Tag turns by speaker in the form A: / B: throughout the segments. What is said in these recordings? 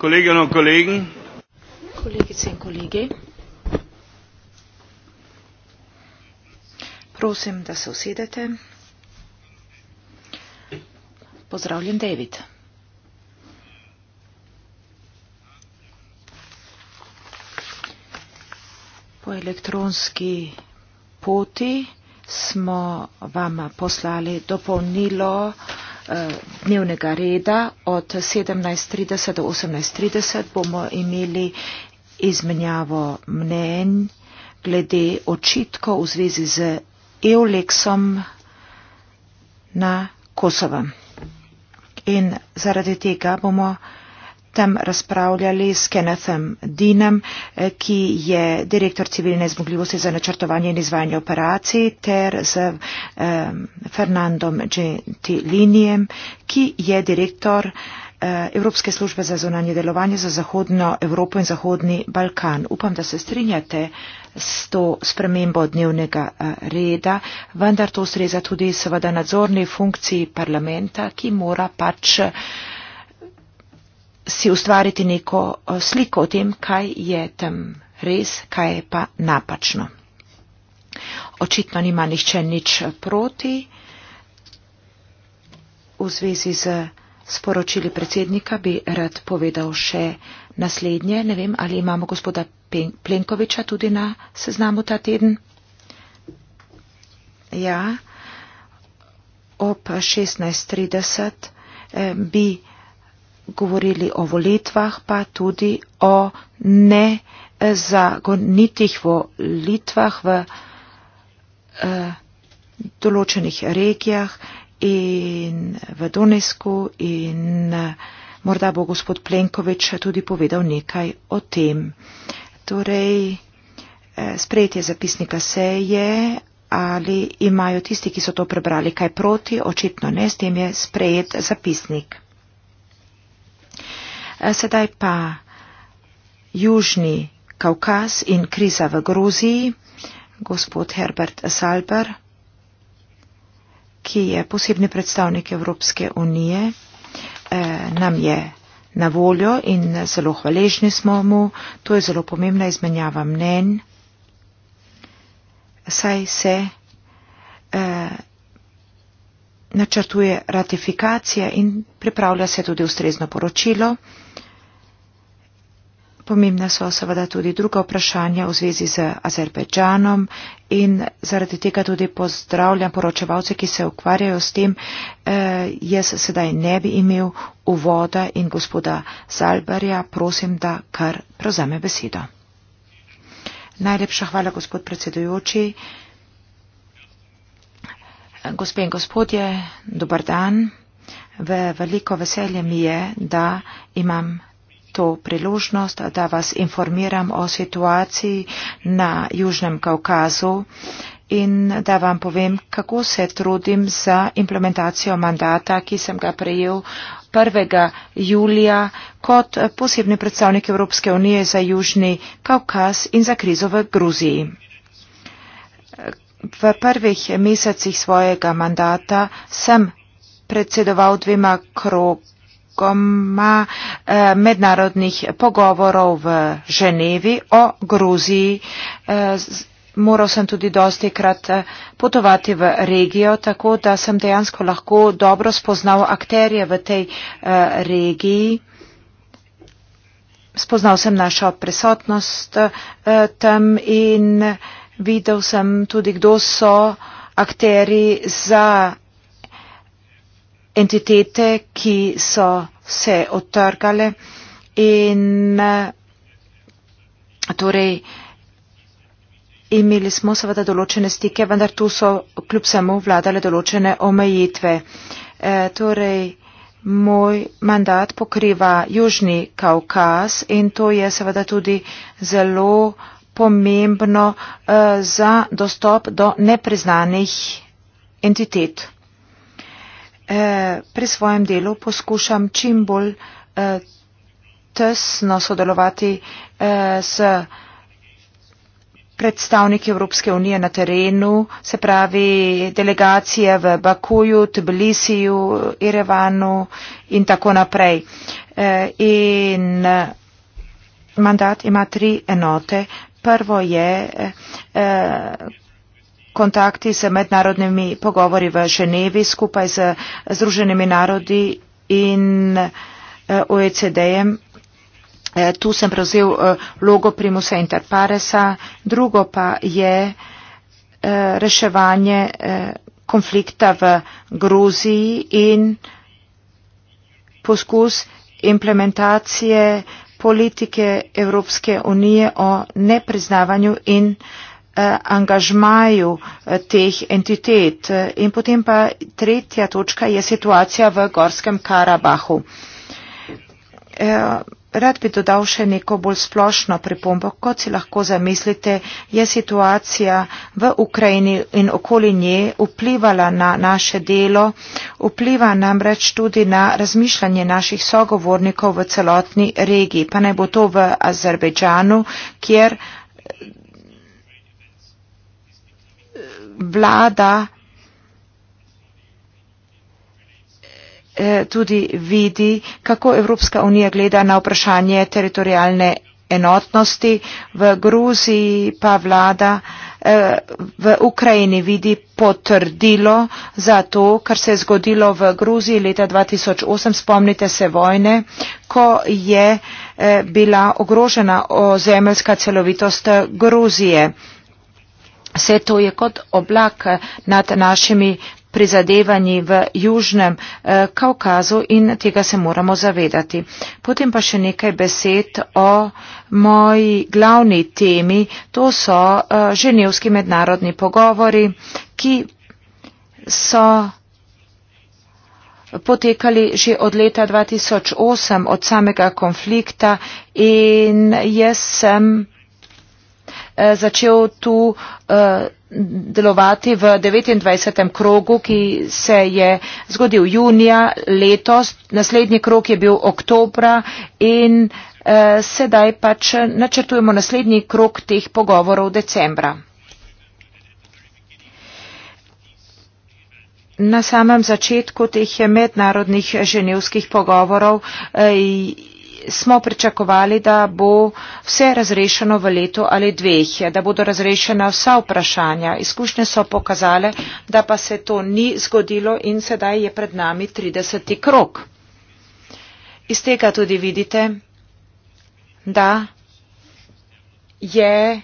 A: kolegice in kolegi prosim da se usedete pozdravljen david po elektronski poti smo vam poslali dopolnilo Eh, dnevnega reda od 17.30 do 18.30 bomo imeli izmenjavo mnen glede očitkov v zvezi z EULEX-om na Kosovo. In zaradi tega bomo tem razpravljali s Kennethem Dinem, eh, ki je direktor civilne zmogljivosti za načrtovanje in izvajanje operacij, ter z um, Fernandom Gentilinijem, ki je direktor eh, Evropske službe za zunanje delovanje za Zahodno Evropo in Zahodni Balkan. Upam, da se strinjate s to spremembo dnevnega eh, reda, vendar to ustreza tudi seveda nadzorni funkciji parlamenta, ki mora pač uh, si ustvariti neko eh, sliko o tem, kaj je tam res, kaj je pa napačno. Očitno nima nihče nič eh, proti v zvezi z. Sporočili predsednika bi rad povedal še naslednje. Ne vem, ali imamo gospoda Plenkoviča tudi na seznamu ta teden. Ja, ob 16.30 eh, bi govorili o volitvah, pa tudi o nezagonitih volitvah v eh, določenih regijah in v Donesku in eh, morda bo gospod Plenkovič tudi povedal nekaj o tem. Torej, eh, sprejetje zapisnika se je, ali imajo tisti, ki so to prebrali, kaj proti, očitno ne, s tem je sprejet zapisnik. Eh, sedaj pa Južni Kaukaz in kriza v Gruziji, gospod Herbert Salber, ki je posebni predstavnik Evropske unije, eh, nam je na voljo in zelo hvaležni smo mu. To je zelo pomembna izmenjava mnen, saj se eh, načrtuje ratifikacija in pripravlja se tudi ustrezno poročilo. Pomembna so seveda tudi druga vprašanja v zvezi z Azerbejdžanom in zaradi tega tudi pozdravljam poročevalce, ki se ukvarjajo s tem. E, jaz sedaj ne bi imel uvoda in gospoda Zalbarja, prosim, da kar prevzame besedo. Najlepša hvala, gospod predsedujoči. Gospe in gospodje, dobar dan. V veliko veselje mi je, da imam to priložnost, da vas informiram o situaciji na Južnem Kaukazu in da vam povem, kako se trudim za implementacijo mandata, ki sem ga prejel 1. julija kot posebni predstavnik Evropske unije za Južni Kaukaz in za krizo v Gruziji v prvih mesecih svojega mandata sem predsedoval dvema krogoma eh, mednarodnih pogovorov v Ženevi o Gruziji. Eh, moral sem tudi dosti krat eh, potovati v regijo, tako da sem dejansko lahko dobro spoznal akterje v tej regiji. Spoznal sem našo prisotnost tam in videl sem tudi, kdo so akteri za entitete, ki so se otrgale in eh, torej imeli smo seveda določene stike, vendar tu so kljub samo vladale določene omejitve. E, torej, moj mandat pokriva Južni Kaukaz in to je seveda tudi zelo pomembno eh, za dostop do nepriznanih entitet. Eh, pri svojem delu poskušam čim bolj eh, tesno sodelovati s predstavniki Evropske unije na terenu, se pravi delegacije v Bakuju, Tbilisiju, Erevanu in tako naprej. In mandat ima tri enote, Prvo je eh, eh, kontakti z mednarodnimi pogovori v Ženevi skupaj z eh, Združenimi narodi in OECD-jem. Tu sem prevzel logo Primusa Interparesa. Drugo pa je reševanje konflikta v Gruziji in poskus implementacije politike Evropske unije o nepriznavanju in eh, angažmaju eh, teh entitet. Eh, in potem pa tretja točka je situacija v Gorskem Karabahu. Uh, Rad bi dodal še neko bolj splošno pripombo. Kot si lahko zamislite, je situacija v Ukrajini in okoli nje vplivala na naše delo, vpliva namreč tudi na razmišljanje naših sogovornikov v celotni regiji, pa naj bo to v Azerbejdžanu, kjer eh, vlada Eh, tudi vidi, kako Evropska unija gleda na vprašanje teritorijalne enotnosti. V Gruziji pa vlada eh, v Ukrajini vidi potrdilo za to, kar se je zgodilo v Gruziji leta 2008, spomnite se vojne, ko je eh, bila ogrožena ozemeljska celovitost Gruzije. Vse to je kot oblak nad našimi prizadevanji v Južnem eh, Kaukazu in tega se moramo zavedati. Potem pa še nekaj besed o moji glavni temi, to so eh, ženevski mednarodni pogovori, ki so potekali že od leta 2008, od samega konflikta in jaz sem. Eh, Eh, začel tu eh, delovati v 29. krogu, ki se je zgodil junija letos, naslednji krog je bil oktobra in eh, sedaj pač načrtujemo naslednji krog teh pogovorov decembra. Na samem začetku teh mednarodnih ženevskih pogovorov smo pričakovali, da bo vse razrešeno v letu ali dveh, da bodo razrešena vsa vprašanja. Izkušnje so pokazale, da pa se to ni zgodilo in sedaj je pred nami 30. krok. Iz tega tudi vidite, da je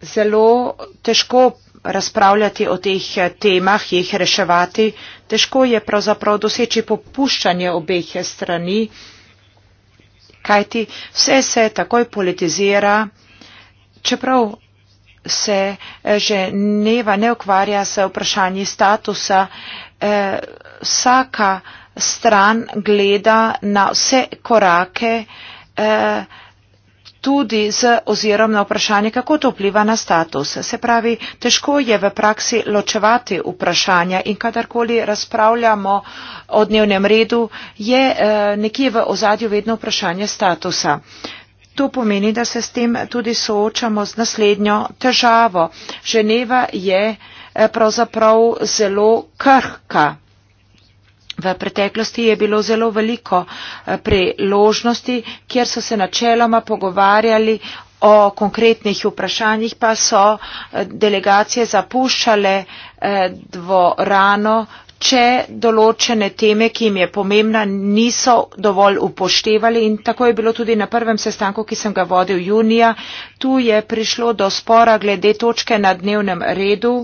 A: zelo težko razpravljati o teh temah, jih reševati, Težko je pravzaprav doseči popuščanje obeh strani, kajti vse se takoj politizira, čeprav se eh, že neva ne ukvarja se vprašanji statusa. Eh, vsaka stran gleda na vse korake. Eh, tudi z ozirom na vprašanje, kako to vpliva na status. Se pravi, težko je v praksi ločevati vprašanja in kadarkoli razpravljamo o dnevnem redu, je eh, nekje v ozadju vedno vprašanje statusa. To pomeni, da se s tem tudi soočamo z naslednjo težavo. Ženeva je eh, pravzaprav zelo krhka. V preteklosti je bilo zelo veliko eh, priložnosti, kjer so se načeloma pogovarjali o konkretnih vprašanjih, pa so eh, delegacije zapuščale eh, dvorano, če določene teme, ki jim je pomembna, niso dovolj upoštevali. In tako je bilo tudi na prvem sestanku, ki sem ga vodil junija. Tu je prišlo do spora glede točke na dnevnem redu.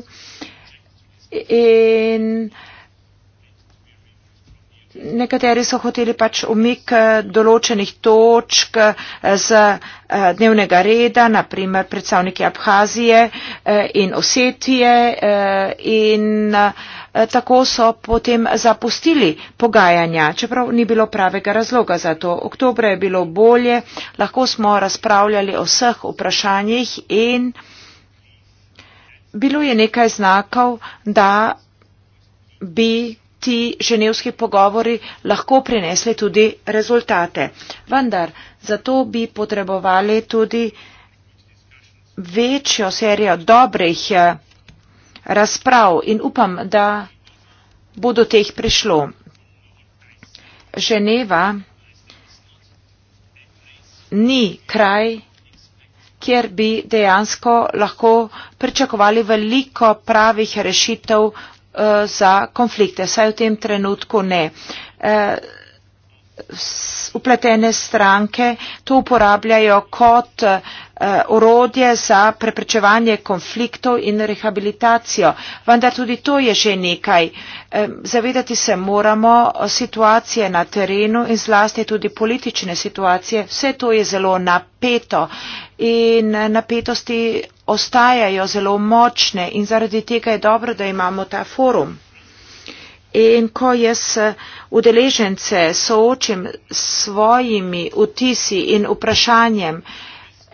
A: In Nekateri so hoteli pač umik eh, določenih točk eh, z eh, dnevnega reda, naprimer predstavniki Abhazije in Osetije in tako so potem zapustili pogajanja, čeprav ni bilo pravega razloga za to. Oktober je bilo bolje, lahko smo razpravljali o vseh vprašanjih in bilo je nekaj znakov, da bi ti ženevski pogovori lahko prinesli tudi rezultate. Vendar zato bi potrebovali tudi večjo serijo dobrih eh, razprav in upam, da bo do teh prišlo. Ženeva ni kraj, kjer bi dejansko lahko pričakovali veliko pravih rešitev Eh, za konflikte. Saj v tem trenutku ne. Eh, upletene stranke to uporabljajo kot eh, orodje za preprečevanje konfliktov in rehabilitacijo. Vendar tudi to je že nekaj. Zavedati se moramo situacije na terenu in zlasti tudi politične situacije. Vse to je zelo napeto in napetosti ostajajo zelo močne in zaradi tega je dobro, da imamo ta forum. In ko jaz eh, udeležence soočim s svojimi vtisi in vprašanjem,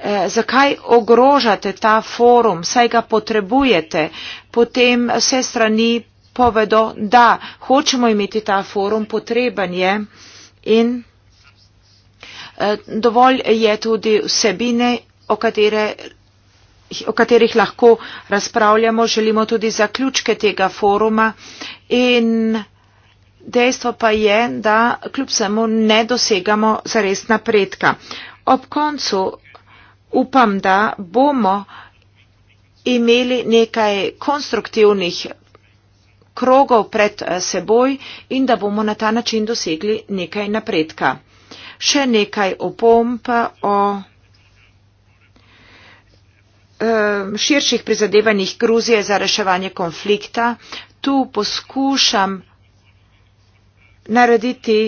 A: eh, zakaj ogrožate ta forum, saj ga potrebujete, potem vse strani povedo, da hočemo imeti ta forum, potreben je in eh, dovolj je tudi vsebine, o katere o katerih lahko razpravljamo, želimo tudi zaključke tega foruma in dejstvo pa je, da kljub vsemu ne dosegamo zares napredka. Ob koncu upam, da bomo imeli nekaj konstruktivnih krogov pred eh, seboj in da bomo na ta način dosegli nekaj napredka. Še nekaj opomp o Eh, širših prizadevanjih Gruzije za reševanje konflikta. Tu poskušam narediti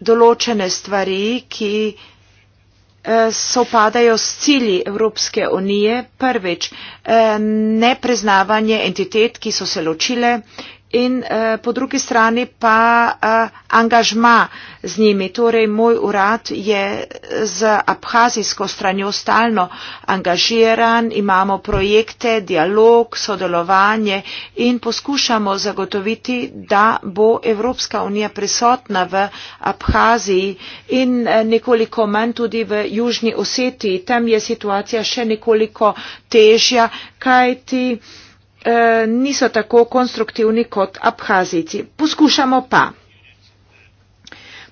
A: določene stvari, ki eh, sopadajo s cilji Evropske unije. Prvič, eh, nepreznavanje entitet, ki so se ločile, in uh, po drugi strani pa uh, angažma z njimi. Torej, moj urad je eh, z abhazijsko stranjo stalno angažiran, imamo projekte, dialog, sodelovanje in poskušamo zagotoviti, da bo Evropska unija prisotna v Abhaziji in uh, nekoliko manj tudi v Južni Osetiji. Tam je situacija še nekoliko težja, kajti uh, eh, niso tako konstruktivni kot abhazici. Poskušamo pa.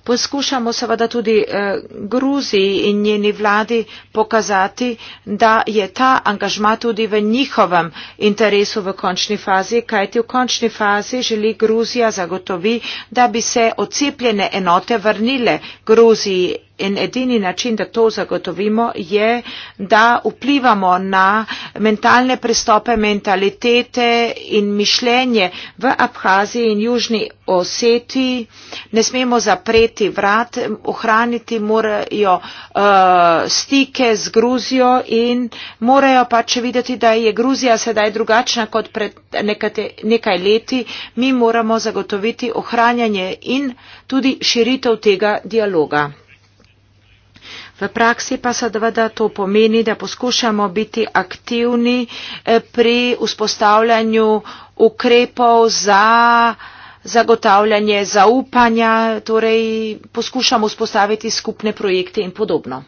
A: Poskušamo seveda tudi eh, Gruziji in njeni vladi pokazati, da je ta angažma tudi v njihovem interesu v končni fazi, kajti v končni fazi želi Gruzija zagotovi, da bi se odcepljene enote vrnile Gruziji in edini način, da to zagotovimo, je, da vplivamo na mentalne pristope, mentalitete in mišljenje v Abhaziji in Južni Oseti. Ne smemo zapreti vrat, ohraniti morajo uh, stike z Gruzijo in morajo pač videti, da je Gruzija sedaj drugačna kot pred nekate, nekaj leti. Mi moramo zagotoviti ohranjanje in tudi širitev tega dialoga. V praksi pa seveda to pomeni, da poskušamo biti aktivni eh, pri vzpostavljanju ukrepov za zagotavljanje zaupanja, torej poskušamo vzpostaviti skupne projekte in podobno.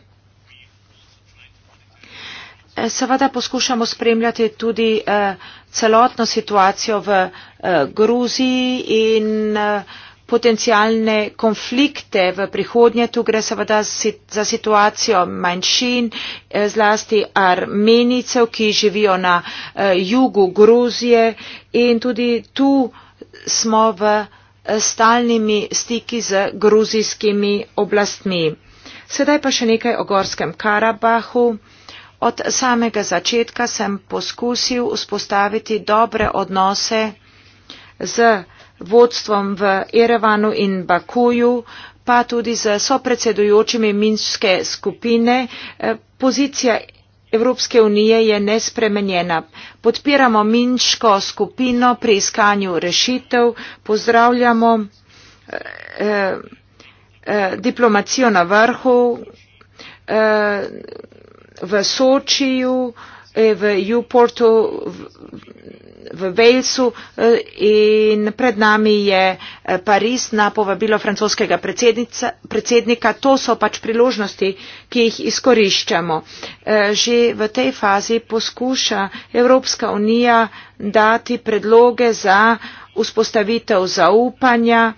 A: Eh, seveda poskušamo spremljati tudi eh, celotno situacijo v Gruziji in potencialne konflikte v prihodnje. Tu gre seveda za situacijo manjšin, eh, zlasti armenicev, ki živijo na eh, jugu Gruzije in tudi tu smo v eh, stalnimi stiki z gruzijskimi oblastmi. Sedaj pa še nekaj o Gorskem Karabahu. Od samega začetka sem poskusil vzpostaviti dobre odnose z vodstvom v Erevanu in Bakuju, pa tudi z sopredsedujočimi minske skupine. Eh, pozicija Evropske unije je nespremenjena. Podpiramo minsko skupino pri iskanju rešitev, pozdravljamo eh, eh, eh diplomacijo na vrhu eh, v Sočiju, eh, Eh, v Juportu, v Velsu eh, in pred nami je eh, Pariz na povabilo francoskega predsednika. To so pač priložnosti, ki jih izkoriščamo. Že v tej fazi poskuša Evropska unija dati predloge za vzpostavitev zaupanja,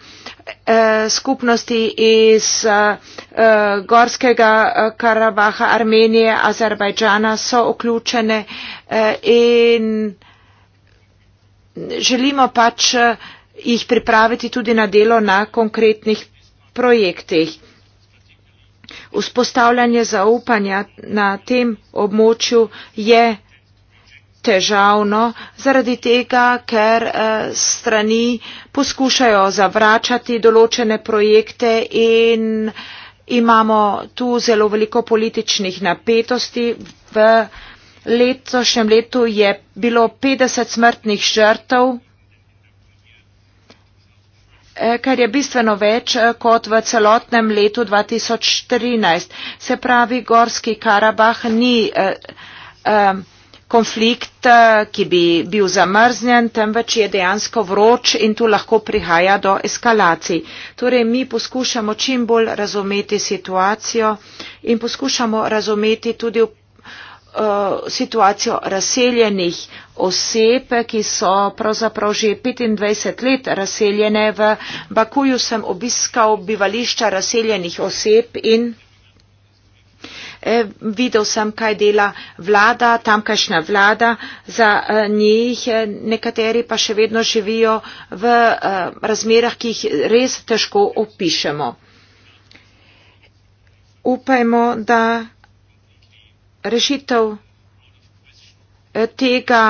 A: Eh, skupnosti iz eh, Gorskega eh, Karabaha, Armenije, Azerbajdžana so vključene in želimo pač jih pripraviti tudi na delo na konkretnih projektih. Vzpostavljanje zaupanja na tem območju je težavno zaradi tega, ker eh, strani poskušajo zavračati določene projekte in imamo tu zelo veliko političnih napetosti. V letošnjem letu je bilo 50 smrtnih žrtev, eh, kar je bistveno več eh, kot v celotnem letu 2014. Se pravi, Gorski Karabah ni. Eh, eh, konflikt, eh, ki bi bil zamrznjen, temveč je dejansko vroč in tu lahko prihaja do eskalacij. Torej, mi poskušamo čim bolj razumeti situacijo in poskušamo razumeti tudi eh, situacijo razseljenih oseb, ki so pravzaprav že 25 let razseljene. V Bakuju sem obiskal bivališča razseljenih oseb in E, videl sem, kaj dela vlada, tamkajšnja vlada, za e, njih e, nekateri pa še vedno živijo v razmerah, ki jih res težko opišemo. Upajmo, da rešitev tega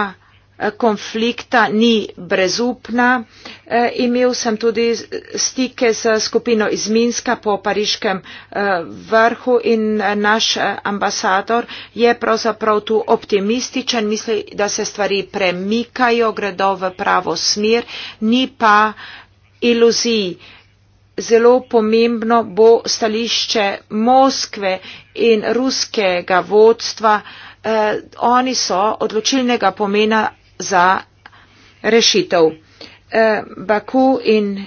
A: konflikta ni brezupna. E, imel sem tudi stike z skupino iz Minska po pariškem e, vrhu in e, naš ambasador je pravzaprav tu optimističen, misli, da se stvari premikajo, gredo v pravo smer, ni pa iluzij. Zelo pomembno bo stališče Moskve in ruskega vodstva. Eh, oni so odločilnega pomena, za rešitev. Eh, Baku in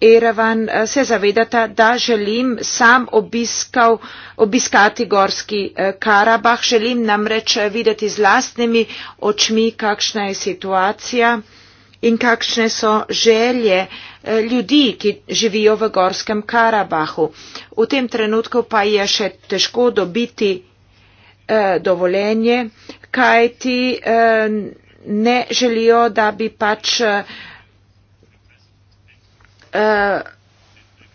A: Erevan eh, se zavedata, da želim sam obiskal, obiskati gorski eh, Karabah, želim namreč videti z lastnimi očmi, kakšna je situacija in kakšne so želje ljudi, ki živijo v gorskem Karabahu. V tem trenutku pa je še težko dobiti eh, dovoljenje, kajti. Eh, ne želijo, da bi pač eh, eh,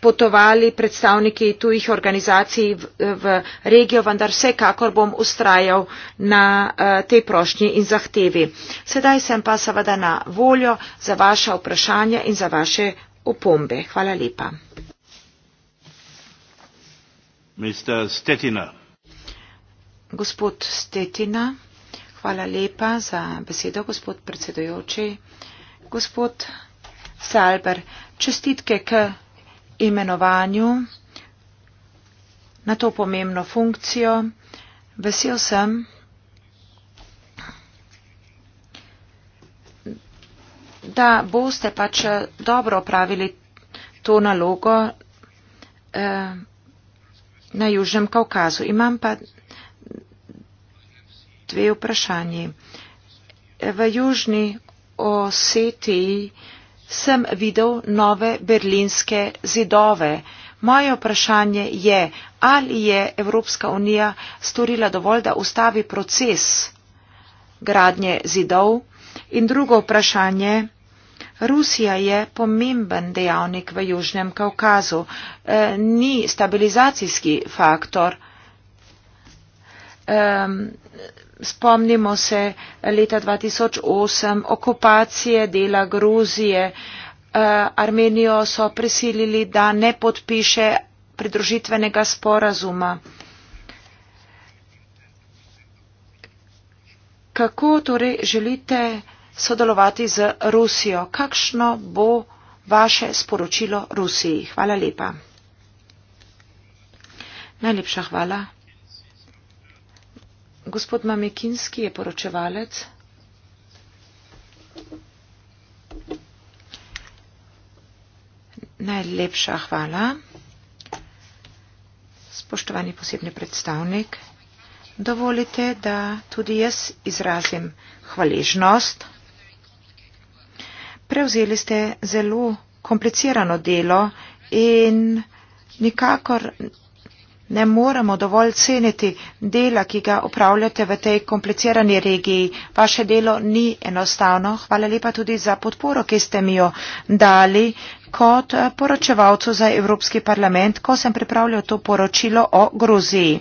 A: potovali predstavniki tujih organizacij v, v regijo, vendar vsekakor bom ustrajal na uh, tej prošnji in zahtevi. Sedaj sem pa seveda na voljo za vaše vprašanje in za vaše opombe. Hvala lepa. Gospod Stetina. Hvala lepa za besedo, gospod predsedojoči. Gospod Salber, čestitke k imenovanju na to pomembno funkcijo. Vesel sem, da boste pač eh, dobro opravili to nalogo eh, na Južnem Kaukazu. Imam pa dve vprašanji. V Južni Osetiji sem videl nove berlinske zidove. Moje vprašanje je, ali je Evropska unija storila dovolj, da ustavi proces gradnje zidov. In drugo vprašanje. Rusija je pomemben dejavnik v Južnem Kaukazu. E, ni stabilizacijski faktor. E, spomnimo se leta 2008 okupacije dela Gruzije. Eh, Armenijo so prisilili, da ne podpiše pridružitvenega sporazuma. Kako torej želite sodelovati z Rusijo? Kakšno bo vaše sporočilo Rusiji? Hvala lepa. Najlepša hvala. Gospod Mamekinski je poročevalec. Najlepša hvala. Spoštovani posebni predstavnik, dovolite, da tudi jaz izrazim hvaležnost. Prevzeli ste zelo komplicirano delo in nikakor Ne moremo dovolj ceniti dela, ki ga upravljate v tej komplicirani regiji. Vaše delo ni enostavno. Hvala lepa tudi za podporo, ki ste mi jo dali kot poročevalcu za Evropski parlament, ko sem pripravljal to poročilo o Gruziji.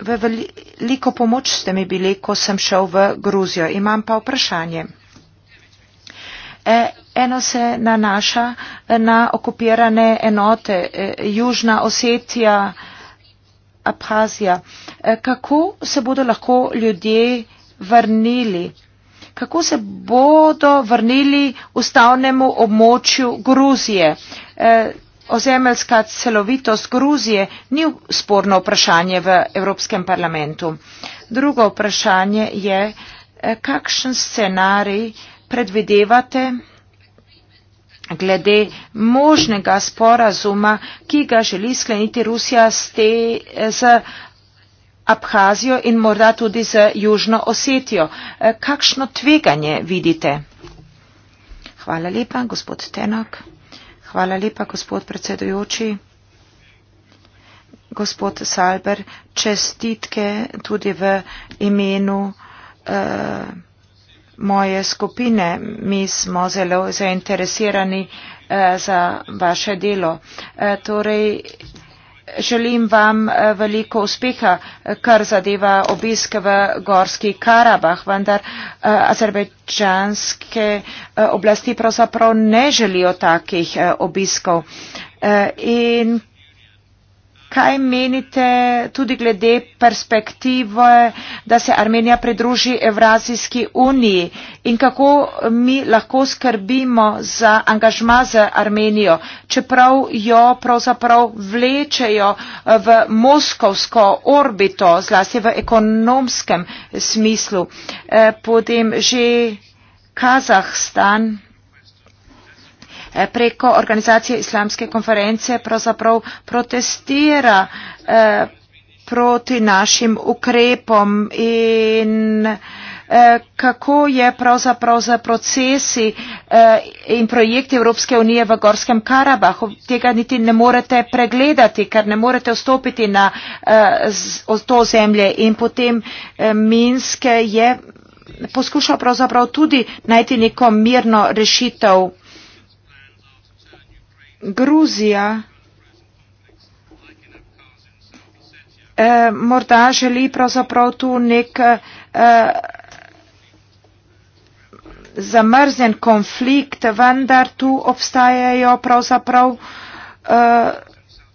A: V veliko pomoč ste mi bili, ko sem šel v Gruzijo. Imam pa vprašanje. E, eno se nanaša na okupirane enote e, Južna Osetija, Abhazija. E, kako se bodo lahko ljudje vrnili? Kako se bodo vrnili ustavnemu območju Gruzije? Ozemeljska celovitost Gruzije ni sporno vprašanje v Evropskem parlamentu. Drugo vprašanje je, kakšen scenarij predvidevate glede možnega sporazuma, ki ga želi skleniti Rusija s, te, s Abhazijo in morda tudi z Južno Osetijo. E, kakšno tveganje vidite? Hvala lepa, gospod Tenak. Hvala lepa, gospod predsedujoči. Gospod Salber, čestitke tudi v imenu. Uh, moje skupine, mi smo zelo zainteresirani eh, za vaše delo. Eh, torej, želim vam eh, veliko uspeha, kar zadeva obisk v Gorski Karabah, vendar azerbejčanske oblasti pravzaprav ne želijo takih obiskov. In Kaj menite tudi glede perspektive, da se Armenija pridruži Evrazijski uniji in kako mi lahko skrbimo za angažma za Armenijo, čeprav jo pravzaprav vlečejo eh, v moskovsko orbito, zlasti v ekonomskem smislu. Eh, potem že Kazahstan. Eh, preko organizacije islamske konference pravzaprav protestira eh, proti našim ukrepom in eh, kako je pravzaprav za procesi in projekti Evropske unije v Gorskem Karabahu. Tega niti ne morete pregledati, ker ne morete vstopiti na to zemlje. In potem Minske je poskušal pravzaprav tudi najti neko mirno rešitev Gruzija eh, morda želi pravzaprav tu nek eh, zamrznjen konflikt, vendar tu obstajajo pravzaprav eh,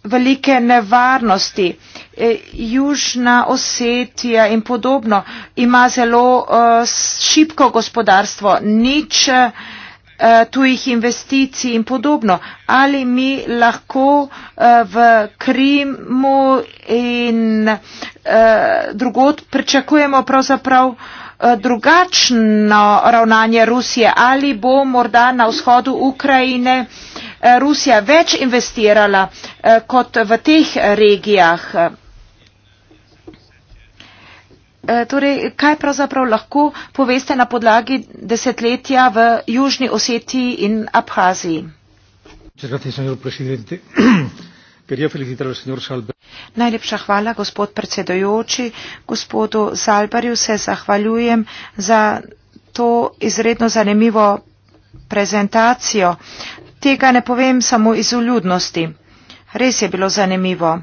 A: velike nevarnosti. Eh, južna Osetija in podobno ima zelo eh, šipko gospodarstvo. Nič, eh, Eh, tujih investicij in podobno. Ali mi lahko eh, v Krimu in eh, drugod pričakujemo pravzaprav drugačno ravnanje Rusije? Ali bo morda na vzhodu Ukrajine Rusija več investirala kot v teh regijah? Eh, torej, kaj pravzaprav lahko poveste na podlagi desetletja v Južni Osetiji in Abhaziji? Najlepša hvala, gospod predsedojoči. Gospodu Zalbarju se zahvaljujem za to izredno zanimivo prezentacijo. Tega ne povem samo iz uljudnosti. Res je bilo zanimivo.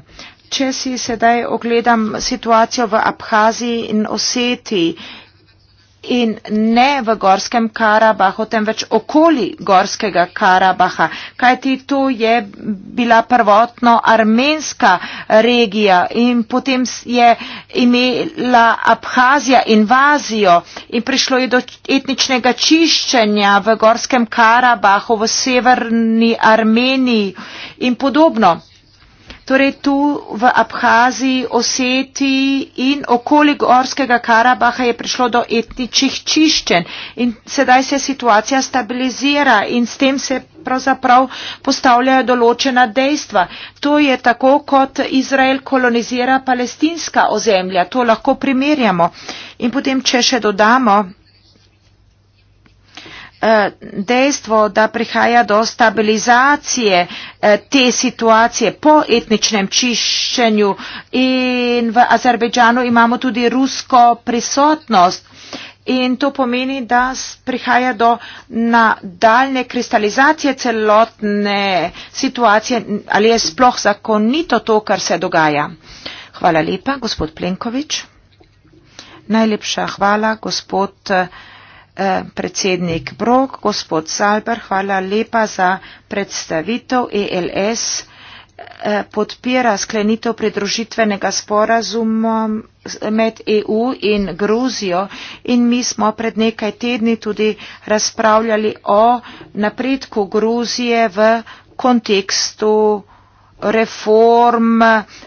A: Če si sedaj ogledam situacijo v Abhaziji in Oseti in ne v Gorskem Karabahu, temveč okoli Gorskega Karabaha, kajti to je bila prvotno armenska regija in potem je imela Abhazija invazijo in prišlo je do etničnega čiščenja v Gorskem Karabahu, v severni Armeniji in podobno torej tu v Abhaziji, Osetiji in okoli Gorskega Karabaha je prišlo do etničnih čiščen in sedaj se situacija stabilizira in s tem se pravzaprav postavljajo določena dejstva. To je tako, kot Izrael kolonizira palestinska ozemlja, to lahko primerjamo. In potem, če še dodamo, Eh, dejstvo, da prihaja do stabilizacije eh, te situacije po etničnem čiščenju in v Azerbejdžanu imamo tudi rusko prisotnost. In to pomeni, da prihaja do nadaljne kristalizacije celotne situacije, ali je sploh zakonito to, kar se dogaja. Hvala lepa, gospod Plenkovič. Najlepša hvala, gospod. Eh, Eh, predsednik Brok, gospod Salber, hvala lepa za predstavitev ELS eh, podpira sklenitev pridružitvenega sporazuma med EU in Gruzijo in mi smo pred nekaj tedni tudi razpravljali o napredku Gruzije v kontekstu reform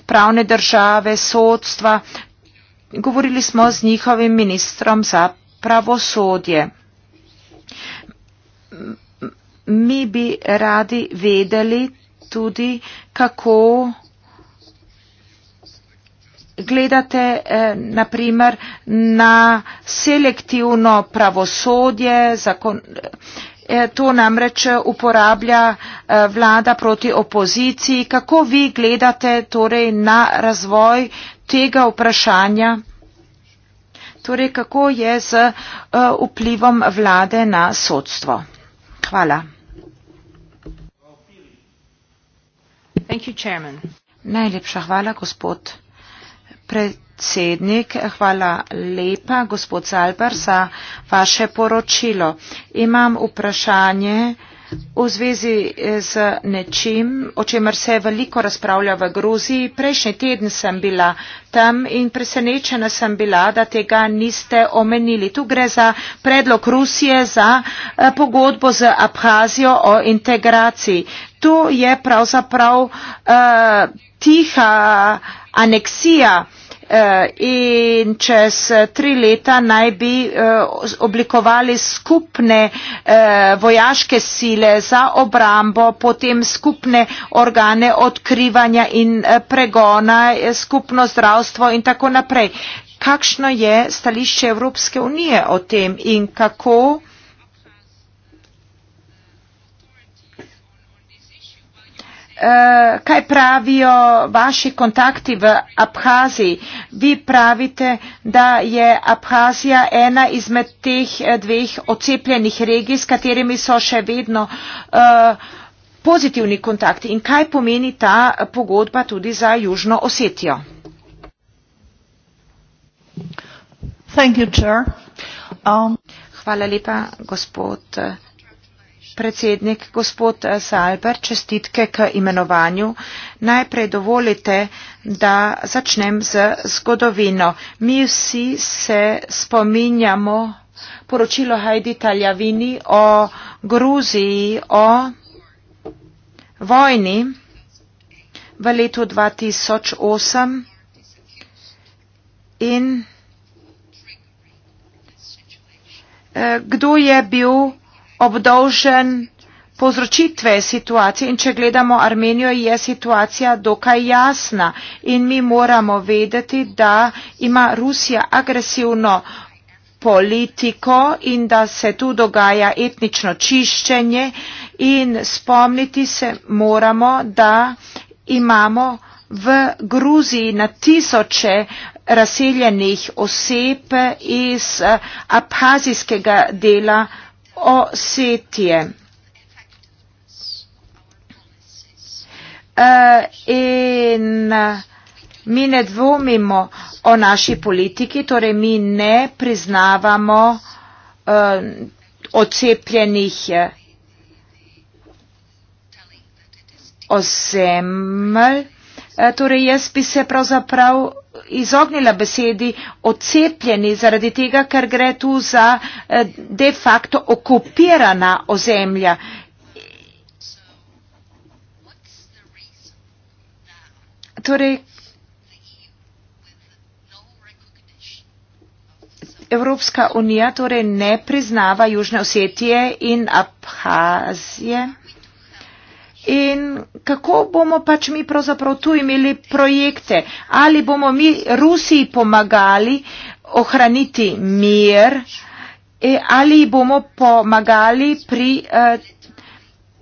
A: pravne države, sodstva. Govorili smo z njihovim ministrom za pravosodje. Mi bi radi vedeli tudi, kako gledate eh, naprimer na selektivno pravosodje, zakon, eh, to namreč uporablja eh, vlada proti opoziciji. Kako vi gledate torej na razvoj tega vprašanja? torej kako je z eh, vplivom vlade na sodstvo. Hvala. Najlepša hvala, gospod predsednik. Hvala lepa, gospod Zalbar, za vaše poročilo. Imam vprašanje v zvezi eh, z nečim, o čemer se veliko razpravlja v Gruziji. Prejšnji teden sem bila tam in presenečena sem bila, da tega niste omenili. Tu gre za predlog Rusije za eh, pogodbo z Abhazijo o integraciji. To je pravzaprav uh, tiha aneksija uh, Eh, in čez eh, tri leta naj bi eh, oblikovali skupne vojaške sile za obrambo, potem skupne organe odkrivanja in pregona, skupno zdravstvo in tako naprej. Kakšno je stališče Evropske unije o tem in kako Eh, kaj pravijo vaši kontakti v Abhaziji? Vi pravite, da je Abhazija ena izmed teh eh, dveh ocepljenih regij, s katerimi so še vedno eh, pozitivni kontakti. In kaj pomeni ta pogodba tudi za Južno Osetijo? Um, Hvala lepa, gospod Predsednik gospod eh, Salber, čestitke k imenovanju. Najprej dovolite, da začnem z zgodovino. Mi vsi se spominjamo poročilo Heidi Taljavini o Gruziji, o vojni v letu 2008 in eh, kdo je bil obdolžen povzročitve situacije in če gledamo Armenijo, je situacija dokaj jasna in mi moramo vedeti, da ima Rusija agresivno politiko in da se tu dogaja etnično čiščenje in spomniti se moramo, da imamo v Gruziji na tisoče razseljenih oseb iz eh, abhazijskega dela Ossetije. Uh, e, in mi ne dvomimo o naši politiki, torej mi ne priznavamo uh, ocepljenih e, osemelj. Uh, torej jaz bi se pravzaprav izognila besedi odcepljeni zaradi tega, ker gre tu za eh, de facto okupirana ozemlja. Torej, Evropska unija torej ne priznava Južne Osetije in Abhazije. In kako bomo pač mi pravzaprav tu imeli projekte? Ali bomo mi Rusiji pomagali ohraniti mir e, ali bomo pomagali pri eh,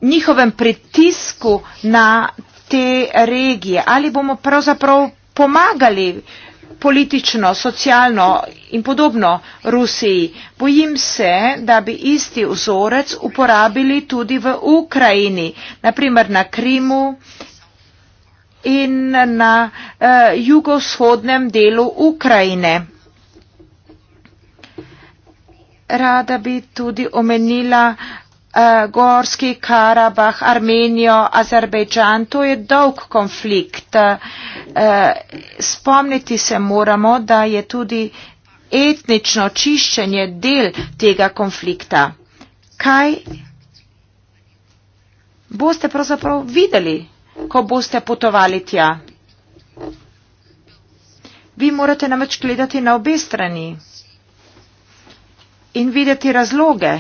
A: njihovem pritisku na te regije? Ali bomo pravzaprav pomagali eh, politično, socialno in podobno Rusiji. Bojim se, da bi isti vzorec uporabili tudi v Ukrajini, naprimer na Krimu in na eh, jugovzhodnem delu Ukrajine. Rada bi tudi omenila Eh, Gorski Karabah, Armenijo, Azerbejdžan. To je dolg konflikt. Eh, spomniti se moramo, da je tudi etnično čiščenje del tega konflikta. Kaj boste pravzaprav videli, ko boste potovali tja? Vi morate namreč gledati na obe strani in videti razloge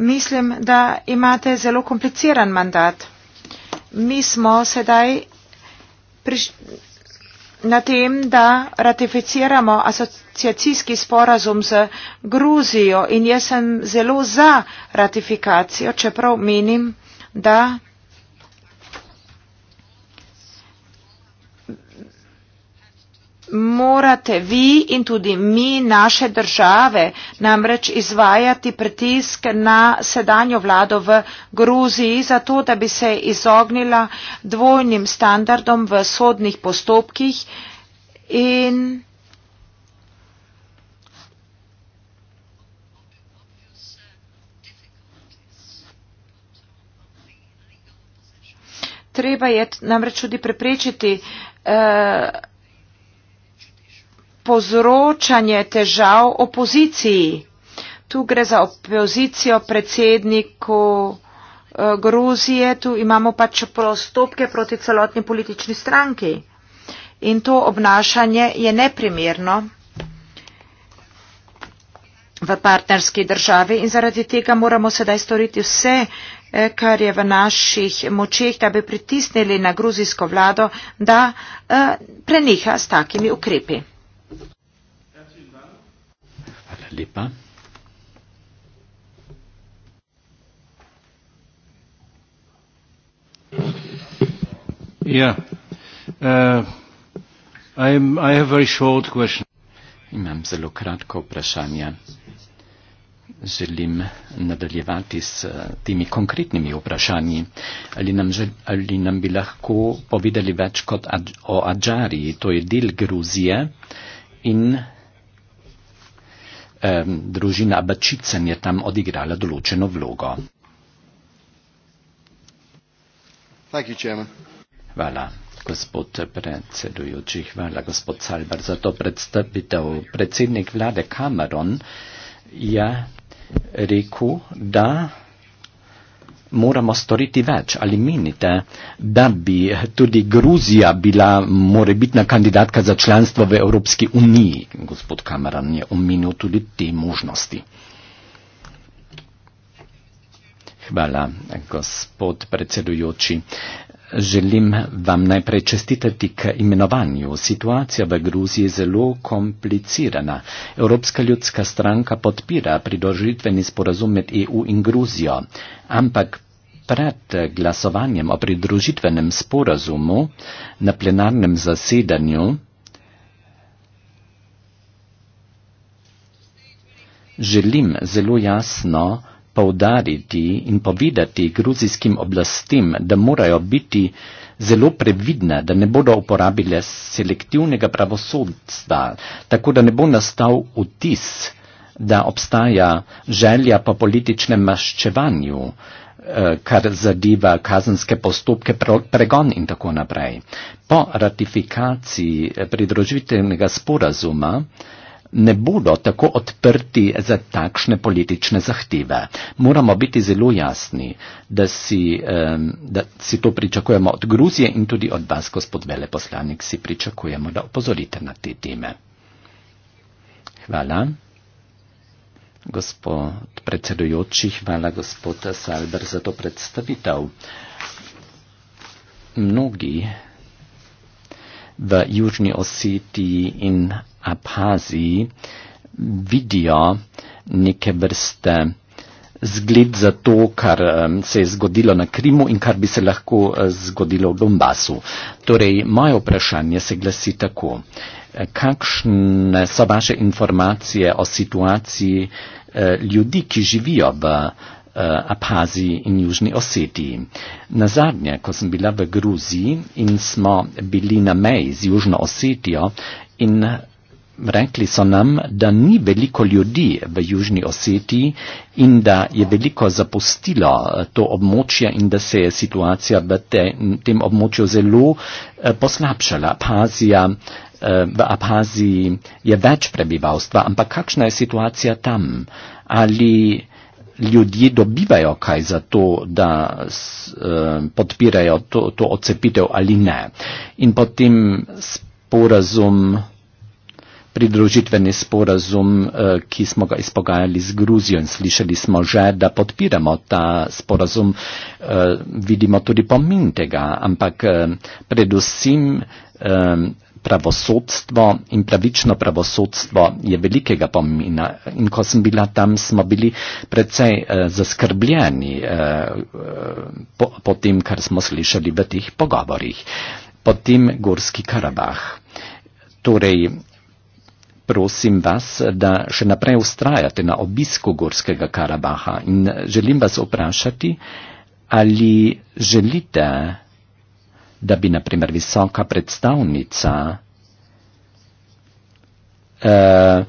A: mislim, da imate zelo kompliciran mandat. Mi smo sedaj priš- na tem, da ratificiramo asociacijski sporazum z Gruzijo in jaz sem zelo za ratifikacijo, čeprav menim, da morate vi in tudi mi naše države namreč izvajati pritisk na sedanjo vlado v Gruziji, zato da bi se izognila dvojnim standardom v sodnih postopkih in treba je namreč tudi preprečiti uh, povzročanje težav opoziciji. Tu gre za opozicijo predsedniku eh, Gruzije, tu imamo pač postopke proti celotni politični stranki. In to obnašanje je neprimerno v partnerski državi in zaradi tega moramo sedaj storiti vse, eh, kar je v naših močeh, da bi pritisnili na gruzijsko vlado, da eh, preniha s takimi ukrepi.
B: lepa. Ja, uh, imam zelo kratko vprašanje. Želim nadaljevati s uh, temi konkretnimi vprašanji. Ali nam, žel, ali nam bi lahko povedali več kot o Ađariji, to je del Gruzije in eh, družina Abačicen je tam odigrala določeno vlogo. Hvala, gospod predsedujoči. Hvala, gospod Salvar, za to predstavitev. Predsednik vlade Cameron je rekel, da moramo storiti več. Ali menite, da bi tudi Gruzija bila morebitna kandidatka za članstvo v Evropski uniji? Gospod Kameran je omenil tudi te možnosti. Hvala, gospod predsedujoči. Želim vam najprej čestitati k imenovanju. Situacija v Gruziji je zelo komplicirana. Evropska ljudska stranka podpira pridružitveni sporazum med EU in Gruzijo, ampak pred glasovanjem o pridružitvenem sporazumu na plenarnem zasedanju želim zelo jasno poudariti in povedati gruzijskim oblastim, da morajo biti zelo previdne, da ne bodo uporabile selektivnega pravosodstva, tako da ne bo nastal vtis, da obstaja želja po političnem maščevanju, eh, kar zadeva kazenske postopke, pregon in tako naprej. Po ratifikaciji eh, pridružitevnega sporazuma, ne bodo tako odprti za takšne politične zahteve. Moramo biti zelo jasni, da si, da si to pričakujemo od Gruzije in tudi od vas, gospod veleposlanik, si pričakujemo, da opozorite na te teme. Hvala. Gospod predsedujoči, hvala gospod Salber za to predstavitev. Mnogi v Južni Osetiji in Apaziji vidijo neke vrste zgled za to, kar se je zgodilo na Krimu in kar bi se lahko e, zgodilo v Donbasu. Torej, moje vprašanje se glasi tako. E, kakšne so vaše informacije o situaciji e, ljudi, ki živijo v uh, Abhaziji in Južni Osetiji. Nazadnje, ko sem bila v Gruziji in smo bili na meji z Južno Osetijo in rekli so nam, da ni veliko ljudi v Južni Osetiji in da je veliko zapustilo eh, to območje in da se je situacija v te, tem območju zelo uh, poslabšala. Abhazija, uh, v Abhaziji je več prebivalstva, ampak kakšna je situacija tam? Ali ljudje dobivajo kaj za to, da s, eh, podpirajo to, to odcepitev ali ne. In potem sporazum, pridružitveni sporazum, eh, ki smo ga izpogajali z Gruzijo in slišali smo že, da podpiramo ta sporazum, eh, vidimo tudi pomen tega, ampak eh, predvsem. Eh, pravosodstvo in pravično pravosodstvo je velikega pomena. In ko sem bila tam, smo bili precej uh, zaskrbljeni uh, po, po tem, kar smo slišali v teh pogovorih. Potem Gorski Karabah. Torej, prosim vas, da še naprej ustrajate na obisku Gorskega Karabaha in želim vas vprašati, ali želite da bi na primer visoka predstavnica eh,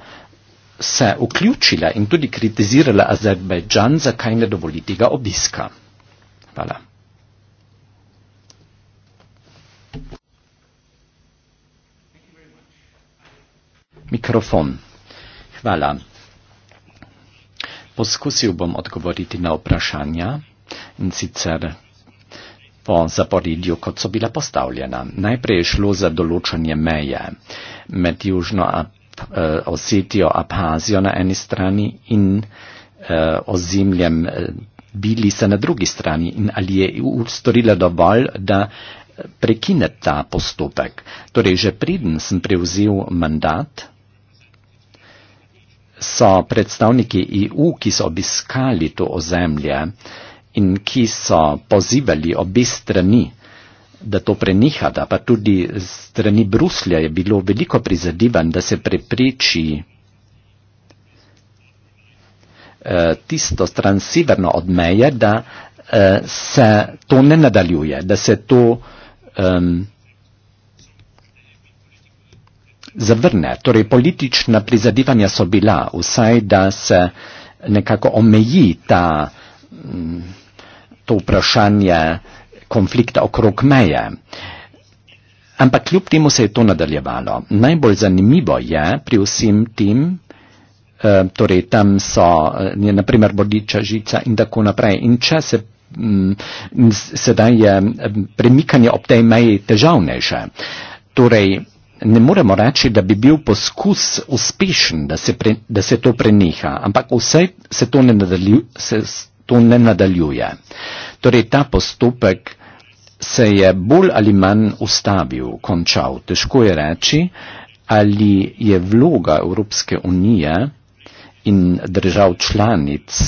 B: se vključila in tudi kritizirala Azerbajdžan, zakaj ne dovoli tega obiska. Hvala. Mikrofon. Hvala. Poskusil bom odgovoriti na vprašanja in sicer po Zaporidju, kot so bila postavljena. Najprej je šlo za določanje meje med Južno Ap eh, Osetijo, Abhazijo na eni strani in eh, ozemljem eh, Bili se na drugi strani in ali je EU storila dovolj, da eh, prekine ta postopek. Torej, že preden sem prevzel mandat, so predstavniki EU, ki so obiskali to ozemlje, eh, in ki so pozivali obi strani, da to prenehata, pa tudi strani Bruslja je bilo veliko prizadivan, da se prepriči eh, tisto stran severno od meje, da eh, se to ne nadaljuje, da se to eh, zavrne. Torej politična prizadivanja so bila, vsaj da se nekako omeji ta. Hm, to vprašanje konflikta okrog meje. Ampak kljub temu se je to nadaljevalo. Najbolj zanimivo je pri vsem tem, eh, torej tam so, eh, je naprimer bodiča žica in tako naprej. In če se mm, sedaj je eh, premikanje ob tej meji težavnejše. Torej, ne moremo reči, da bi bil poskus uspešen, da se, pre, da se to preniha, ampak vse se to ne, nadalju, se to ne nadaljuje. Uh, Torej ta postopek se je bolj ali manj ustavil, končal. Težko je reči, ali je vloga Evropske unije in držav članic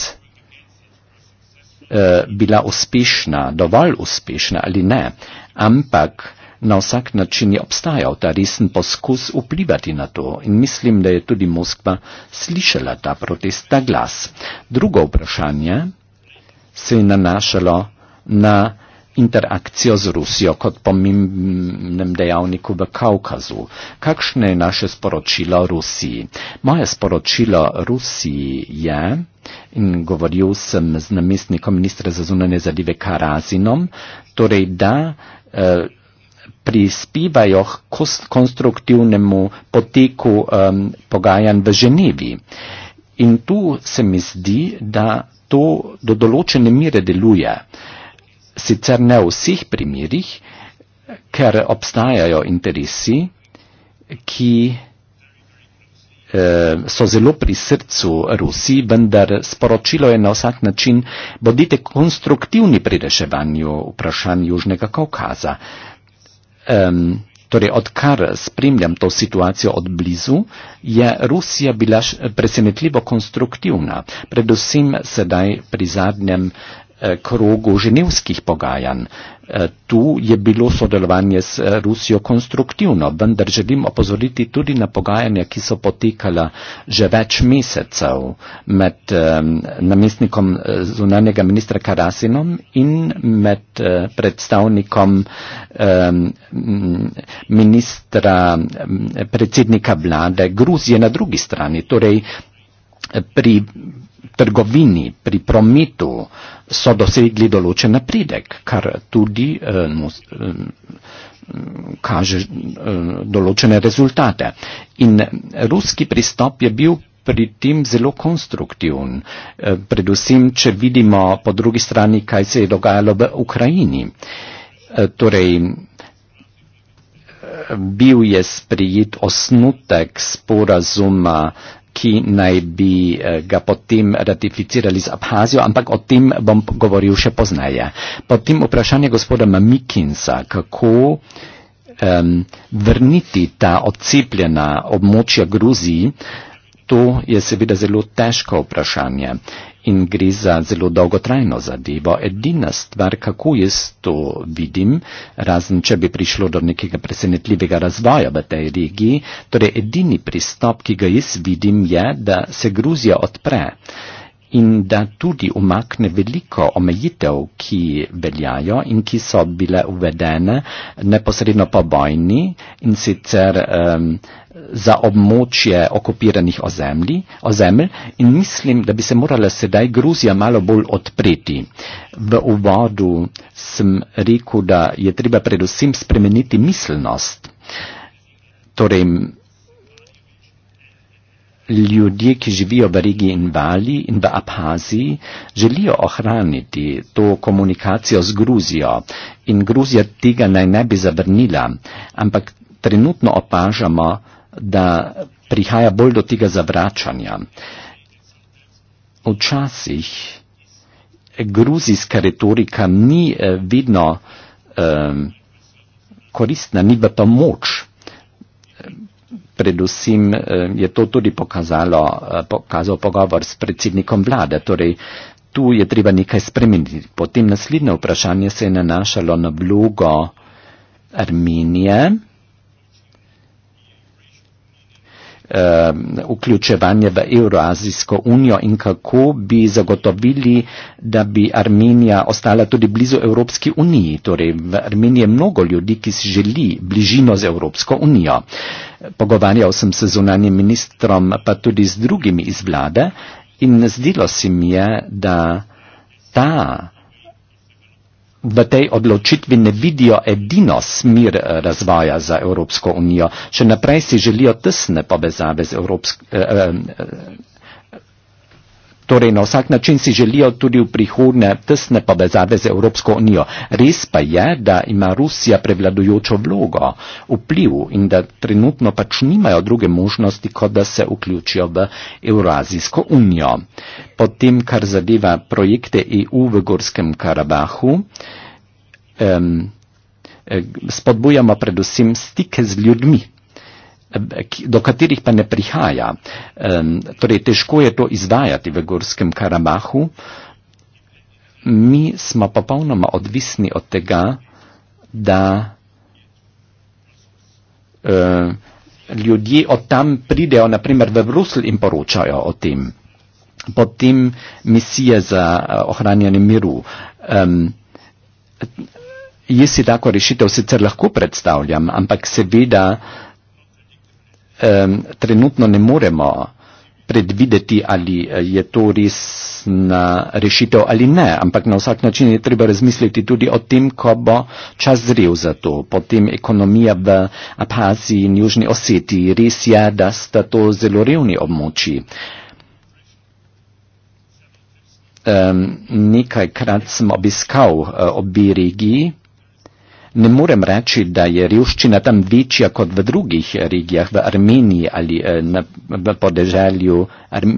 B: eh, bila uspešna, dovolj uspešna ali ne, ampak na vsak način je obstajal ta resen poskus vplivati na to in mislim, da je tudi Moskva slišala ta protest, ta glas. Drugo vprašanje se je nanašalo na interakcijo z Rusijo kot pomembnem dejavniku v Kaukazu. Kakšno je naše sporočilo Rusiji? Moje sporočilo Rusiji je, in govoril sem z namestnikom ministra za zunanje zadeve Karazinom, torej da eh, prispivajo k konstruktivnemu poteku um, pogajanj v Ženevi. In tu se mi zdi, da to do določene mere deluje, sicer ne v vseh primerjih, ker obstajajo interesi, ki eh, so zelo pri srcu Rusi, vendar sporočilo je na vsak način, bodite konstruktivni pri reševanju vprašanj Južnega Kaukaza. Um, Torej, odkar spremljam to situacijo od blizu, je Rusija bila presenetljivo konstruktivna, predvsem sedaj pri zadnjem Eh, krogu ženevskih pogajanj. Eh, tu je bilo sodelovanje s eh, Rusijo konstruktivno, vendar želim opozoriti tudi na pogajanja, ki so potekala že več mesecev med namestnikom zunanjega ministra Karasinom in med predstavnikom ministra predsednika vlade Gruzije na drugi strani. Torej, pri trgovini, pri prometu so dosegli določen napredek, kar tudi eh, mus, eh, kaže eh, določene rezultate. In ruski pristop je bil pri tem zelo konstruktivn, eh, predvsem, če vidimo po drugi strani, kaj se je dogajalo v Ukrajini. Eh, torej, eh, bil je sprejet osnutek sporazuma eh, ki naj bi eh, ga potem ratificirali z Abhazijo, ampak o tem bom govoril še poznaje. Potem vprašanje gospoda Mikinsa, kako um, vrniti ta odcepljena območja Gruziji, to je seveda zelo težko vprašanje in gre za zelo dolgotrajno zadevo. Edina stvar, kako jaz to vidim, razen če bi prišlo do nekega presenetljivega razvoja v tej regiji, torej edini pristop, ki ga jaz vidim, je, da se Gruzija odpre in da tudi umakne veliko omejitev, ki veljajo in ki so bile uvedene neposredno po vojni in sicer um, za območje okupiranih ozemlji, ozemlj in mislim, da bi se morala sedaj Gruzija malo bolj odpreti. V uvodu sem rekel, da je treba predvsem spremeniti miselnost. Torej, ljudje, ki živijo v regiji in Bali in v Abhaziji, želijo ohraniti to komunikacijo z Gruzijo in Gruzija tega naj ne bi zavrnila, ampak trenutno opažamo, da prihaja bolj do tega zavračanja. Včasih gruzijska retorika ni eh, vedno eh, koristna, ni v pomoč predvsem eh, je to tudi pokazalo, eh, pokazal pogovor s predsednikom vlade. Torej, tu je treba nekaj spremeniti. Potem naslednje vprašanje se je nanašalo na vlogo Armenije. Um, vključevanje v Evroazijsko unijo in kako bi zagotovili, da bi Armenija ostala tudi blizu Evropski uniji. Torej, v Armeniji je mnogo ljudi, ki si želi bližino z Evropsko unijo. Pogovarjal sem se z unanjem ministrom, pa tudi z drugimi iz vlade in zdelo se mi je, da ta v tej odločitvi ne vidijo edino smer eh, razvoja za Evropsko unijo, če naprej si želijo tesne povezave z Evropsko unijo. Eh, eh, Torej na vsak način si želijo tudi v prihodne tesne povezave z Evropsko unijo. Res pa je, da ima Rusija prevladujočo vlogo, vpliv in da trenutno pač nimajo druge možnosti, kot da se vključijo v Eurazijsko unijo. Potem, kar zadeva projekte EU v Gorskem Karabahu, um, spodbujamo predvsem stike z ljudmi, do katerih pa ne prihaja. Torej, težko je to izvajati v Gorskem Karabahu. Mi smo popolnoma odvisni od tega, da ljudje od tam pridejo, naprimer v Bruselj in poročajo o tem. Potem misije za eh, ohranjanje miru. Um, jaz si tako rešitev sicer lahko predstavljam, ampak seveda um, trenutno ne moremo predvideti, ali eh, je to resna rešitev ali ne, ampak na vsak način je treba razmisliti tudi o tem, ko bo čas zrel za to. Potem ekonomija v Apaziji in Južni Oseti res je, da sta to zelo revni območji. Um, nekajkrat sem obiskal uh, eh, obi regiji. Ne morem reči, da je revščina tam večja kot v drugih regijah, v Armeniji ali eh, na, v podeželju eh,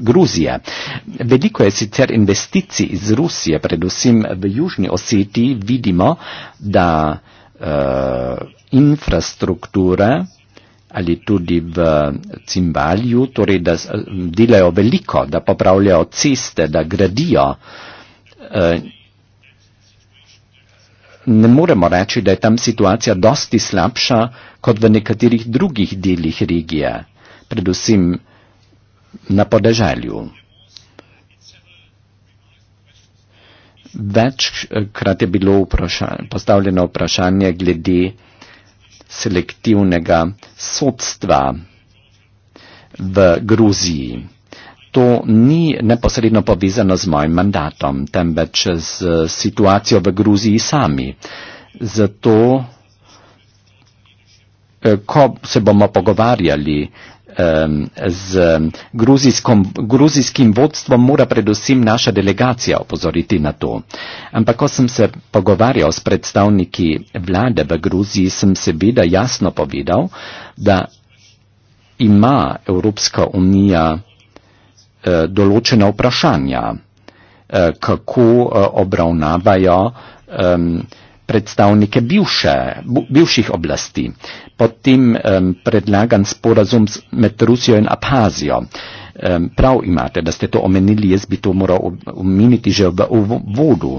B: Gruzije. Veliko je sicer investicij iz Rusije, predvsem v južni oseti vidimo, da uh, eh, infrastruktura ali tudi v cimbalju, torej da delajo veliko, da popravljajo ceste, da gradijo. Uh, ne moremo reči, da je tam situacija dosti slabša kot v nekaterih drugih delih regije, predvsem na podeželju. Večkrat je bilo vprašanje, postavljeno vprašanje glede selektivnega sodstva v Gruziji to ni neposredno povezano z mojim mandatom, temveč z eh, situacijo v Gruziji sami. Zato, eh, ko se bomo pogovarjali z gruzijskom, gruzijskim vodstvom, mora predvsem naša delegacija opozoriti na to. Ampak, ko sem se pogovarjal s predstavniki vlade v Gruziji, sem seveda jasno povedal, da ima Evropska unija Eh, določena vprašanja, eh, kako eh, obravnavajo predstavnike bivše, bivših oblasti. Potem predlagan sporazum med Rusijo in Abhazijo. Prav imate, da ste to omenili, jaz bi to moral omeniti že v uvodu.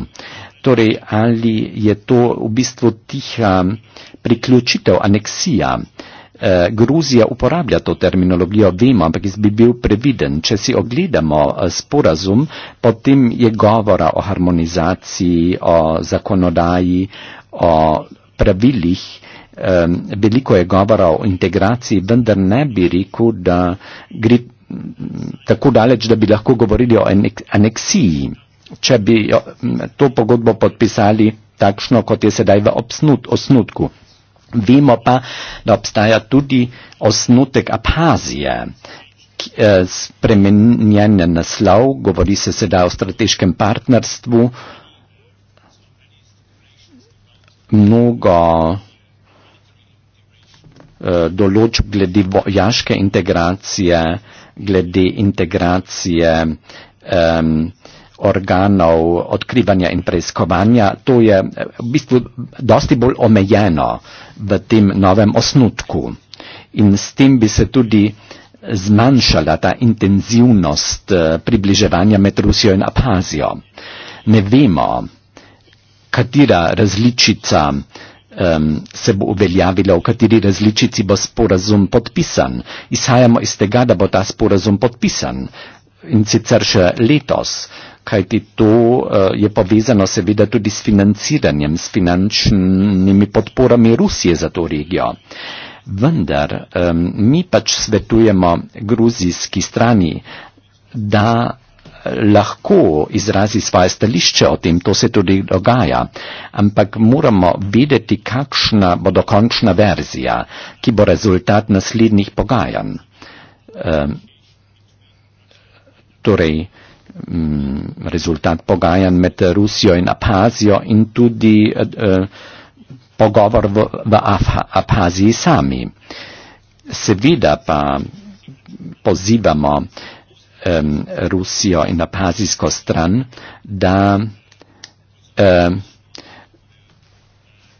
B: Torej, ali je to v bistvu tiha priključitev, aneksija? Eh, Gruzija uporablja to terminologijo, vemo, ampak jaz bi bil previden. Če si ogledamo eh, sporazum, potem je govora o harmonizaciji, o zakonodaji, o pravilih, veliko je govora o integraciji, vendar ne bi rekel, da gre mm, tako daleč, da bi lahko govorili o aneksiji. Če bi mm, to pogodbo podpisali takšno, kot je sedaj v osnutku. Vemo pa, da obstaja tudi osnutek Abhazije, eh, spremenjen naslov, govori se sedaj o strateškem partnerstvu, mnogo eh, določb glede vojaške integracije, glede integracije um, organov odkrivanja in preiskovanja, to je v bistvu dosti bolj omejeno v tem novem osnutku. In s tem bi se tudi zmanjšala ta intenzivnost eh, približevanja med Rusijo in Abhazijo. Ne vemo, katera različica se bo uveljavila, v kateri različici bo sporazum podpisan. Izhajamo iz tega, da bo ta sporazum podpisan in sicer še letos kajti to eh, je povezano seveda tudi s financiranjem, s finančnimi podporami Rusije za to regijo. Vendar um, mi pač svetujemo gruzijski strani, da eh, lahko izrazi svoje stališče o tem, to se tudi dogaja, ampak moramo vedeti, kakšna bo dokončna verzija, ki bo rezultat naslednjih pogajanj. Um, torej, m, mm, rezultat pogajanj med Rusijo in Abhazijo in tudi e, pogovor v, v Abhaziji sami. Seveda pa pozivamo e, Rusijo in Abhazijsko stran, da e,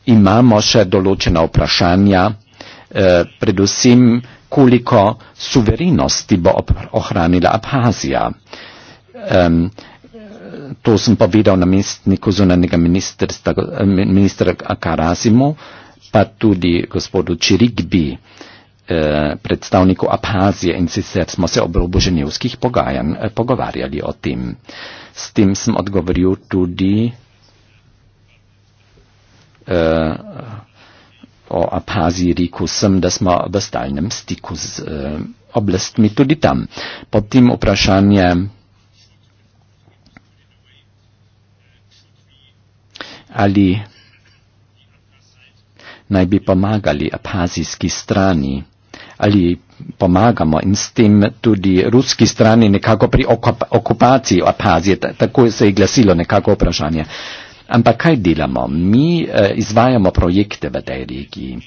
B: imamo še določena vprašanja, e, predvsem koliko suverenosti bo ohranila Abhazija. Um, to sem povedal namestniku zunanega ministra Karazimu, pa tudi gospodu Čirigbi, eh, predstavniku Abhazije in sicer smo se ob robu ženevskih pogajanj eh, pogovarjali o tem. S tem sem odgovoril tudi eh, o Abhaziji, rekel sem, da smo v stalnem stiku z eh, oblastmi tudi tam. Potem vprašanje. ali naj bi pomagali apazijski strani ali pomagamo in s tem tudi ruski strani nekako pri okup okupaciji apazije. Tako se je glasilo nekako vprašanje. Ampak kaj delamo? Mi eh, izvajamo projekte v tej regiji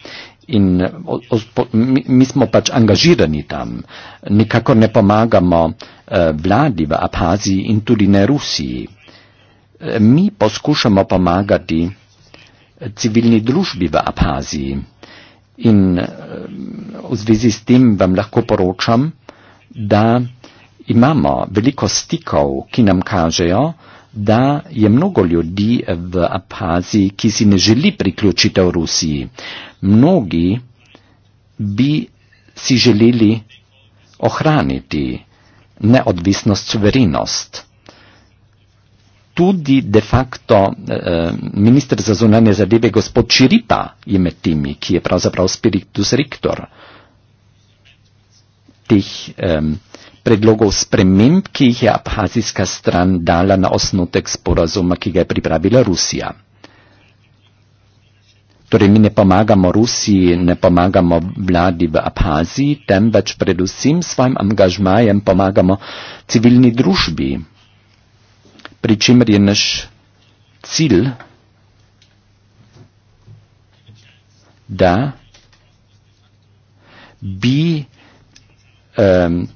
B: in o, o, po, mi, mi smo pač angažirani tam. Nikakor ne pomagamo eh, vladi v Apaziji in tudi ne Rusiji mi poskušamo pomagati civilni družbi v Abhaziji in eh, v zvezi s tem vam lahko poročam, da imamo veliko stikov, ki nam kažejo, da je mnogo ljudi v Abhaziji, ki si ne želi priključiti v Rusiji. Mnogi bi si želeli ohraniti neodvisnost, suverenost tudi de facto eh, minister za zunanje zadeve gospod Čiripa je med temi, ki je pravzaprav spiritus rektor teh eh, predlogov sprememb, ki jih je abhazijska stran dala na osnotek sporazuma, ki ga je pripravila Rusija. Torej mi ne pomagamo Rusiji, ne pomagamo vladi v Abhaziji, temveč predvsem svojim angažmajem pomagamo civilni družbi, pri čemer je naš cilj, da bi um,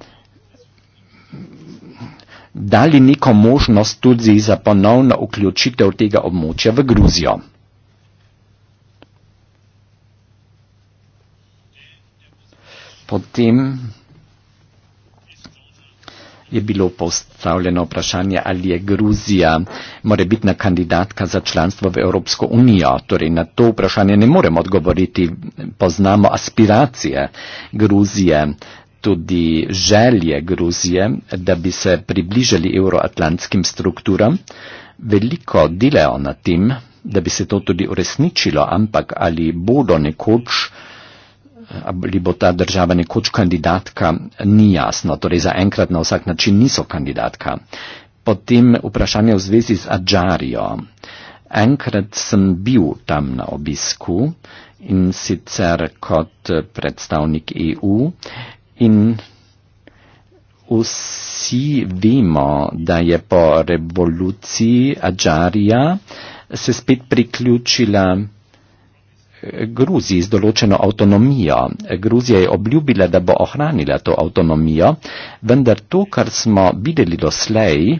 B: dali neko možnost tudi za ponovno vključitev tega območja v Gruzijo. Potem je bilo postavljeno vprašanje, ali je Gruzija morebitna kandidatka za članstvo v Evropsko unijo. Torej, na to vprašanje ne morem odgovoriti. Poznamo aspiracije Gruzije, tudi želje Gruzije, da bi se približali euroatlantskim strukturam. Veliko delajo na tem, da bi se to tudi uresničilo, ampak ali bodo nekoč ali bo ta država nekoč kandidatka, ni jasno. Torej zaenkrat na vsak način niso kandidatka. Potem vprašanje v zvezi z Adžarijo. Enkrat sem bil tam na obisku in sicer kot predstavnik EU in vsi vemo, da je po revoluciji Adžarija se spet priključila Gruziji z določeno avtonomijo. Gruzija je obljubila, da bo ohranila to avtonomijo, vendar to, kar smo videli doslej,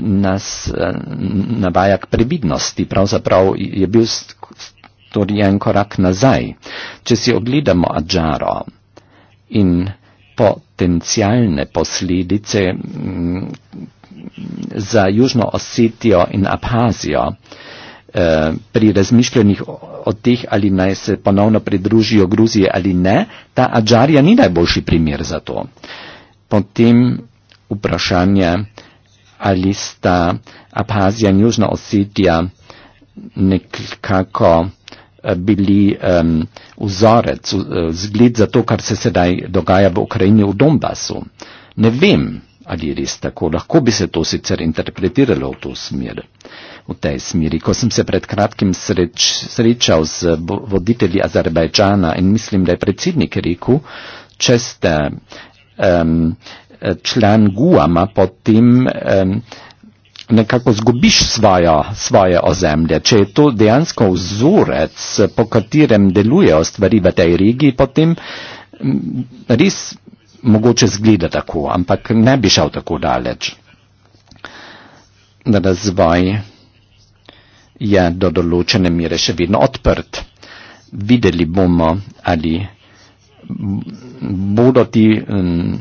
B: nas eh, navaja k previdnosti. Pravzaprav je bil storjen korak nazaj. Če si ogledamo Adžaro in potencialne posledice mm, za Južno Osetijo in Abhazijo, Eh, pri razmišljanjih o, o teh, ali naj se ponovno pridružijo Gruziji ali ne, ta Ađarija ni najboljši primer za to. Potem vprašanje, ali sta Abhazija in Južna Osetija nekako eh, bili um, vzorec, eh, zgled za to, kar se sedaj dogaja v Ukrajini v Donbasu. Ne vem, ali je res tako. Lahko bi se to sicer interpretiralo v to smer. Uh, v tej smeri. Ko sem se pred kratkim sreč, srečal z voditelji Azerbajdžana in mislim, da je predsednik rekel, če ste um, član Guama, potem um, nekako zgubiš svojo, svoje ozemlje. Če je to dejansko vzorec, po katerem delujejo stvari v tej regiji, potem um, res mogoče zgleda tako, ampak ne bi šel tako daleč. Razvoj je do določene mere še vedno odprt. Videli bomo, ali bodo, ti, um,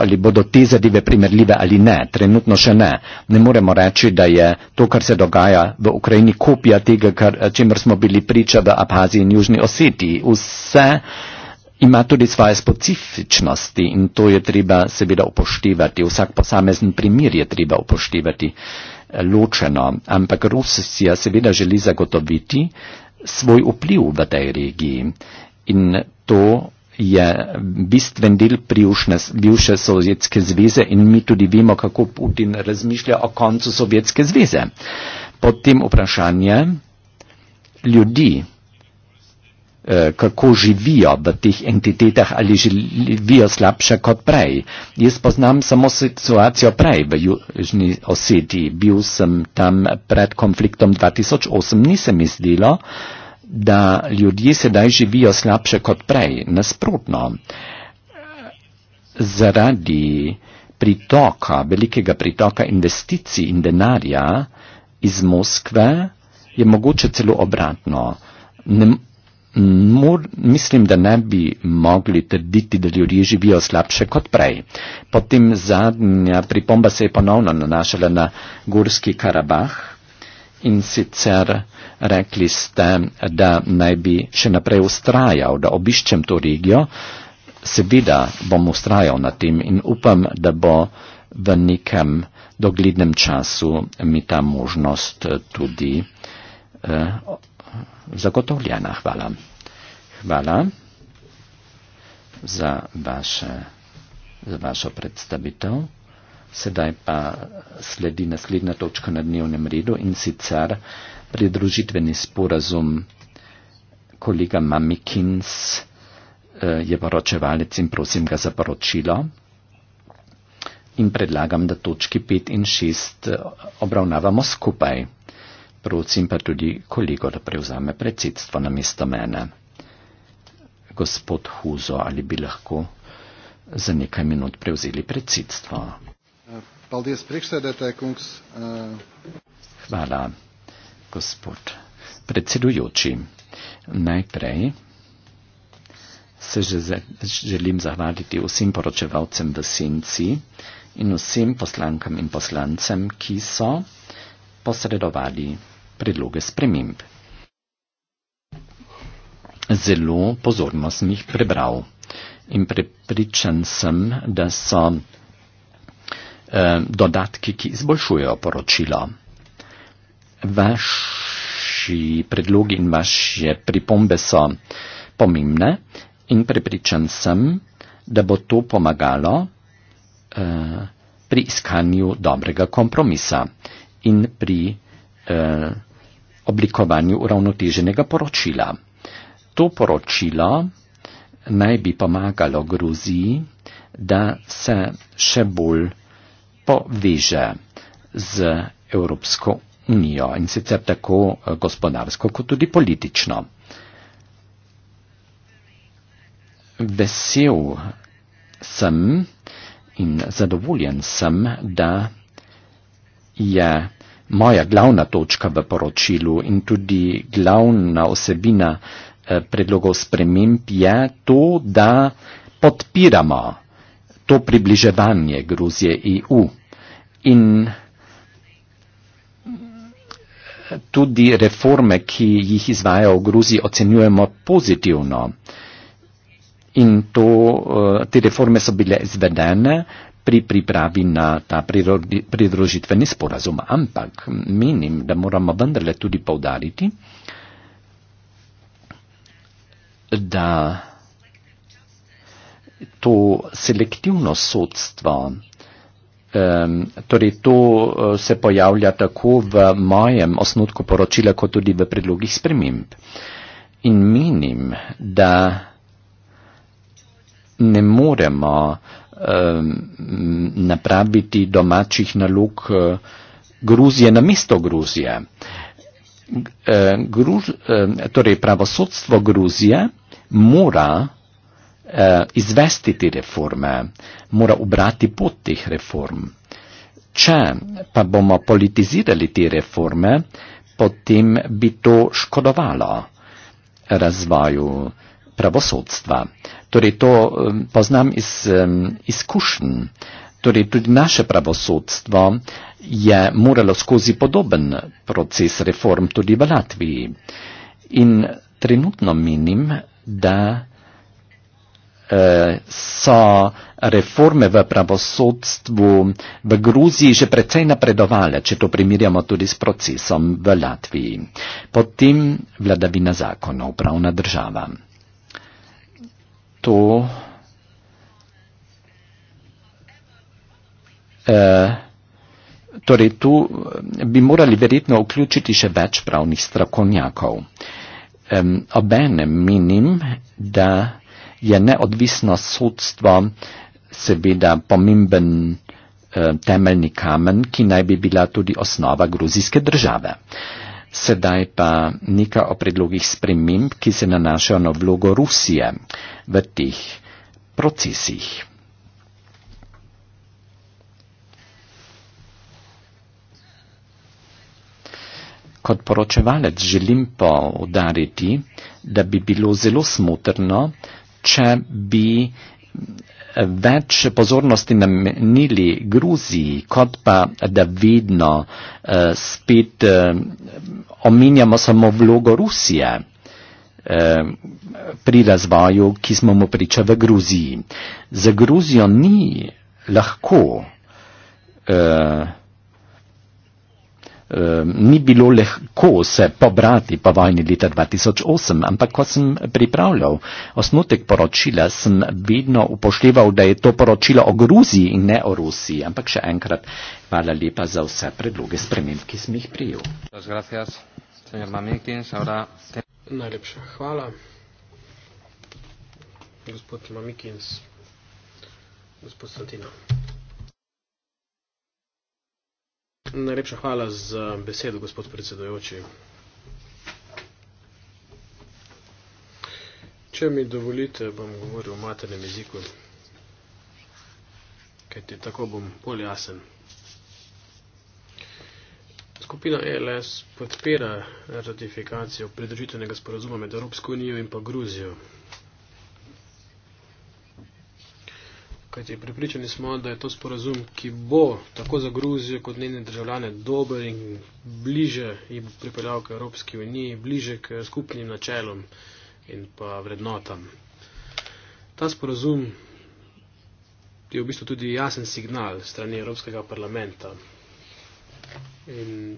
B: ali bodo te zadeve primerljive ali ne. Trenutno še ne. Ne moremo reči, da je to, kar se dogaja v Ukrajini, kopija tega, čemer smo bili priča v Abhaziji in Južni Osetiji. Vse ima tudi svoje specifičnosti in to je treba seveda upoštevati. Vsak posamezen primer je treba upoštevati eh, ločeno, ampak Rusija seveda želi zagotoviti svoj vpliv v tej regiji in to je bistven del prijušne bivše Sovjetske zveze in mi tudi vemo, kako Putin razmišlja o koncu Sovjetske zveze. Potem vprašanje ljudi. Eh, kako živijo v teh entitetah ali živijo slabše kot prej. Jaz poznam samo situacijo prej v Južni Osetiji. Bil sem tam pred konfliktom 2008, ni se mi zdelo, da ljudje sedaj živijo slabše kot prej. Nasprotno, eh, zaradi pritoka, velikega pritoka investicij in denarja iz Moskve je mogoče celo obratno. Ne, Mor, mislim, da ne bi mogli trditi, da ljudje živijo slabše kot prej. Potem zadnja pripomba se je ponovno nanašala na Gorski Karabah in sicer rekli ste, da naj bi še naprej ustrajal, da obiščem to regijo. Seveda bom ustrajal na tem in upam, da bo v nekem doglednem času mi ta možnost tudi. Eh, zagotovljena hvala. Hvala za, vaše, za vašo predstavitev. Sedaj pa sledi naslednja točka na dnevnem redu in sicer pridružitveni sporazum kolega Mamikins eh, je poročevalec in prosim ga za poročilo. In predlagam, da točki 5 in 6 eh, obravnavamo skupaj prosim pa tudi kolego, da prevzame predsedstvo na mesto mene. Gospod Huzo, ali bi lahko za nekaj minut prevzeli predsedstvo? Hvala, gospod predsedujoči. Najprej se že želim zahvaliti vsem poročevalcem v senci in vsem poslankam in poslancem, ki so posredovali predloge sprememb. Zelo pozorno sem jih prebral in prepričan sem, da so eh, dodatki, ki izboljšujejo poročilo. Vaši predlogi in vaše pripombe so pomembne in prepričan sem, da bo to pomagalo eh, pri iskanju dobrega kompromisa in pri eh, oblikovanju uravnoteženega poročila. To poročilo naj bi pomagalo Gruziji, da se še bolj poveže z Evropsko unijo in sicer tako eh, gospodarsko kot tudi politično. Vesel sem in zadovoljen sem, da je moja glavna točka v poročilu in tudi glavna osebina eh, predlogov sprememb je to, da podpiramo to približevanje Gruzije EU in eh, tudi reforme, ki jih izvaja v Gruziji, ocenjujemo pozitivno. In to, eh, te reforme so bile izvedene, pri pripravi na ta pridružitveni sporazum. Ampak menim, da moramo vendarle tudi povdariti, da to selektivno sodstvo, torej to eh, se pojavlja tako v mojem osnutku poročila, kot tudi v predlogih sprememb. In menim, da ne moremo napraviti domačih nalog eh, Gruzije na mesto Gruzije. Eh, Gruž, eh, torej pravosodstvo Gruzije mora izvesti te reforme, mora obrati pot teh reform. Če pa bomo politizirali te reforme, potem bi to škodovalo razvoju pravosodstva. Torej to poznam iz izkušenj. Torej tudi naše pravosodstvo je moralo skozi podoben proces reform tudi v Latviji. In trenutno menim, da e, so reforme v pravosodstvu v Gruziji že precej napredovale, če to primirjamo tudi s procesom v Latviji. Potem vladavina zakonov, pravna država to eh, torej tu eh, bi morali verjetno vključiti še več pravnih strokovnjakov. Eh, obenem menim, da je neodvisno sodstvo seveda pomemben eh, temeljni kamen, ki naj bi bila tudi osnova gruzijske države. Eh, Sedaj pa nekaj o predlogih sprememb, ki se nanašajo na vlogo Rusije v teh procesih. Kot poročevalec želim pa udariti, da bi bilo zelo smotrno, če bi več pozornosti namenili Gruziji, kot pa da vedno eh, spet eh, omenjamo samo vlogo Rusije eh, pri razvoju, ki smo mu priča v Gruziji. Za Gruzijo ni lahko eh, Ehm, ni bilo lehko se pobrati po vojni leta 2008, ampak ko sem pripravljal osnutek poročila, sem vedno upošteval, da je to poročilo o Gruziji in ne o Rusiji. Ampak še enkrat, hvala lepa za vse predloge sprememb, ki sem jih prijel.
C: Najlepša hvala. Gospod Mamikins, gospod Santino. Najlepša hvala za besedo, gospod predsedojoči. Če mi dovolite, bom govoril o maternem jeziku, kajti tako bom bolj jasen. Skupina ELS podpira ratifikacijo pridružitvenega sporazuma med Evropsko unijo in pa Gruzijo. kajti pripričani smo, da je to sporazum, ki bo tako za Gruzijo kot njene državljane dober in bliže jih pripeljal k Evropski uniji, bliže k skupnim načelom in pa vrednotam. Ta sporazum je v bistvu tudi jasen signal strani Evropskega parlamenta. In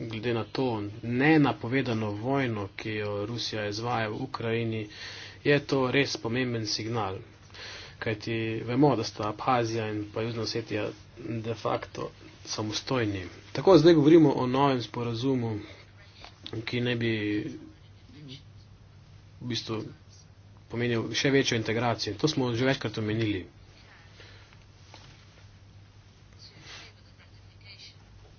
C: glede na to nenapovedano vojno, ki jo Rusija izvaja v Ukrajini, je to res pomemben signal kajti vemo, da sta Abhazija in pa Južna Osetija de facto samostojni. Tako zdaj govorimo o novem sporazumu, ki ne bi v bistvu pomenil še večjo integracijo. To smo že večkrat omenili.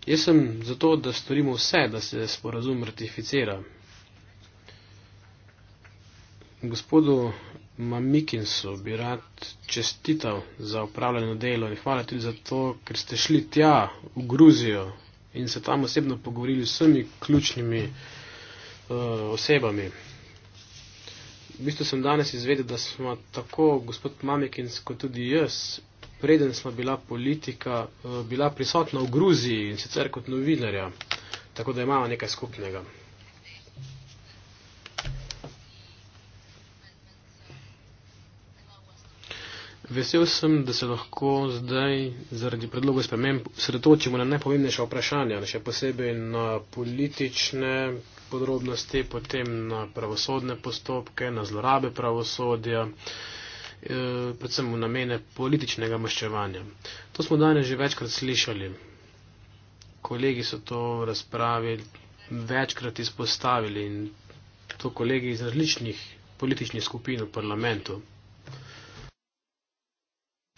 C: Jaz sem zato, da storimo vse, da se sporazum ratificira. Gospodu Mamikinsu bi rad čestital za upravljeno delo in hvala tudi za to, ker ste šli tja v Gruzijo in se tam osebno pogovorili s vsemi ključnimi uh, osebami. V bistvu sem danes izvedel, da smo tako gospod Mamikins kot tudi jaz, preden smo bila politika, uh, bila prisotna v Gruziji in sicer kot novinarja, tako da imamo nekaj skupnega. Vesel sem, da se lahko zdaj zaradi predloga spremem sredotočimo na najpomembnejša vprašanja, še posebej na politične podrobnosti, potem na pravosodne postopke, na zlorabe pravosodja, eh, predvsem v namene političnega maščevanja. To smo danes že večkrat slišali. Kolegi so to razpravili, večkrat izpostavili in to kolegi iz različnih političnih skupin v parlamentu.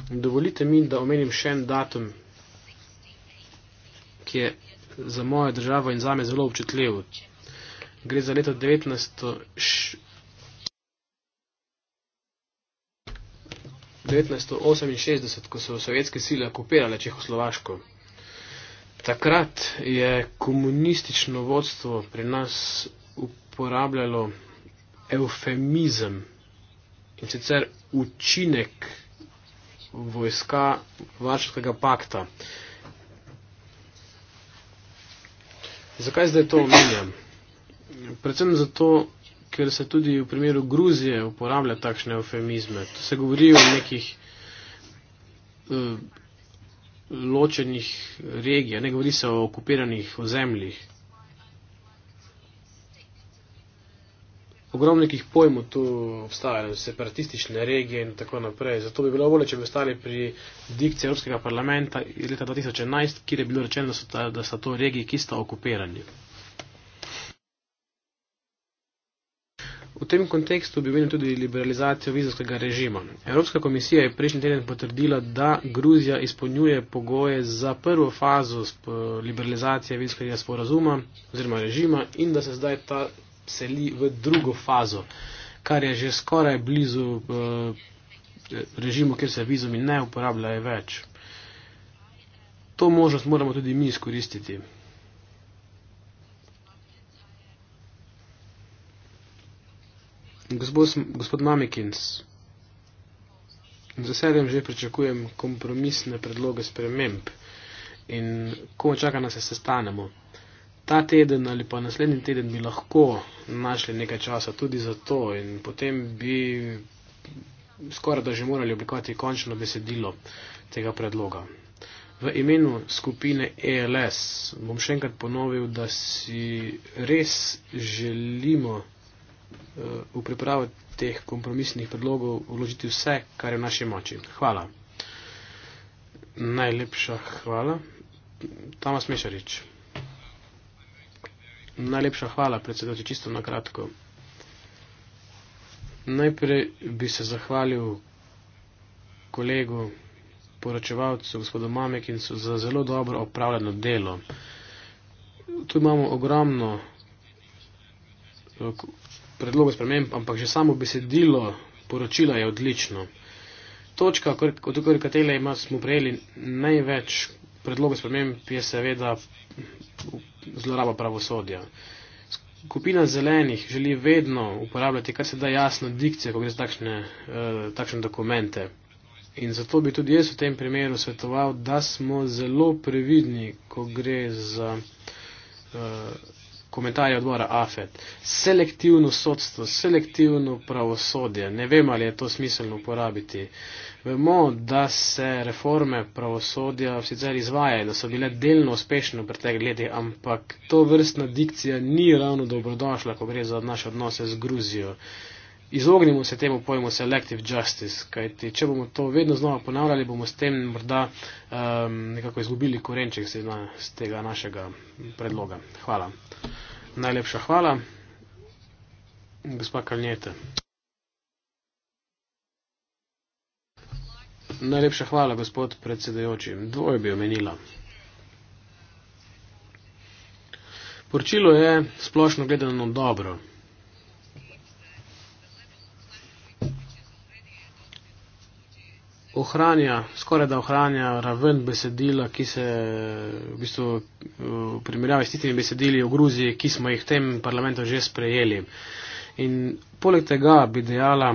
C: Dovolite mi, da omenim še en datum, ki je za mojo državo in za me zelo občutljiv. Gre za leto 1968, ko so sovjetske sile okupirale Čehoslovaško. Takrat je komunistično vodstvo pri nas uporabljalo evfemizem in sicer učinek vojska Varšavskega pakta. Zakaj zdaj to omenjam? Predvsem zato, ker se tudi v primeru Gruzije uporablja takšne eufemizme. To se govori o nekih eh, ločenih regijah, ne govori se o okupiranih ozemljih. ogromno nekih pojmov tu obstajajo, separatistične regije in tako naprej. Zato bi bilo bolje, če bi ostali pri dikciji Evropskega parlamenta iz leta 2011, kjer je bilo rečeno, da so, ta, da so to regije, ki sta okupirani. V tem kontekstu bi menil tudi liberalizacijo vizovskega režima. Evropska komisija je prejšnji teden potrdila, da Gruzija izpolnjuje pogoje za prvo fazo liberalizacije vizovskega sporazuma oziroma režima in da se zdaj ta seli v drugo fazo, kar je že skoraj blizu uh, režimu, kjer se vizumi ne uporabljajo več. To možnost moramo tudi mi izkoristiti. Gospod, gospod Mamikins, z veseljem že pričakujem kompromisne predloge sprememb in ko čaka, da se sestanemo ta teden ali pa naslednji teden bi lahko našli nekaj časa tudi za to in potem bi skoraj da že morali oblikovati končno besedilo tega predloga. V imenu skupine ELS bom še enkrat ponovil, da si res želimo eh, v pripravo teh kompromisnih predlogov vložiti vse, kar je v naši moči. Hvala. Najlepša hvala. Tamas Mešarič. Najlepša hvala, predsedujoči, čisto na kratko. Najprej bi se zahvalil kolegu, poročevalcu, gospodu Mamekincu za zelo dobro opravljeno delo. Tu imamo ogromno predlogov sprememb, ampak že samo besedilo poročila je odlično. Točka, od katere smo prejeli največ predloga sprememb je seveda zloraba pravosodja. Skupina zelenih želi vedno uporabljati kar se da jasno dikcije, ko gre za takšne, eh, takšne dokumente. In zato bi tudi jaz v tem primeru svetoval, da smo zelo previdni, ko gre za eh, komentarje odbora AFED. Selektivno sodstvo, selektivno pravosodje, ne vem, ali je to smiselno uporabiti. Eh, Vemo, da se reforme pravosodja sicer izvajajo, da so bile delno uspešne v preteklih letih, ampak to vrstna dikcija ni ravno dobrodošla, ko gre za naše odnose z Gruzijo. Izognimo se temu pojmu selective justice, kajti če bomo to vedno znova ponavljali, bomo s tem morda um, nekako izgubili korenček z tega našega predloga. Hvala. Najlepša hvala. Gospa Kalnjete. Najlepša hvala, gospod predsedajoči. Dvoje bi omenila. Poročilo je splošno gledano dobro. Ohranja, skoraj da ohranja raven besedila, ki se v bistvu v primerjavi s tistimi besedili v Gruziji, ki smo jih v tem parlamentu že sprejeli. In poleg tega bi dejala,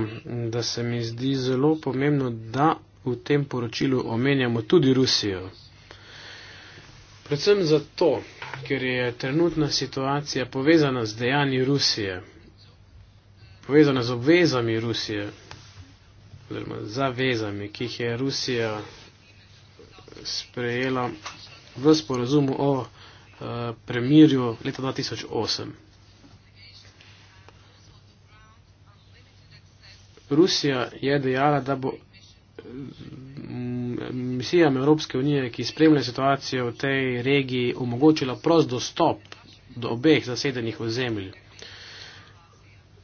C: da se mi zdi zelo pomembno, da v tem poročilu omenjamo tudi Rusijo. Predvsem zato, ker je trenutna situacija povezana z dejanji Rusije, povezana z obvezami Rusije, oziroma zavezami, ki jih je Rusija sprejela v sporozumu o uh, premirju leta 2008. Rusija je dejala, da bo misijam Evropske unije, ki spremlja situacijo v tej regiji, omogočila prost dostop do obeh zasedenih ozemelj.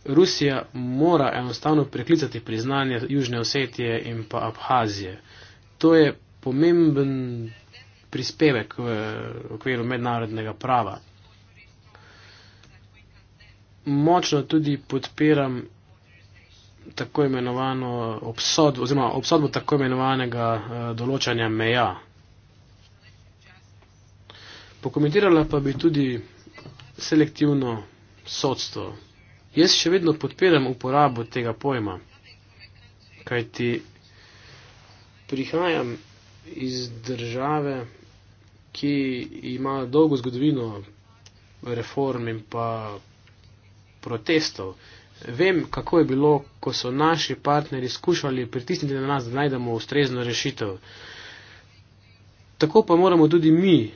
C: Rusija mora enostavno preklicati priznanje Južne Osetije in pa Abhazije. To je pomemben prispevek v okviru mednarodnega prava. Močno tudi podpiram tako imenovano obsodbo, oziroma obsodbo tako imenovanega eh, določanja meja. Pokomentirala pa bi tudi selektivno sodstvo. Jaz še vedno podpiram uporabo tega pojma, kajti prihajam iz države, ki ima dolgo zgodovino reform in pa protestov. Vem, kako je bilo, ko so naši partneri skušali pritisniti na nas, da najdemo ustrezno rešitev. Tako pa moramo tudi mi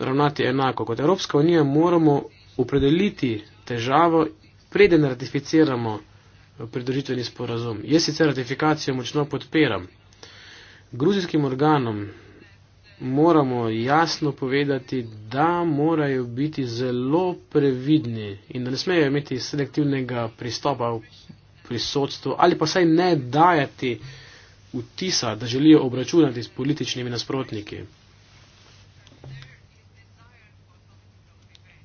C: ravnati enako. Kot Evropska unija moramo opredeliti težavo, preden ratificiramo pridružitveni sporazum. Jaz sicer ratifikacijo močno podpiram. Gruzijskim organom moramo jasno povedati, da morajo biti zelo previdni in da ne smejo imeti selektivnega pristopa v prisotstvu ali pa saj ne dajati vtisa, da želijo obračunati s političnimi nasprotniki.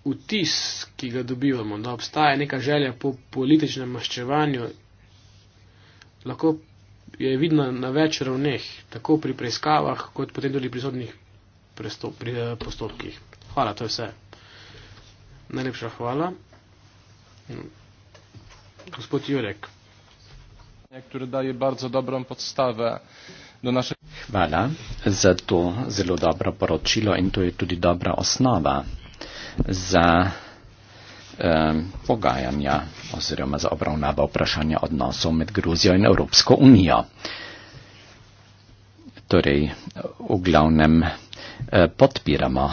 C: Vtis, ki ga dobivamo, da obstaja neka želja po političnem maščevanju, lahko je vidna na več ravneh, tako pri preiskavah, kot potem tudi pri sodnih eh, postopkih. Hvala, to je vse. Najlepša hvala. Gospod Jurek. Nekatere daje bardzo dobro podstave do naše.
B: Hvala za to zelo dobro poročilo in to je tudi dobra osnova za eh, pogajanja oziroma za obravnavo vprašanja odnosov med Gruzijo in Evropsko unijo. Torej, v glavnem eh, podpiramo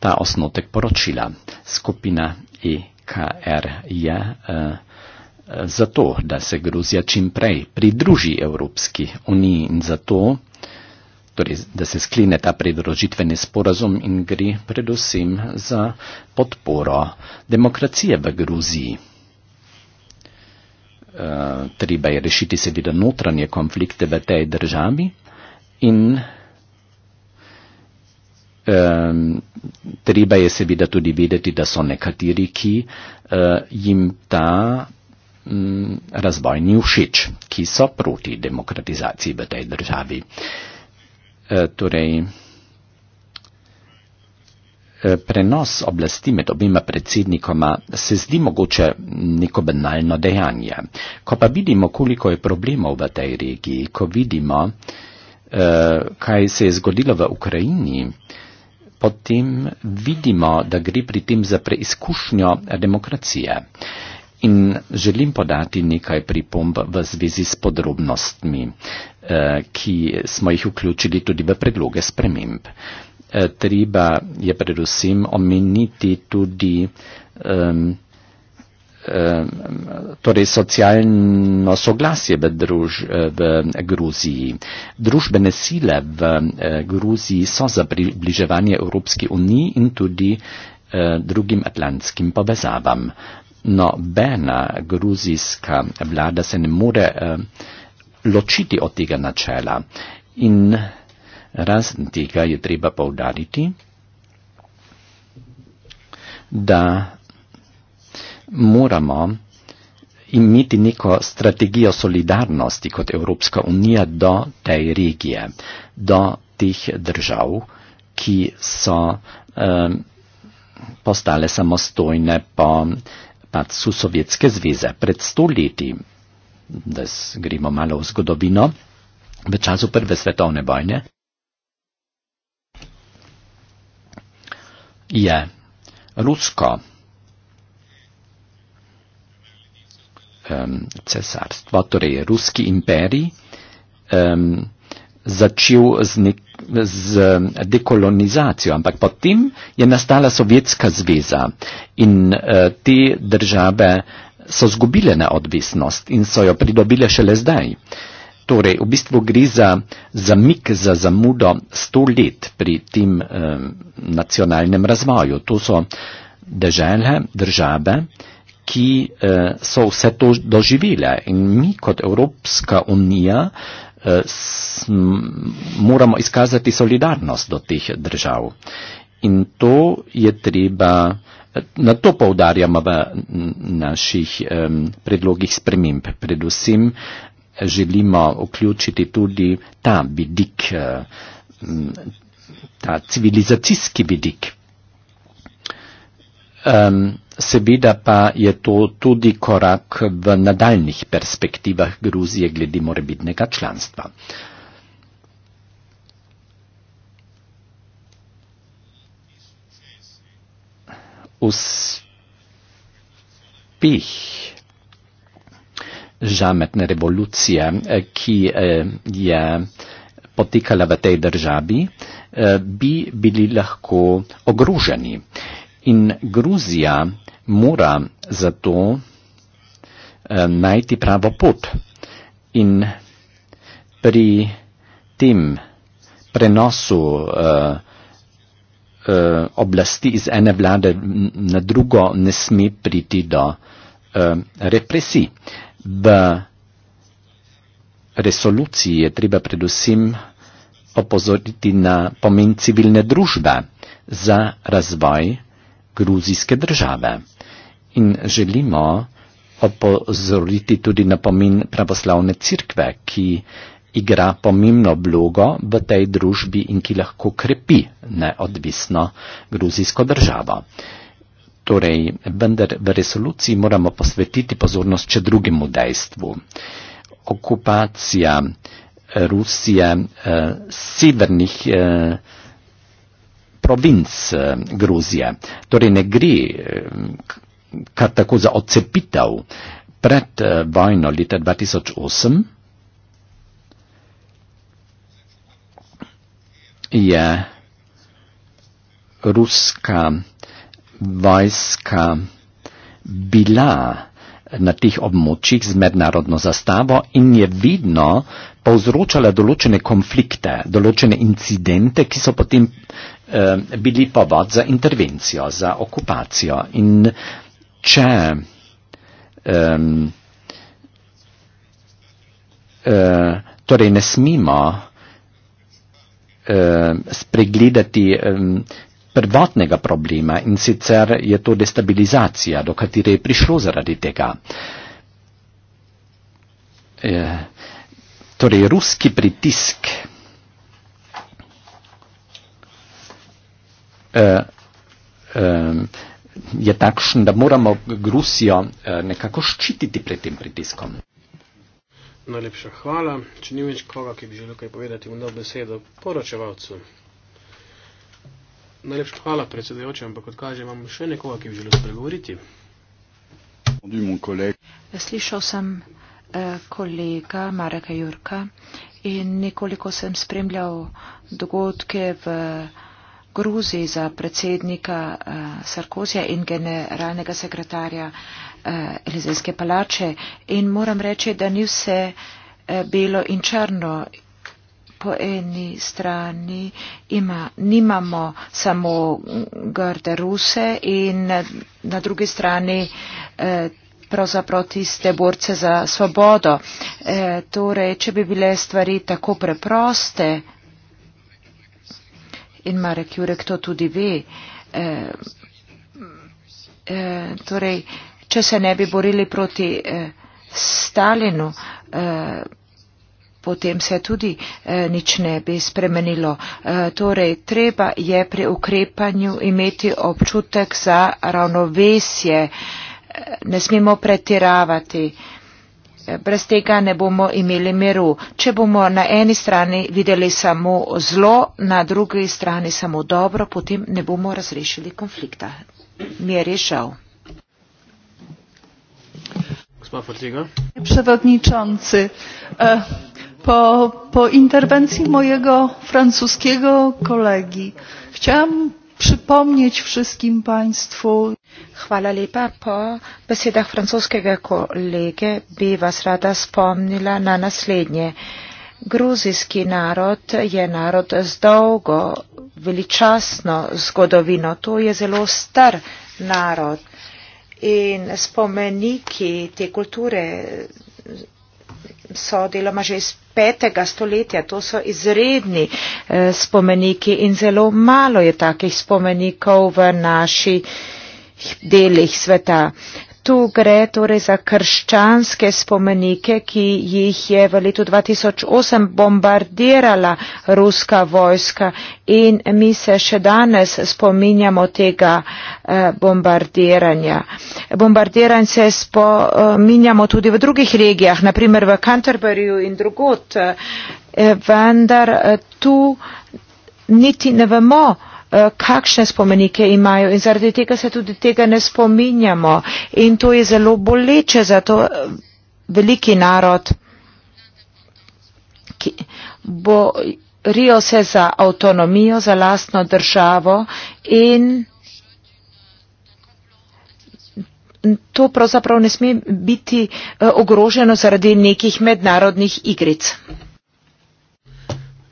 B: ta osnotek poročila. Skupina IKR e je eh, zato, da se Gruzija čim prej pridruži Evropski uniji in zato, torej, da se sklene ta pridružitveni sporazum in gre predvsem za podporo demokracije v Gruziji. Eh, treba je rešiti seveda notranje konflikte v tej državi in um, treba je seveda tudi vedeti, da so nekateri, ki uh, jim ta um, razvoj ni všeč, ki so proti demokratizaciji v tej državi. Uh, torej, Eh, prenos oblasti med obima predsednikoma se zdi mogoče neko banalno dejanje. Ko pa vidimo, koliko je problemov v tej regiji, ko vidimo, eh, kaj se je zgodilo v Ukrajini, potem vidimo, da gre pri tem za preizkušnjo demokracije. In želim podati nekaj pripomb v zvezi s podrobnostmi, eh, ki smo jih vključili tudi v predloge sprememb. Eh, treba je predvsem omeniti tudi um, torej socialno soglasje v, druž, v Gruziji. Družbene sile v eh, Gruziji so za približevanje Evropski uniji in tudi eh, drugim atlantskim povezavam. Nobena gruzijska vlada se ne more ločiti od tega načela. In Razen tega je treba povdariti, da moramo imeti neko strategijo solidarnosti kot Evropska unija do te regije, do teh držav, ki so um, postale samostojne po padcu Sovjetske zveze pred sto leti. Zdaj gremo malo v zgodovino. V času prve svetovne vojne. je rusko um, cesarstvo, torej ruski imperij, um, začel z, nek, z dekolonizacijo, ampak potem je nastala Sovjetska zveza in uh, te države so zgubile neodvisnost in so jo pridobile šele zdaj. Uh, Torej, v bistvu gre za zamik za zamudo sto let pri tem eh, nacionalnem razvoju. To so dežele, države, ki eh, so vse to doživele in mi kot Evropska unija eh, sm, moramo izkazati solidarnost do teh držav. In to je treba, eh, na to poudarjamo v naših eh, predlogih sprememb, predvsem želimo vključiti tudi ta vidik, eh, ta civilizacijski vidik. Seveda pa je to tudi korak v nadaljnih perspektivah Gruzije glede morebitnega članstva. Uspeh žametne revolucije, eh, ki eh, je potekala v tej državi, eh, bi bili lahko ogroženi. In Gruzija mora zato najti pravo pot. In pri tem prenosu oblasti iz ene vlade na drugo ne sme priti do represij v resoluciji je treba predvsem opozoriti na pomen civilne družbe za razvoj gruzijske države. In želimo opozoriti tudi na pomen pravoslavne cirkve, ki igra pomembno vlogo v tej družbi in ki lahko krepi neodvisno gruzijsko državo. Torej, vendar v resoluciji moramo posvetiti pozornost še drugemu dejstvu. Okupacija eh, Rusije eh, severnih eh, provinc eh, Gruzije. Torej, ne gre eh, kar tako za odcepitev pred eh, vojno leta 2008. Je ruska vojska bila na teh območjih z mednarodno zastavo in je vidno povzročala določene konflikte, določene incidente, ki so potem eh, bili povod za intervencijo, za okupacijo. In če eh, eh, torej ne smemo eh, spregledati eh, prvotnega problema in sicer je to destabilizacija, do katere je prišlo zaradi tega. E, torej, ruski pritisk e, e, je takšen, da moramo Rusijo e, nekako ščititi pred tem pritiskom.
C: Najlepša hvala. Če ni več koga, ki bi želel kaj povedati, bom dal besedo poročevalcu. Najlepša hvala, predsedajoče, ampak kot kaže, imam še nekoga, ki bi želel spregovoriti.
A: Slišal sem eh, kolega Mareka Jurka in nekoliko sem spremljal dogodke v Gruziji za predsednika eh, Sarkozija in generalnega sekretarja eh, Elizejske palače in moram reči, da ni vse belo in črno po eni strani ima, nimamo samo grde ruse in na drugi strani eh, pravzaprav tiste borce za svobodo. E, torej, če bi bile stvari tako preproste in Marek Jurek to tudi ve, e, e, torej, če se ne bi borili proti e, Stalinu, e, potem se tudi eh, nič ne bi spremenilo. Eh, torej, treba je pri ukrepanju imeti občutek za ravnovesje, eh, ne smemo pretiravati. Eh, brez tega ne bomo imeli miru. Če bomo na eni strani videli samo zlo, na drugi strani samo dobro, potem ne bomo razrešili konflikta. Mi je rešal.
B: Gospod Fortiga. Predsedujoči. Po, po interwencji mojego francuskiego kolegi
A: chciałam przypomnieć wszystkim Państwu. Chwala lipa po wysiedach francuskiego kolegi by Was rada wspomnila na naslednie. Gruzijski naród je naród z długo, wyliczasno z godowino. Tu jest zelo star naród. I wspomniki tej kultury so deloma že iz petega stoletja. To so izredni eh, spomeniki in zelo malo je takih spomenikov v naših delih sveta tu gre torej za krščanske spomenike, ki jih je v letu 2008 bombardirala ruska vojska in mi se še danes spominjamo tega eh, bombardiranja. Bombardiranj se spominjamo tudi v drugih regijah, naprimer v Canterburyju in drugot, eh, vendar eh, tu niti ne vemo, Eh, kakšne spomenike imajo in zaradi tega se tudi tega ne spominjamo in to je zelo boleče za to eh, veliki narod, ki bo rio se za avtonomijo, za lastno državo in to pravzaprav ne sme biti eh, ogroženo zaradi nekih mednarodnih igric.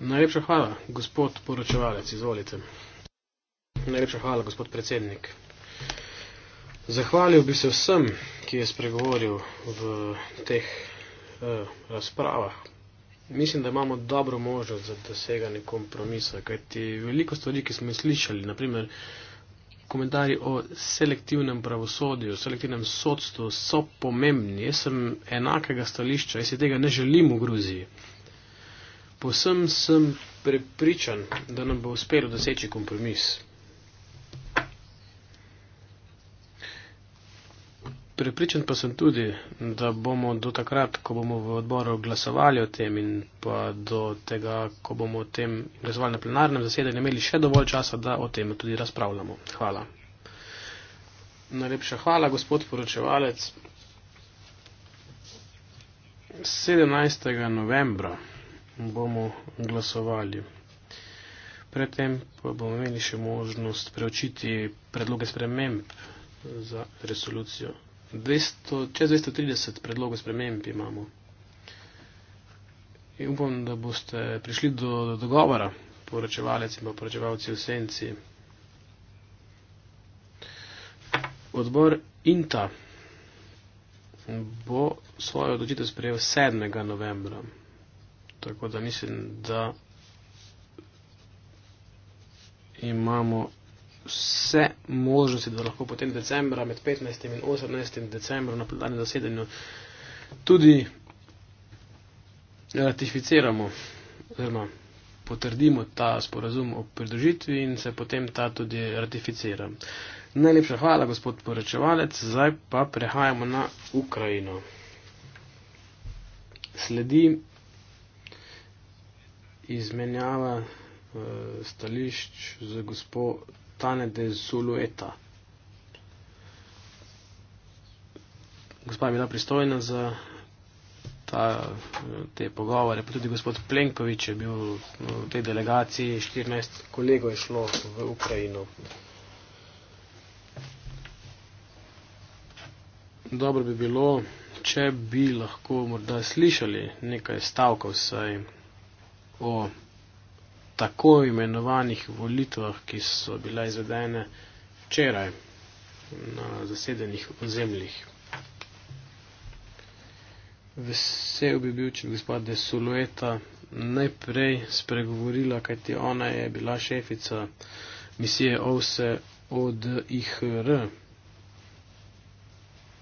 C: Najlepša hvala, gospod poročevalec, izvolite. Najlepša hvala, gospod predsednik. Zahvalil bi se vsem, ki je spregovoril v teh eh, razpravah. Mislim, da imamo dobro možnost za doseganje kompromisa, kajti veliko stvari, ki smo slišali, naprimer komentarji o selektivnem pravosodju, selektivnem sodstvu, so pomembni. Jaz sem enakega stališča, jaz se tega ne želim v Gruziji. Posem sem prepričan, da nam bo uspelo doseči kompromis. Pripričan pa sem tudi, da bomo do takrat, ko bomo v odboru glasovali o tem in pa do tega, ko bomo o tem glasovali na plenarnem zasedanju, imeli še dovolj časa, da o tem tudi razpravljamo. Hvala. Najlepša hvala, gospod poročevalec. 17. novembra bomo glasovali. Predtem pa bomo imeli še možnost preučiti predloge sprememb za resolucijo 200, čez 230 predlogov sprememb imamo. In upam, da boste prišli do dogovora, poročevalec in poročevalci v senci. Odbor INTA bo svojo odločitev sprejel 7. novembra. Tako da mislim, da imamo vse možnosti, da lahko potem decembra, med 15. in 18. decembrom na plenarnem zasedanju, tudi eh, ratificiramo oziroma potrdimo ta sporazum o pridružitvi in se potem ta tudi ratificira. Najlepša hvala, gospod poročevalec, zdaj pa prehajamo na Ukrajino. Sledi izmenjava eh, stališč za gospod Montane de Zulueta. Gospa je bila pristojna za ta, te pogovore, pa tudi gospod Plenković je bil v tej delegaciji, 14 kolegov je šlo v Ukrajino. Dobro bi bilo, če bi lahko morda slišali nekaj stavkov vsaj o tako imenovanih volitvah, ki so bile izvedene včeraj na zasedenih ozemljih. Vesel bi bil, če bi gospod De Sulueta najprej spregovorila, kajti ona je bila šefica misije OVSE od IHR.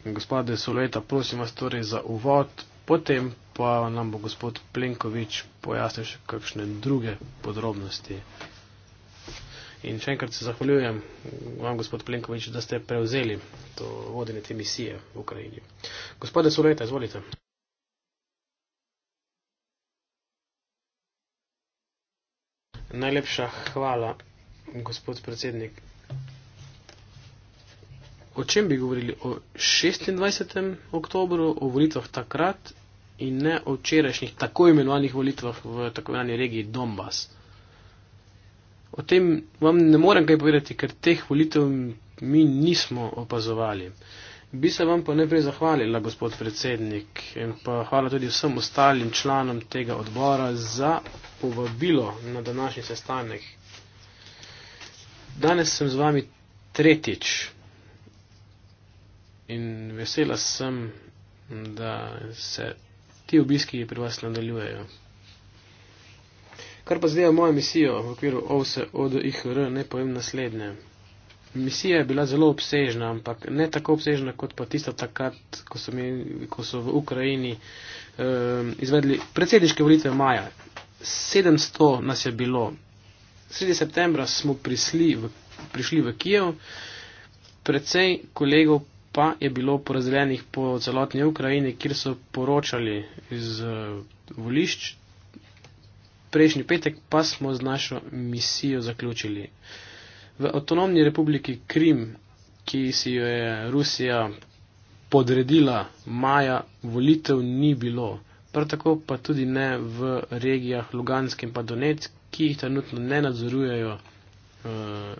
C: Gospod De Sulueta, prosim vas torej za uvod, potem pa nam bo gospod Plenković pojasnil še kakšne druge podrobnosti. In še enkrat se zahvaljujem vam, gospod Plenković, da ste prevzeli to vodenje te misije v Ukrajini. Gospode Sulejta, izvolite. Najlepša hvala, gospod predsednik. O čem bi govorili? O 26. oktobru, o volitvah takrat in ne o včerajšnjih tako imenovanih volitvah v tako imenovani regiji Donbass. O tem vam ne morem kaj povedati, ker teh volitev mi nismo opazovali. Bi se vam pa najprej zahvalila, gospod predsednik, in pa hvala tudi vsem ostalim članom tega odbora za povabilo na današnji sestanek. Danes sem z vami tretjič in vesela sem, da se ti obiski pri vas nadaljujejo. Kar pa zdaj je moja misija v okviru OVSE od IHR, ne povem naslednje. Misija je bila zelo obsežna, ampak ne tako obsežna kot pa tista takrat, ko so, mi, ko so v Ukrajini um, izvedli predsedniške volitve maja. 700 nas je bilo. Sredi septembra smo prisli v, prišli v Kijev, precej kolegov pa je bilo porazdeljenih po celotni Ukrajini, kjer so poročali iz eh, volišč. Prejšnji petek pa smo z našo misijo zaključili. V avtonomni republiki Krim, ki si jo je Rusija podredila maja, volitev ni bilo. Prav tako pa tudi ne v regijah Luganskem in Donetsk, ki jih trenutno ne nadzorujejo uh,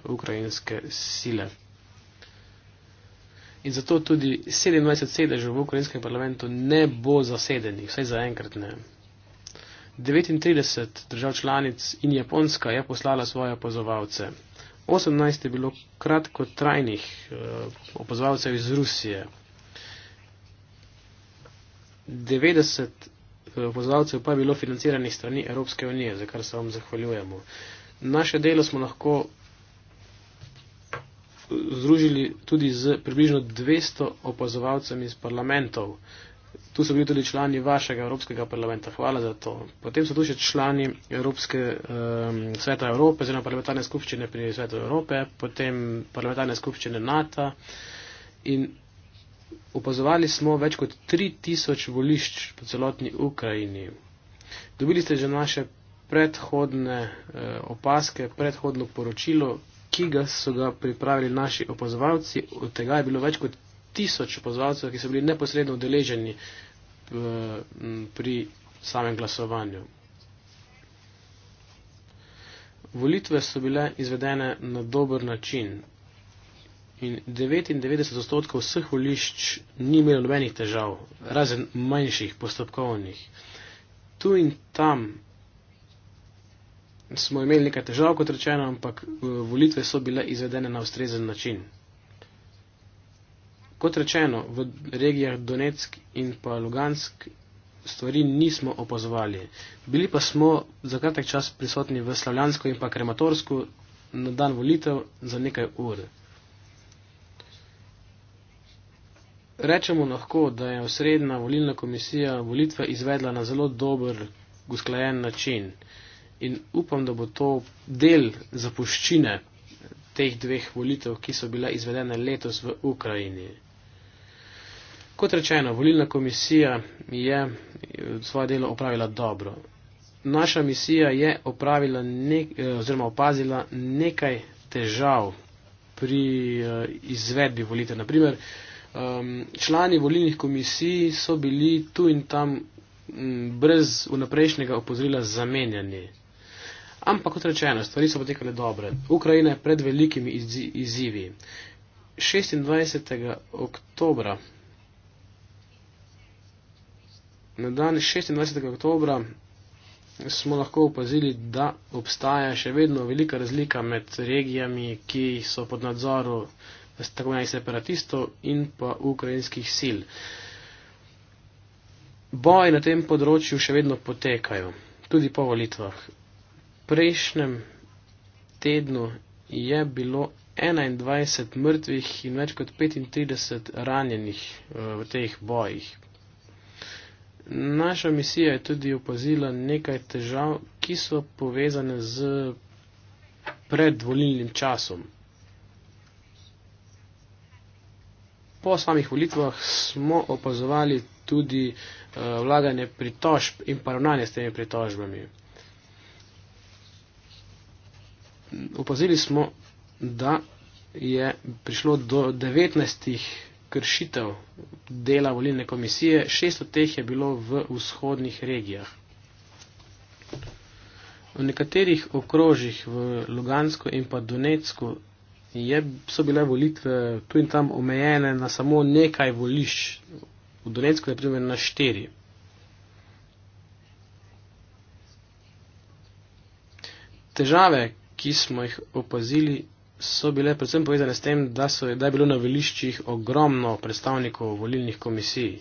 C: ukrajinske sile. In zato tudi 27 sedežev v ukrajinskem parlamentu ne bo zasedenih, vsaj za enkrat ne. 39 držav članic in Japonska je poslala svoje opozovalce. 18 je bilo kratko trajnih eh, opozovalcev iz Rusije. 90 eh, opozovalcev pa je bilo financiranih strani Evropske unije, za kar se vam zahvaljujemo. Naše delo smo lahko združili tudi z približno 200 opazovalcami iz parlamentov. Tu so bili tudi člani vašega Evropskega parlamenta. Hvala za to. Potem so tu še člani Evropske um, sveta Evrope, oziroma parlamentarne skupščine pri svetu Evrope, potem parlamentarne skupščine NATO. In opazovali smo več kot 3000 volišč po celotni Ukrajini. Dobili ste že naše predhodne eh, opaske, predhodno poročilo, ki ga so ga pripravili naši opazovalci. Od tega je bilo več kot tisoč opazovalcev, ki so bili neposredno udeleženi eh, pri samem glasovanju. Volitve so bile izvedene na dober način in 99 odstotkov vseh volišč ni imelo nobenih težav, razen manjših postopkovnih. Tu in tam smo imeli nekaj težav, kot rečeno, ampak eh, volitve so bile izvedene na ustrezen način. Kot rečeno, v regijah Donetsk in pa Lugansk stvari nismo opazovali. Bili pa smo za kratek čas prisotni v Slavljansko in pa Krematorsko na dan volitev za nekaj ur. Rečemo lahko, da je osrednja volilna komisija volitve izvedla na zelo dober, usklajen način. Uh, in upam, da bo to del zapuščine teh dveh volitev, ki so bile izvedene letos v Ukrajini. Kot rečeno, volilna komisija je svoje delo opravila dobro. Naša misija je opravila nek, eh, oziroma opazila nekaj težav pri eh, izvedbi volitev. Naprimer, ehm, člani volilnih komisij so bili tu in tam mm, brez vnaprejšnjega opozorila zamenjani. Ampak kot rečeno, stvari so potekale dobre. Ukrajina je pred velikimi izzivi. 26. oktober. Na dan 26. oktober smo lahko opazili, da obstaja še vedno velika razlika med regijami, ki so pod nadzorom tako imenih separatistov in pa ukrajinskih sil. Boji na tem področju še vedno potekajo, tudi po volitvah prejšnjem tednu je bilo 21 mrtvih in več kot 35 ranjenih eh, v teh bojih. Naša misija je tudi opazila nekaj težav, ki so povezane z predvolilnim časom. Po samih volitvah smo opazovali tudi eh, vlaganje pritožb in poravnanje s temi pritožbami. opazili smo, da je prišlo do 19 kršitev dela volilne komisije, 600 teh je bilo v vzhodnih regijah. V nekaterih okrožjih v Lugansko in pa Donetsku je, so bile volitve tu in tam omejene na samo nekaj volišč, v Donetsku je primer na štiri. Težave, ki smo jih opazili, so bile predvsem povezane s tem, da, so, da je bilo na veliščih ogromno predstavnikov volilnih komisij.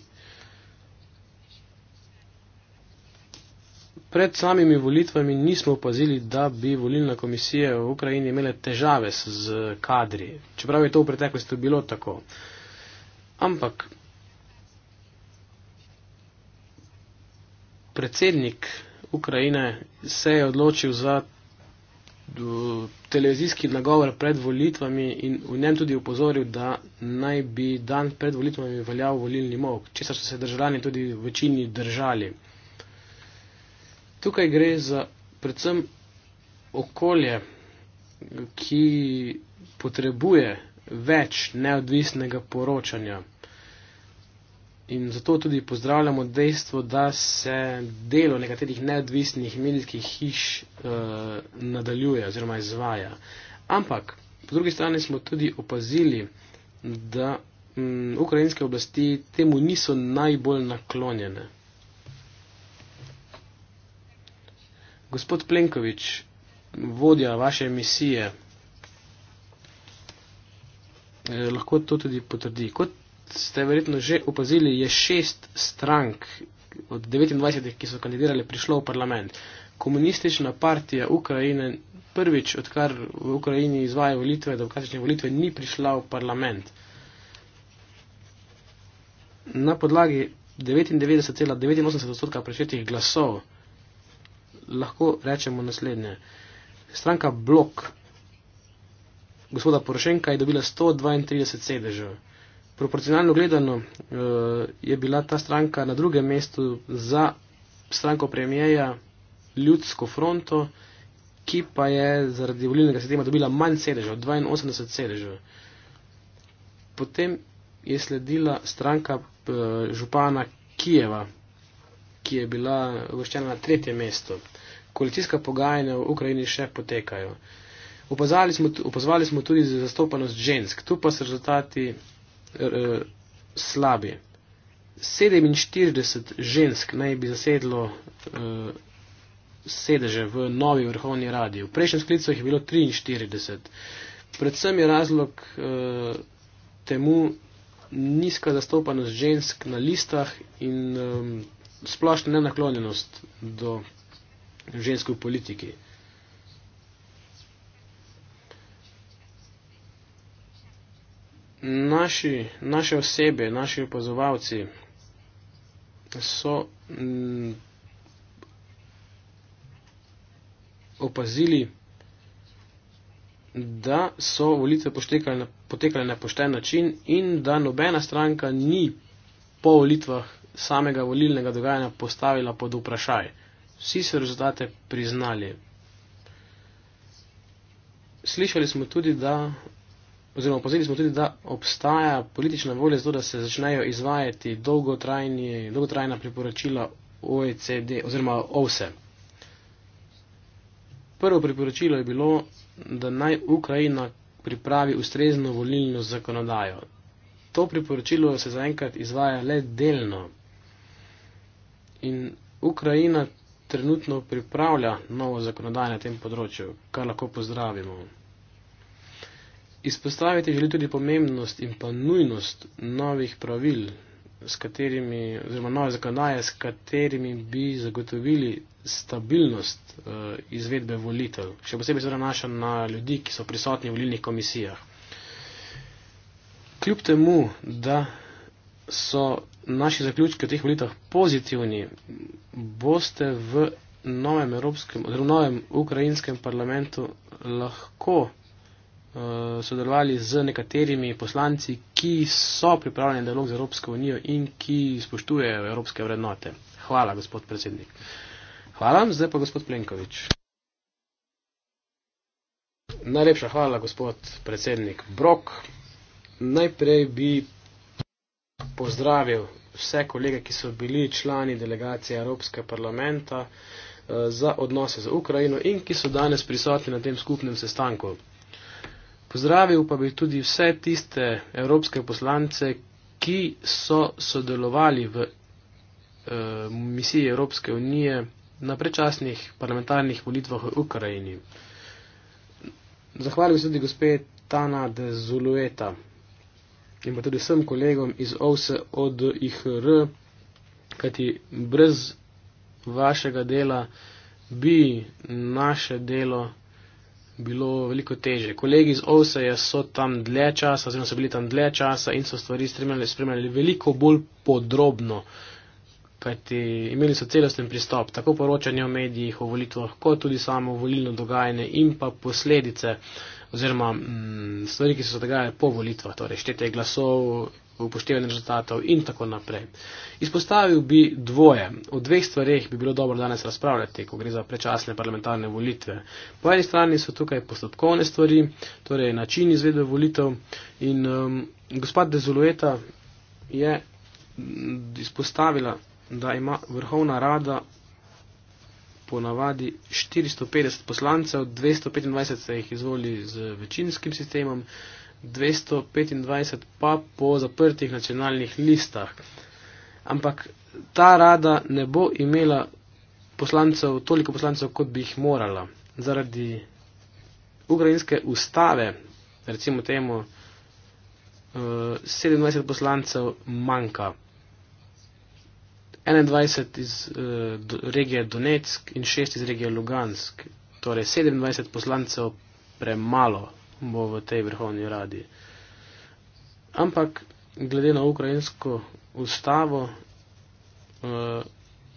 C: Pred samimi volitvami nismo opazili, da bi volilna komisija v Ukrajini imela težave z kadri, čeprav je to v preteklosti bilo tako. Ampak predsednik Ukrajine se je odločil za televizijski nagovor pred volitvami in v njem tudi upozoril, da naj bi dan pred volitvami veljal volilni mok, česar so se državljani tudi večini držali. Tukaj gre za predvsem okolje, ki potrebuje več neodvisnega poročanja. In zato tudi pozdravljamo dejstvo, da se delo nekaterih neodvisnih medijskih hiš uh, nadaljuje oziroma izvaja. Ampak, po drugi strani smo tudi opazili, da um, ukrajinske oblasti temu niso najbolj naklonjene. Gospod Plenkovič, vodja vaše misije, eh, lahko to tudi potrdi. Kot ste verjetno že opazili, je šest strank od 29, ki so kandidirali, prišlo v parlament. Komunistična partija Ukrajine prvič, odkar v Ukrajini izvaja volitve, demokratične volitve, ni prišla v parlament. Na podlagi 99,89 odstotka prešetih glasov lahko rečemo naslednje. Stranka Blok gospoda Porošenka je dobila 132 sedežev proporcionalno gledano eh, je bila ta stranka na drugem mestu za stranko premijeja Ljudsko fronto, ki pa je zaradi volilnega sistema dobila manj sedežev, 82 sedežev. Potem je sledila stranka eh, župana Kijeva, ki je bila uvrščena na tretje mesto. Koalicijska pogajanja v Ukrajini še potekajo. Opazali smo, opazovali smo tudi zastopanost žensk. Tu pa so rezultati Eh, slabi. 47 žensk naj bi zasedlo eh, sedeže v novi vrhovni radi. V prejšnjem sklicu je bilo 43. Predvsem je razlog eh, temu nizka zastopanost žensk na listah in splošna nenaklonjenost do žensk v politiki. naši, naše osebe, naši opazovalci so m, mm, opazili, da so volitve potekale na, potekale na pošten način in da nobena stranka ni po volitvah samega volilnega dogajanja postavila pod vprašaj. Vsi so rezultate priznali. Slišali smo tudi, da oziroma opozorili smo tudi, da obstaja politična volja za to, da se začnejo izvajati dolgotrajna priporočila OECD oziroma OVSE. Prvo priporočilo je bilo, da naj Ukrajina pripravi ustrezno volilno zakonodajo. To priporočilo se zaenkrat izvaja le delno. In Ukrajina trenutno pripravlja novo zakonodajo na tem področju, kar lahko pozdravimo. Izpostaviti želi tudi pomembnost in pa nujnost novih pravil, s katerimi, oziroma nove zakonodaje, s katerimi bi zagotovili stabilnost uh, izvedbe volitev. Še posebej se nanaša na ljudi, ki so prisotni v volilnih komisijah. Kljub temu, da so naši zaključki o teh volitvah pozitivni, boste v novem, evropskem, v novem ukrajinskem parlamentu lahko Eh, sodelovali z nekaterimi poslanci, ki so pripravljeni dialog z Evropsko unijo in ki spoštujejo evropske vrednote. Hvala, gospod predsednik. Hvala, zdaj pa gospod Plenkovič. Najlepša hvala, gospod predsednik Brok. Najprej bi pozdravil vse kolege, ki so bili člani delegacije Evropske parlamenta eh, za odnose z Ukrajino in ki so danes prisotni na tem skupnem sestanku. Pozdravil pa bi tudi vse tiste evropske poslance, ki so sodelovali v uh, misiji Evropske unije na prečasnih parlamentarnih volitvah v Ukrajini. Zahvalil bi se tudi gospe Tana de Zulueta in pa tudi vsem kolegom iz OVSE od IHR, kajti brez vašega dela bi naše delo bilo veliko teže. Kolegi iz OSE-ja so tam dlje časa, oziroma so bili tam dlje časa in so stvari spremljali, spremljali veliko bolj podrobno, kajti imeli so celosten pristop, tako poročanje o medijih, o volitvah, kot tudi samo volilno dogajanje in pa posledice, oziroma m, mm, stvari, ki so se dogajale po volitvah, torej štete glasov v upoštevanju rezultatov in tako naprej. Izpostavil bi dvoje. O dveh stvarih bi bilo dobro danes razpravljati, ko gre za prečasne parlamentarne volitve. Po eni strani so tukaj postopkovne stvari, torej način izvedbe volitev in um, gospod Dezolueta je izpostavila, da ima vrhovna rada ponavadi 450 poslancev, 225 se jih izvoli z večinskim sistemom. 225 pa po zaprtih nacionalnih listah. Ampak ta rada ne bo imela poslancev, toliko poslancev, kot bi jih morala. Zaradi ukrajinske ustave, recimo temu, 27 eh, poslancev manjka. 21 iz eh, regije Donetsk in 6 iz regije Lugansk. Torej 27 poslancev premalo bo v tej vrhovni radi. Ampak glede na ukrajinsko ustavo eh,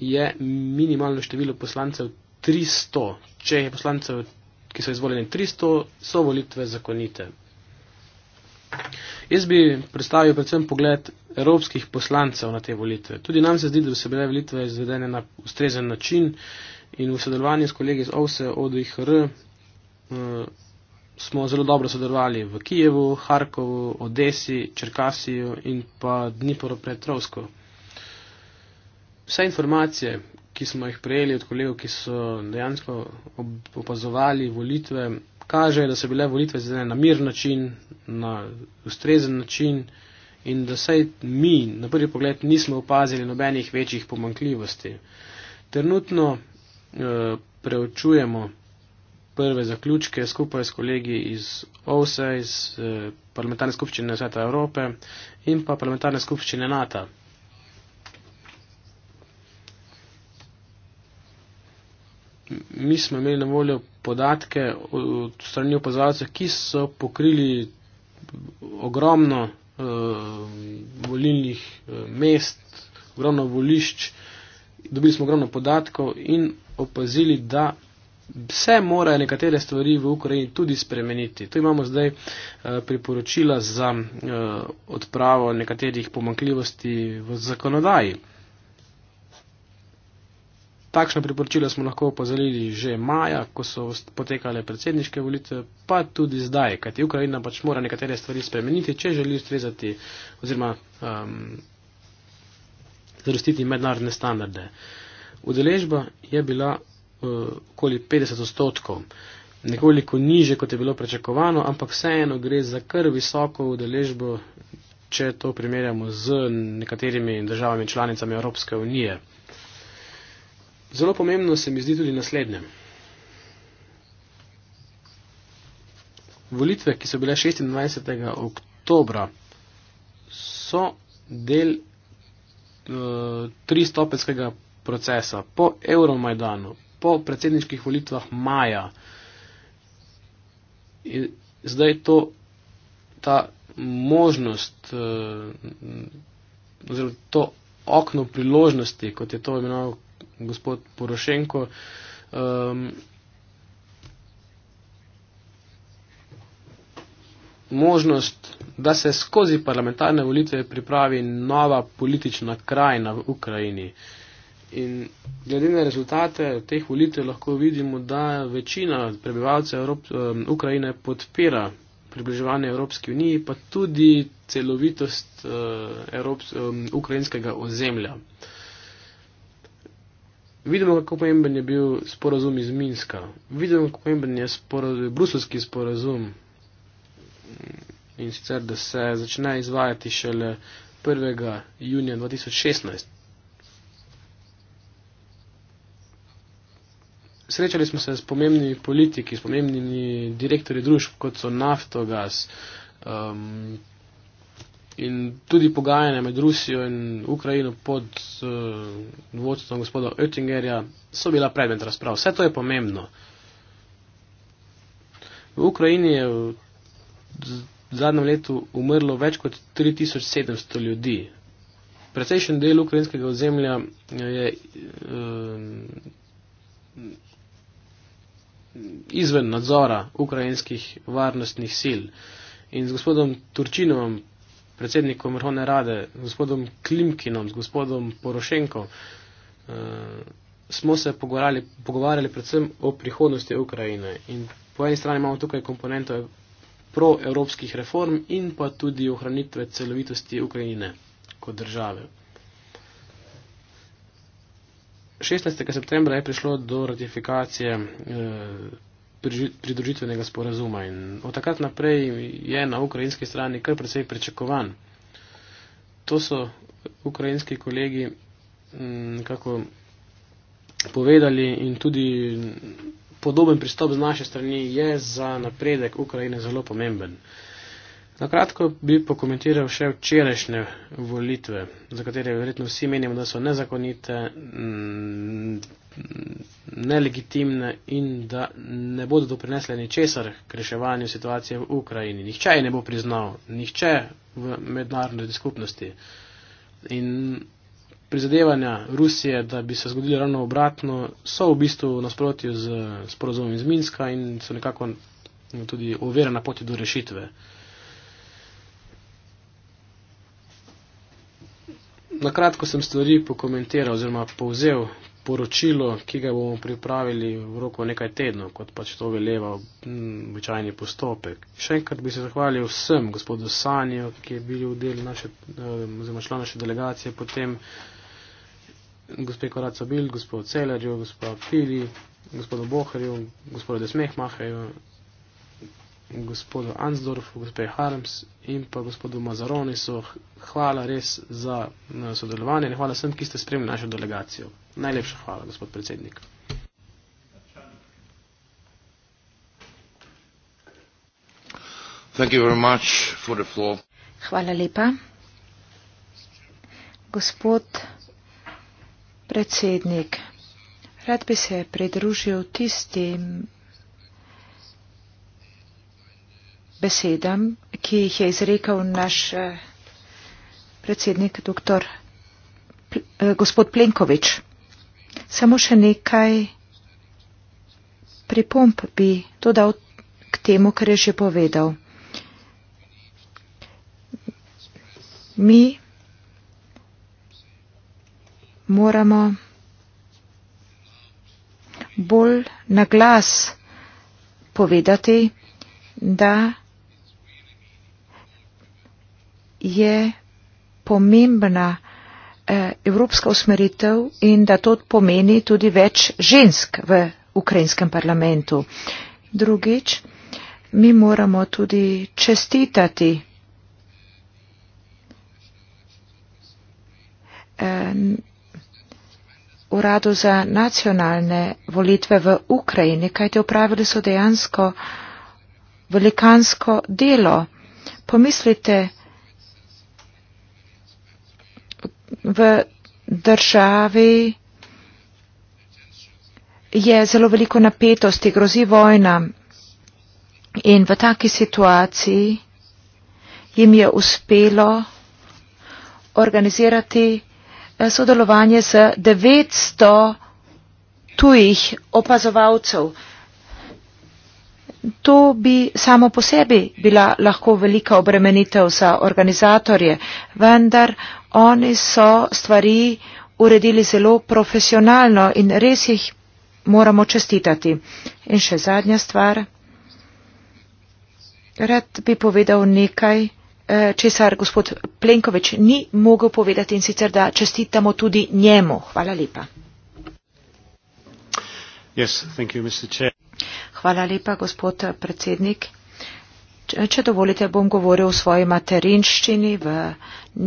C: je minimalno število poslancev 300. Če je poslancev, ki so izvoljeni 300, so volitve zakonite. Jaz bi predstavil predvsem pogled evropskih poslancev na te volitve. Tudi nam se zdi, da so bile volitve izvedene na ustrezen način in v sodelovanju s kolegi iz OVSE od IHR eh, smo zelo dobro sodelovali v Kijevu, Harkovu, Odesi, Čerkasiju in pa Dnipro Petrovsko. Vse informacije, ki smo jih prejeli od kolegov, ki so dejansko opazovali volitve, kaže, da so bile volitve zdaj na mir način, na ustrezen način in da saj mi na prvi pogled nismo opazili nobenih večjih pomankljivosti. Trenutno eh, preučujemo prve zaključke skupaj s kolegi iz OVSE, iz eh, parlamentarne skupščine Sveta Evrope in pa parlamentarne skupščine NATO. Mi smo imeli na voljo podatke od strani opozorilcev, ki so pokrili ogromno uh, volilnih uh, mest, ogromno volišč. Dobili smo ogromno podatkov in opazili, da se morajo nekatere stvari v Ukrajini tudi spremeniti. Tu imamo zdaj eh, priporočila za eh, odpravo nekaterih pomankljivosti v zakonodaji. Takšno priporočilo smo lahko opozorili že maja, ko so potekale predsedniške volitve, pa tudi zdaj, kajti Ukrajina pač mora nekatere stvari spremeniti, če želi ustrezati oziroma um, zrastiti mednarodne standarde. Udeležba je bila Eh, okoli 50 odstotkov. Nekoliko niže, kot je bilo prečakovano, ampak vseeno gre za kar visoko udeležbo, če to primerjamo z nekaterimi državami članicami Evropske unije. Zelo pomembno se mi zdi tudi naslednje. Volitve, ki so bile 26. oktobra, so del uh, eh, tristopetskega procesa po Euromajdanu, po predsedniških volitvah maja. In zdaj to, ta možnost, eh, oziroma to okno priložnosti, kot je to imenoval gospod Porošenko, um, možnost, da se skozi parlamentarne volitve pripravi nova politična krajina v Ukrajini. Uh, In glede na rezultate teh volitev lahko vidimo, da večina prebivalcev Ukrajine podpira približevanje Evropski uniji, pa tudi celovitost e, ukrajinskega ozemlja. Vidimo, kako pomemben je bil sporazum iz Minska, vidimo, kako pomemben je sporazum, bruselski sporazum in sicer, da se začne izvajati šele 1. junija 2016. srečali smo se s pomembnimi politiki, s pomembnimi direktori družb, kot so Naftogas. Um, in tudi pogajanja med Rusijo in Ukrajino pod uh, vodstvom gospoda Oettingerja so bila predmet razprav. Vse to je pomembno. V Ukrajini je v zadnjem letu umrlo več kot 3700 ljudi. Precejšen del ukrajinskega ozemlja je. Uh, izven nadzora ukrajinskih varnostnih sil. In z gospodom Turčinovom, predsednikom Vrhovne rade, z gospodom Klimkinom, z gospodom Porošenko eh, smo se pogovarjali, pogovarjali predvsem o prihodnosti Ukrajine. In po eni strani imamo tukaj komponento proevropskih reform in pa tudi ohranitve celovitosti Ukrajine kot države. 16. septembra je prišlo do ratifikacije eh, pridružitvenega sporazuma in od takrat naprej je na ukrajinski strani kar precej pričakovan. To so ukrajinski kolegi mm, nekako povedali in tudi podoben pristop z naše strani je za napredek Ukrajine zelo pomemben. Na kratko bi pokomentiral še včerajšnje volitve, za katere verjetno vsi menimo, da so nezakonite, nelegitimne in da ne bodo doprinesle ničesar k reševanju situacije v Ukrajini. Nihče je ne bo priznal, nihče v mednarodni skupnosti. In prizadevanja Rusije, da bi se zgodili ravno obratno, so v bistvu nasprotju z sporozumom iz Minska in so nekako tudi overena poti do rešitve. na kratko sem stvari pokomentiral oziroma povzel poročilo, ki ga bomo pripravili v roku nekaj tednov, kot pač to veleva običajni postopek. Še enkrat bi se zahvalil vsem, gospodu Sanju, ki je bil v delu naše, eh, oziroma član naše delegacije, potem gospe Koraco Bild, gospod Celerju, gospod Pili, gospodu Boherju, gospodu Desmehmahaju gospodu Ansdorfu, gospe Harms in pa gospodu Mazaroni so hvala res za sodelovanje in hvala vsem, ki ste spremljali našo delegacijo. Najlepša hvala, gospod predsednik.
A: Thank you very much for the floor. Hvala lepa. Gospod predsednik, rad bi se pridružil tistim besedam, ki jih je izrekel naš eh, predsednik, doktor, eh, gospod Plenkovič. Samo še nekaj pripomp bi dodal k temu, kar je že povedal. Mi moramo bolj na glas povedati, da je pomembna eh, evropska usmeritev in da to pomeni tudi več žensk v ukrajinskem parlamentu. Drugič, mi moramo tudi čestitati eh, uradu za nacionalne volitve v Ukrajini, kaj te upravili so dejansko velikansko delo. Pomislite, v državi je zelo veliko napetosti, grozi vojna. In v taki situaciji jim je uspelo organizirati eh, sodelovanje z 900 tujih opazovalcev. To bi samo po sebi bila lahko velika obremenitev za organizatorje, vendar oni so stvari uredili zelo profesionalno in res jih moramo čestitati. In še zadnja stvar. Rad bi povedal nekaj, eh, česar gospod Plenkovič ni mogel povedati in sicer, da čestitamo tudi njemu. Hvala lepa.
C: Yes, you,
A: Hvala lepa, gospod predsednik če dovolite, bom govoril v svoji materinščini, v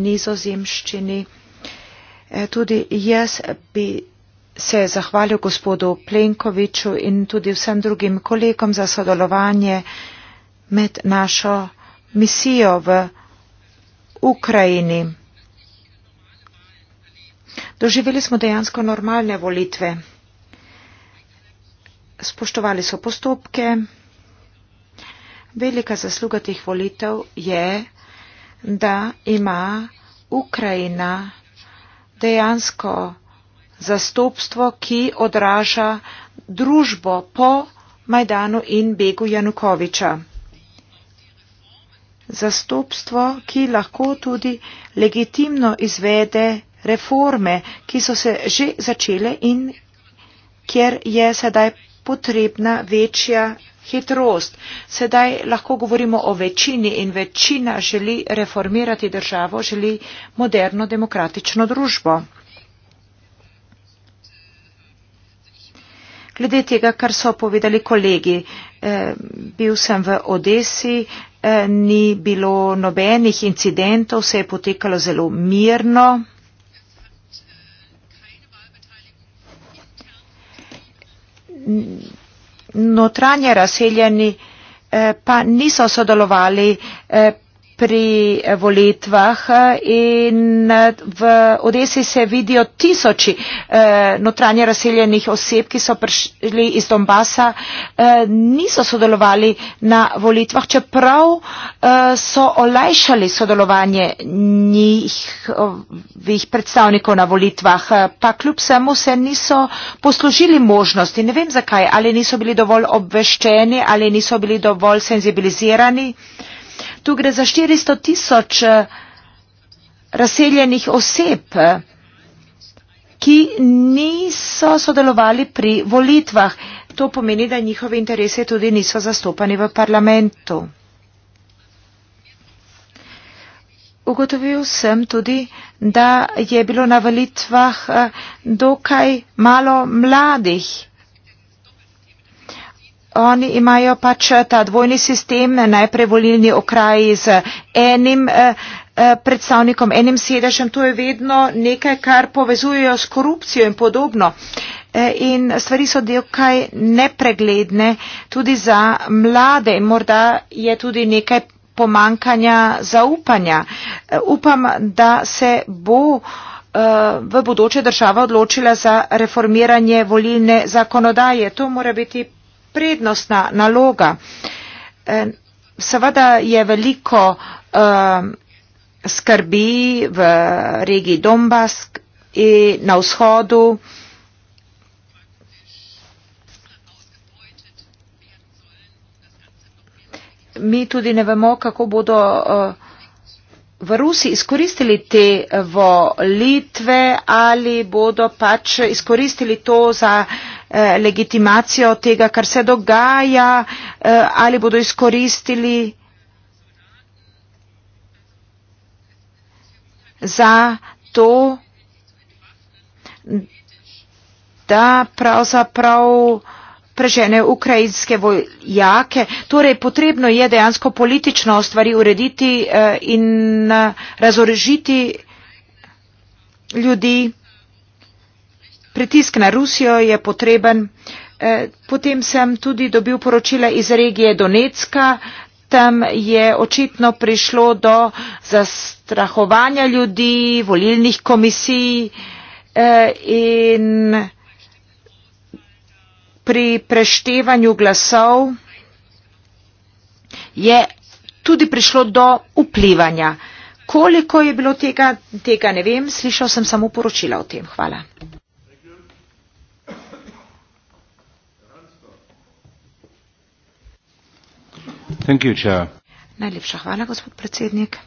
A: nizozemščini. E, tudi jaz bi se zahvalil gospodu Plenkoviču in tudi vsem drugim kolegom za sodelovanje med našo misijo v Ukrajini. Doživeli smo dejansko normalne volitve. Spoštovali so postopke, Velika zasluga teh volitev je, da ima Ukrajina dejansko zastopstvo, ki odraža družbo po Majdanu in begu Janukoviča. Zastopstvo, ki lahko tudi legitimno izvede reforme, ki so se že začele in kjer je sedaj potrebna večja hitrost. Sedaj lahko govorimo o večini in večina želi reformirati državo, želi moderno demokratično družbo. Glede tega, kar so povedali kolegi, eh, bil sem v Odesi, eh, ni bilo nobenih incidentov, vse je potekalo zelo mirno. N notranje razseljeni eh, pa niso sodelovali eh, pri volitvah eh, in eh, v Odesi se vidijo tisoči eh, notranje razseljenih oseb, ki so prišli iz Donbasa, niso sodelovali na volitvah, čeprav so olajšali sodelovanje njihovih predstavnikov na volitvah, pa kljub vsemu se niso poslužili možnosti. Ne vem zakaj, ali niso bili dovolj obveščeni, ali niso bili dovolj senzibilizirani tu gre za 400 tisoč eh, razseljenih oseb, eh, ki niso sodelovali pri volitvah. To pomeni, da njihove interese tudi niso zastopani v parlamentu. Ugotovil sem tudi, da je bilo na volitvah eh, dokaj malo mladih oni imajo pač eh, ta dvojni sistem, eh, najprej volilni okraji z enim eh, predstavnikom, enim sedežem, to je vedno nekaj, kar povezujejo s korupcijo in podobno. In stvari so del kaj nepregledne tudi za mlade in morda je tudi nekaj pomankanja zaupanja. Upam, da se bo v bodoče država odločila za reformiranje volilne zakonodaje. To mora biti prednostna naloga. Seveda je veliko skrbi v regiji Donbask in na vzhodu. Mi tudi ne vemo, kako bodo eh, v Rusiji izkoristili te volitve ali bodo pač izkoristili to za Eh, legitimacijo tega, kar se dogaja, eh, ali bodo izkoristili za to, da pravzaprav prežene ukrajinske vojake. Torej, potrebno je dejansko politično stvari urediti eh, in razorežiti ljudi pritisk na Rusijo je potreben. Eh, potem sem tudi dobil poročila iz regije Donetska. Tam je očitno prišlo do zastrahovanja ljudi, volilnih komisij eh, in pri preštevanju glasov je tudi prišlo do vplivanja. Koliko je bilo tega, tega ne vem, slišal sem samo poročila o tem. Hvala. You, Najlepša hvala, gospod predsednik.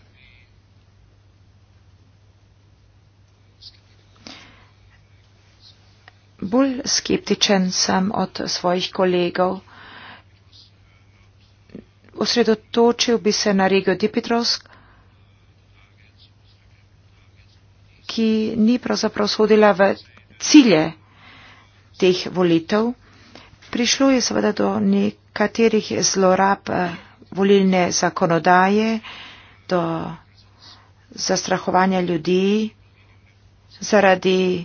A: Bolj skeptičen sem od svojih kolegov. Osredotočil bi se na regijo Dipitrovsk, ki ni pravzaprav sodila v cilje teh volitev. Prišlo je seveda do nekaterih zlorab eh, volilne zakonodaje, do zastrahovanja ljudi zaradi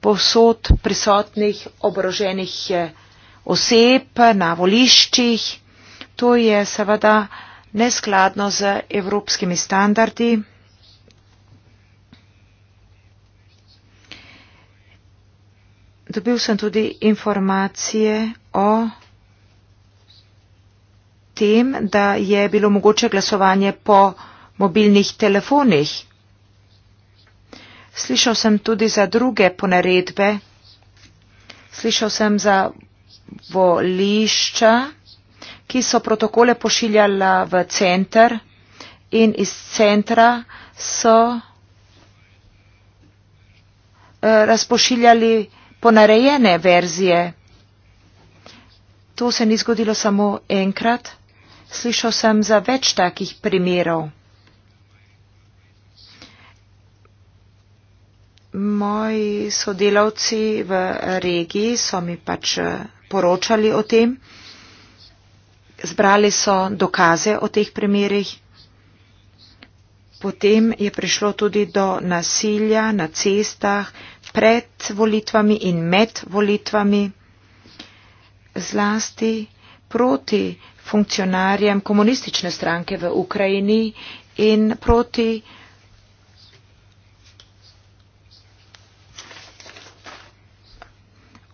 A: posod prisotnih oboroženih eh, oseb na voliščih. To je seveda neskladno z evropskimi standardi. Dobil sem tudi informacije o tem, da je bilo mogoče glasovanje po mobilnih telefonih. Slišal sem tudi za druge ponaredbe. Slišal sem za volišča, ki so protokole pošiljala v center in iz centra so eh, razpošiljali ponarejene verzije. To se ni zgodilo samo enkrat. Slišal sem za več takih primerov. Moji sodelavci v regiji so mi pač eh, poročali o tem. Zbrali so dokaze o teh primerih. Potem je prišlo tudi do nasilja na cestah pred volitvami in med volitvami, zlasti proti funkcionarjem komunistične stranke v Ukrajini in proti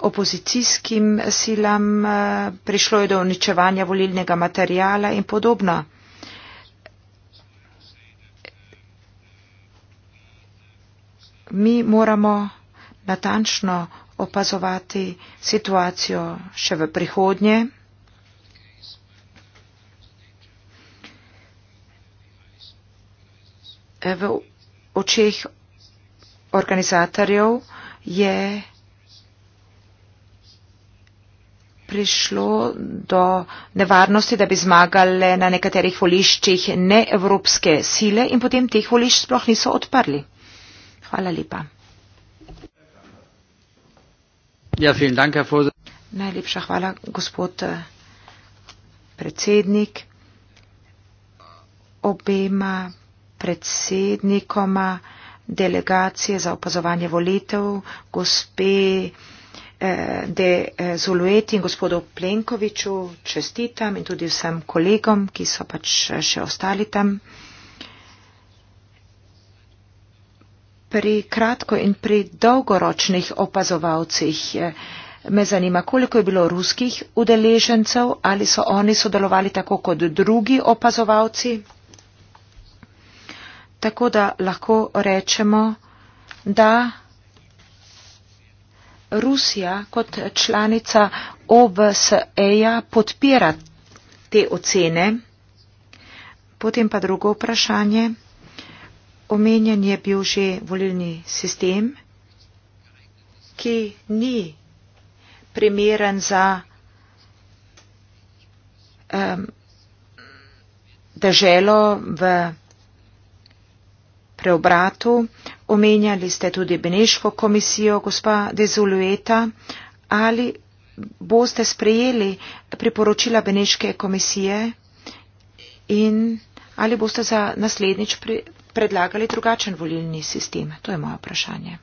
A: opozicijskim silam eh, prišlo je do uničevanja volilnega materijala in podobno. Mi moramo natančno opazovati situacijo še v prihodnje. Eh, v očeh organizatorjev je prišlo do nevarnosti, da bi zmagale na nekaterih voliščih neevropske sile in potem teh volišč sploh niso odprli. Hvala lepa. Ja, dank, Najlepša hvala, gospod eh, predsednik. Obema predsednikoma delegacije za opazovanje volitev, gospe eh, De eh, Zulueti in gospodu Plenkoviču, čestitam in tudi vsem kolegom, ki so pač eh, še ostali tam. Pri kratko in pri dolgoročnih opazovalcih me zanima, koliko je bilo ruskih udeležencev, ali so oni sodelovali tako kot drugi opazovalci. Tako da lahko rečemo, da Rusija kot članica OVSE-ja podpira te ocene. Potem pa drugo vprašanje. Omenjen je bil že volilni sistem, ki ni primeren za um, državo v preobratu, omenjali ste tudi Beneško komisijo, gospa Dezulueta, ali boste sprejeli priporočila Beneške komisije in ali boste za naslednjič pri, predlagali drugačen volilni sistem? To je moje vprašanje.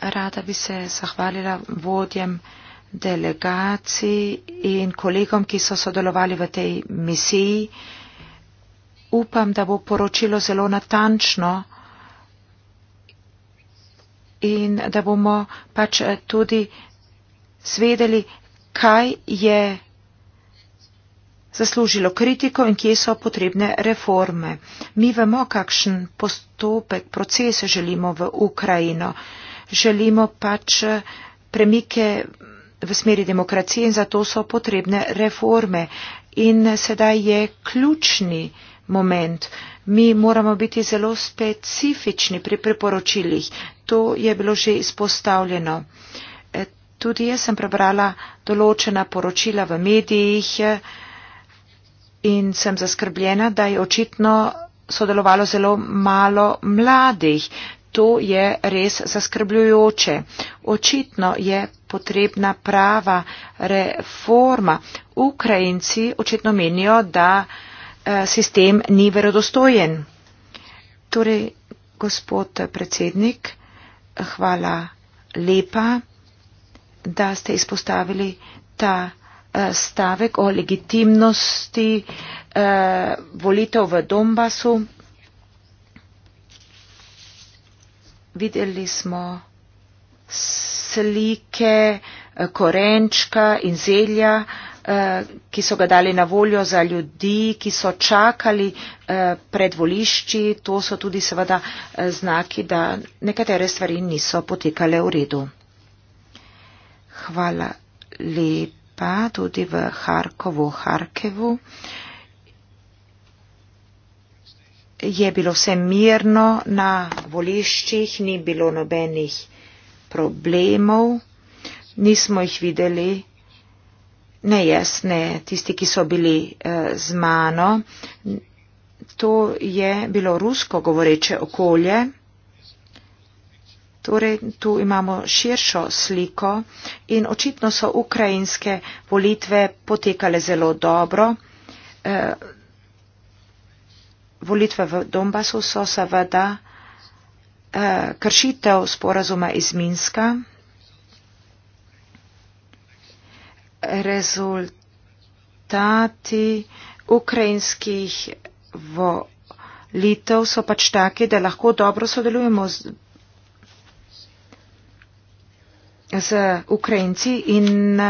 A: Rada bi se zahvalila vodjem delegaciji in kolegom, ki so sodelovali v tej misiji. Upam, da bo poročilo zelo natančno in da bomo pač tudi svedeli, kaj je zaslužilo kritiko in kje so potrebne reforme. Mi vemo, kakšen postopek, proces želimo v Ukrajino. Želimo pač premike v smeri demokracije in zato so potrebne reforme. In sedaj je ključni moment. Mi moramo biti zelo specifični pri priporočilih. To je bilo že izpostavljeno. E, tudi jaz sem prebrala določena poročila v medijih e, in sem zaskrbljena, da je očitno sodelovalo zelo malo mladih to je res zaskrbljujoče. Očitno je potrebna prava reforma. Ukrajinci očitno menijo, da eh, sistem ni verodostojen. Torej, gospod predsednik, hvala lepa, da ste izpostavili ta eh, stavek o legitimnosti eh, volitev v Donbasu. videli smo slike eh, korenčka in zelja, eh, ki so ga dali na voljo za ljudi, ki so čakali eh, pred volišči. To so tudi seveda znaki, da nekatere stvari niso potekale v redu. Hvala lepa tudi v Harkovu, Harkevu je bilo vse mirno na voliščih, ni bilo nobenih problemov, nismo jih videli, ne jaz, ne tisti, ki so bili uh, z mano. To je bilo rusko govoreče okolje. Torej, tu imamo širšo sliko in očitno so ukrajinske volitve potekale zelo dobro. Uh, volitve v Donbasu so seveda eh, kršitev sporazuma iz Minska, rezultati ukrajinskih volitev so pač taki, da lahko dobro sodelujemo z, z Ukrajinci in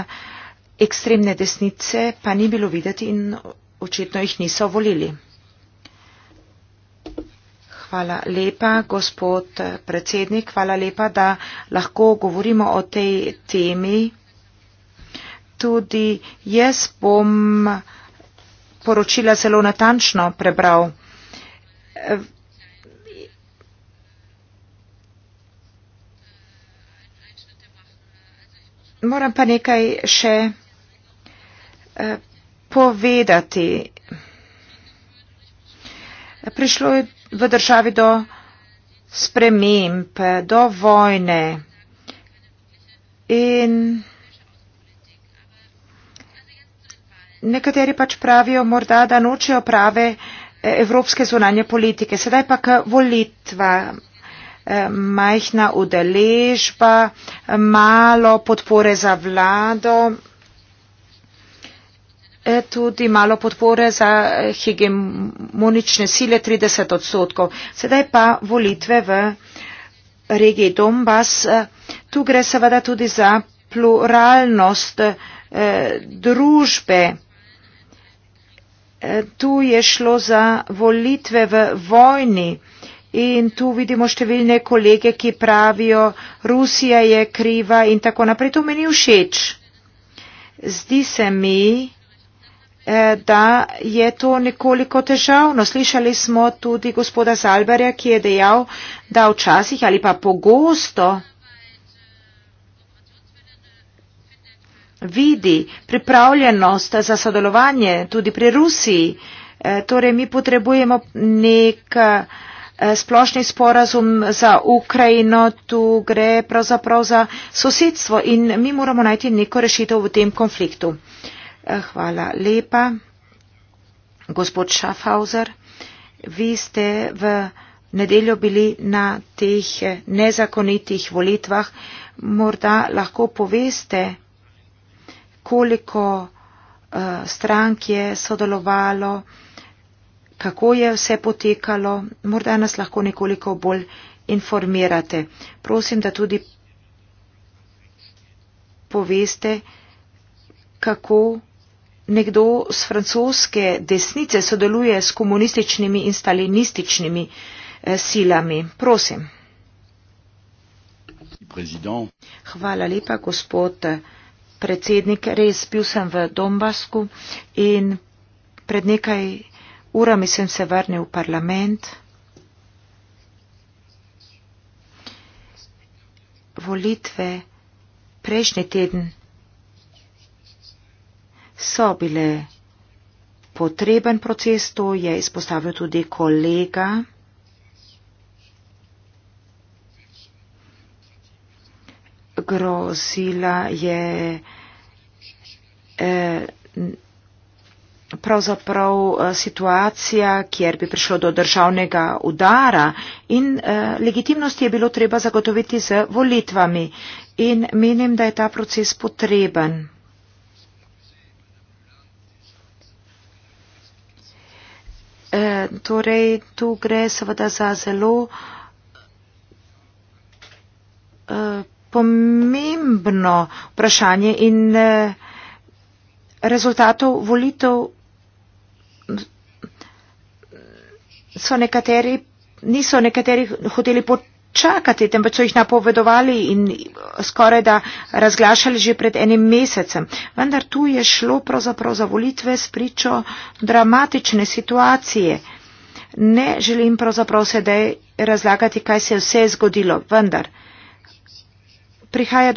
A: ekstremne desnice pa ni bilo videti in očitno jih niso volili. Hvala lepa, gospod predsednik. Hvala lepa, da lahko govorimo o tej temi. Tudi jaz bom poročila zelo natančno prebral. Moram pa nekaj še eh, povedati. Prišlo je v državi do sprememb, do vojne. In nekateri pač pravijo morda, da nočejo prave eh, evropske zunanje politike. Sedaj pa k volitva, eh, majhna udeležba, malo podpore za vlado. E, tudi malo podpore za hegemonične sile 30 odstotkov. Sedaj pa volitve v regiji Donbass. E, tu gre seveda tudi za pluralnost e, družbe. Tu je šlo za volitve v vojni in tu vidimo številne kolege, ki pravijo, Rusija je kriva in tako naprej. To mi ni všeč. Zdi se mi, Eh, da je to nekoliko težavno. Slišali smo tudi gospoda Zalberja, ki je dejal, da včasih ali pa pogosto vidi pripravljenost za sodelovanje tudi pri Rusiji. Eh, torej, mi potrebujemo nek eh, splošni sporazum za Ukrajino, tu gre pravzaprav za sosedstvo in mi moramo najti neko rešitev v tem konfliktu. Eh, hvala lepa. Gospod Schaffhauser, vi ste v nedeljo bili na teh eh, nezakonitih volitvah. Morda lahko poveste, koliko eh, strank je sodelovalo, kako je vse potekalo. Morda nas lahko nekoliko bolj informirate. Prosim, da tudi poveste, kako nekdo z francoske desnice sodeluje s komunističnimi in stalinističnimi eh, silami. Prosim. Hvala lepa, gospod eh, predsednik. Res bil sem v Donbasku in pred nekaj urami sem se vrnil v parlament. Volitve prejšnji teden so bile potreben proces, to je izpostavil tudi kolega. Grozila je eh, pravzaprav eh, situacija, kjer bi prišlo do državnega udara in eh, legitimnost je bilo treba zagotoviti z volitvami. In menim, da je ta proces potreben. E, torej tu gre seveda za zelo e, pomembno vprašanje in e, rezultatov volitev so nekateri, niso nekateri hoteli potrebovati čakati, temveč so jih napovedovali in skoraj da razglašali že pred enim mesecem. Vendar tu je šlo pravzaprav za volitve s pričo dramatične situacije. Ne želim pravzaprav sedaj razlagati, kaj se je vse zgodilo, vendar prihaja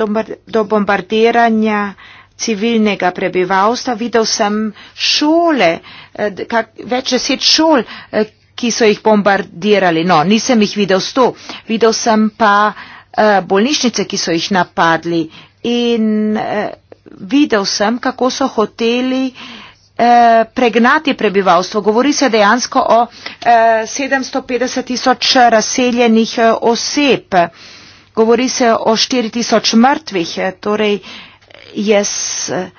A: do bombardiranja civilnega prebivalstva. Videl sem šole, eh, kak, več deset šol, eh, ki so jih bombardirali. No, nisem jih videl sto, videl sem pa eh, bolnišnice, ki so jih napadli in eh, videl sem, kako so hoteli eh, pregnati prebivalstvo. Govori se dejansko o eh, 750 tisoč razseljenih eh, oseb, govori se o 4 tisoč mrtvih, eh, torej jaz. Eh,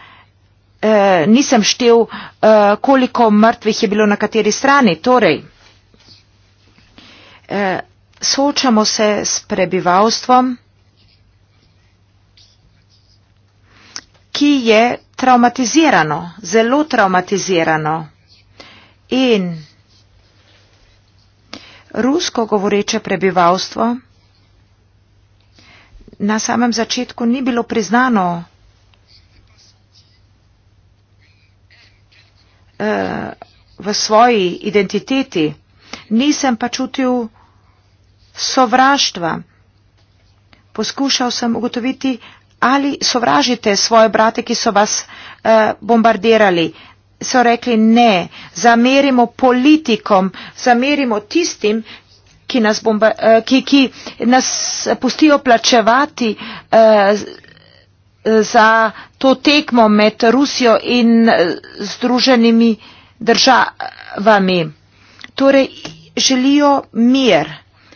A: Uh, nisem štel, uh, koliko mrtvih je bilo na kateri strani. Torej, eh, soočamo se s prebivalstvom, ki je traumatizirano, zelo traumatizirano. In rusko govoreče prebivalstvo na samem začetku ni bilo priznano eh, v svoji identiteti. Nisem pa čutil sovraštva. Poskušal sem ugotoviti, ali sovražite svoje brate, ki so vas eh, bombardirali. So rekli ne, zamerimo politikom, zamerimo tistim, ki nas, bomba, eh, ki, ki nas pustijo plačevati eh, za to tekmo med Rusijo in eh, združenimi državami. Torej, želijo mir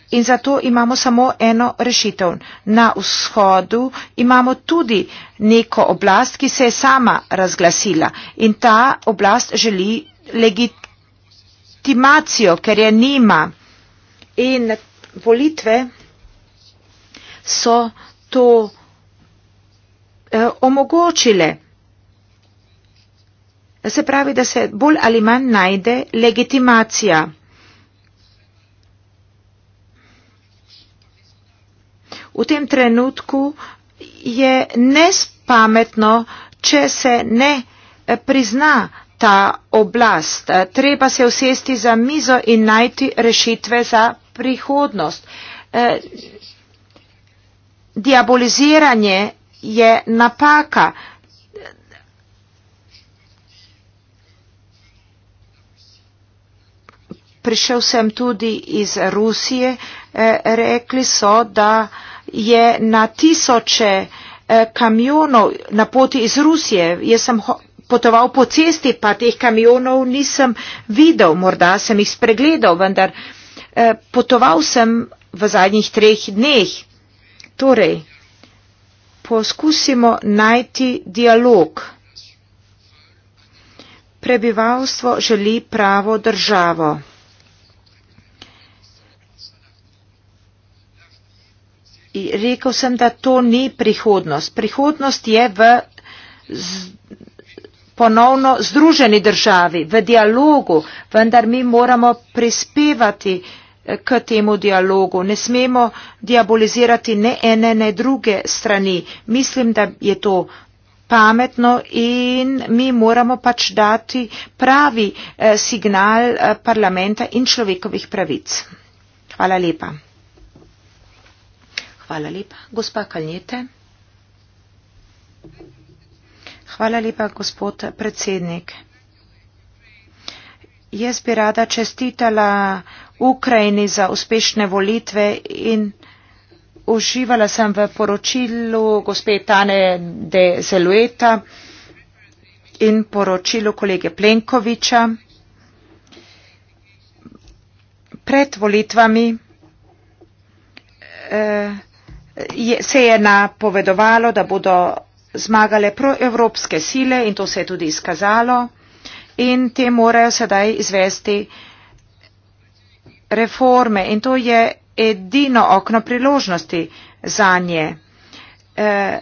A: in zato imamo samo eno rešitev. Na vzhodu imamo tudi neko oblast, ki se je sama razglasila in ta oblast želi legitimacijo, ker je nima. In volitve so to eh, omogočile. Se pravi, da se bolj ali manj najde legitimacija. v tem trenutku je nespametno, če se ne eh, prizna ta oblast. Eh, treba se usesti za mizo in najti rešitve za prihodnost. Eh, diaboliziranje je napaka. Prišel sem tudi iz Rusije, rekli so, da je na tisoče eh, kamionov na poti iz Rusije. Jaz sem potoval po cesti, pa teh kamionov nisem videl, morda sem jih spregledal, vendar eh, potoval sem v zadnjih treh dneh. Torej, poskusimo najti dialog. Prebivalstvo želi pravo državo. rekel sem, da to ni prihodnost. Prihodnost je v z, ponovno združeni državi, v dialogu, vendar mi moramo prispevati eh, k temu dialogu. Ne smemo diabolizirati ne ene, ne druge strani. Mislim, da je to pametno in mi moramo pač dati pravi eh, signal eh, parlamenta in človekovih pravic. Hvala lepa. Hvala lepa, gospa Kaljete. Hvala lepa, gospod predsednik. Jaz bi rada čestitala Ukrajini za uspešne volitve in uživala sem v poročilu gospe Tane de Zelueta in poročilu kolege Plenkoviča. Pred volitvami eh, je, se je napovedovalo, da bodo zmagale proevropske sile in to se je tudi izkazalo in te morajo sedaj izvesti reforme in to je edino okno priložnosti za nje. E, eh,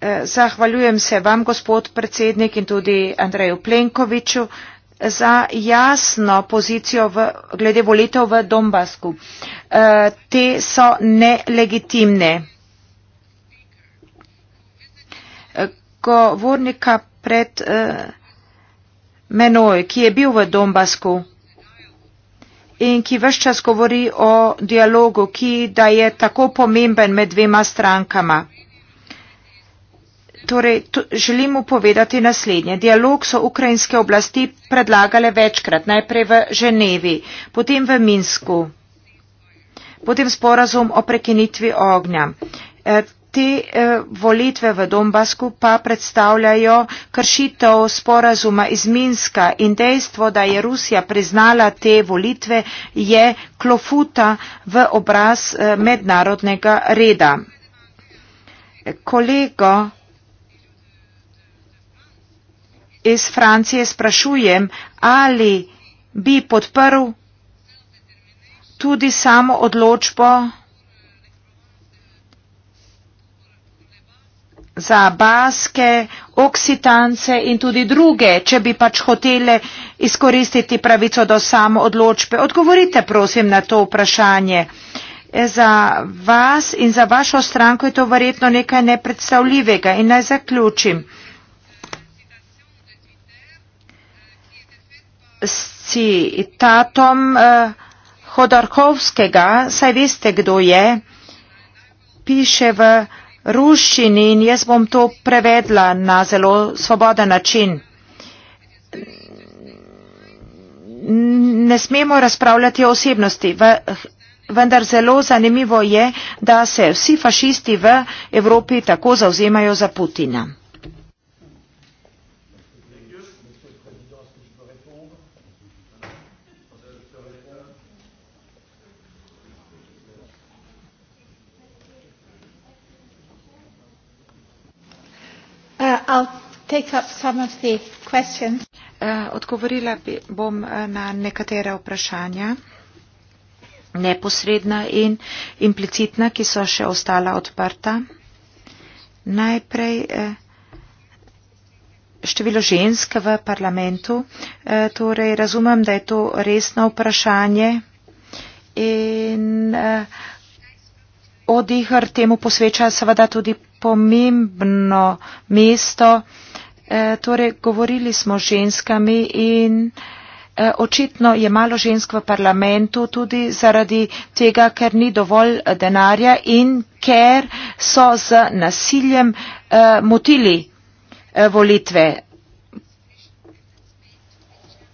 A: eh, Zahvaljujem se vam, gospod predsednik, in tudi Andreju Plenkoviču, za jasno pozicijo v, glede volitev v Donbasku. Eh, te so nelegitimne. Eh, govornika pred eh, menoj, ki je bil v Donbasku in ki vse čas govori o dialogu, ki da je tako pomemben med dvema strankama. Torej, to, želimo povedati naslednje. Dialog so ukrajinske oblasti predlagale večkrat, najprej v Ženevi, potem v Minsku, potem sporazum o prekinitvi ognja. E, te e, volitve v Donbasku pa predstavljajo kršitev sporazuma iz Minska in dejstvo, da je Rusija priznala te volitve, je klofuta v obraz e, mednarodnega reda. E, kolego, iz Francije sprašujem, ali bi podprl tudi samo odločbo za baske, oksitance in tudi druge, če bi pač hotele izkoristiti pravico do samo odločbe. Odgovorite prosim na to vprašanje. E, za vas in za vašo stranko je to verjetno nekaj nepredstavljivega in naj zaključim. s citatom eh, Hodorkovskega, saj veste, kdo je, piše v ruščini in jaz bom to prevedla na zelo svoboden način. Ne smemo razpravljati o osebnosti, vendar zelo zanimivo je, da se vsi fašisti v Evropi tako zauzemajo za Putina. I'll take up some of the questions. Uh, odgovorila bom eh, na nekatera vprašanja neposredna in implicitna, ki so še ostala odprta. Najprej eh, število žensk v parlamentu. Torej, razumem, da je to resno vprašanje in odihr temu posveča seveda tudi pomembno mesto. E, torej, govorili smo z ženskami in e, očitno je malo žensk v parlamentu tudi zaradi tega, ker ni dovolj e, denarja in ker so z nasiljem motili volitve.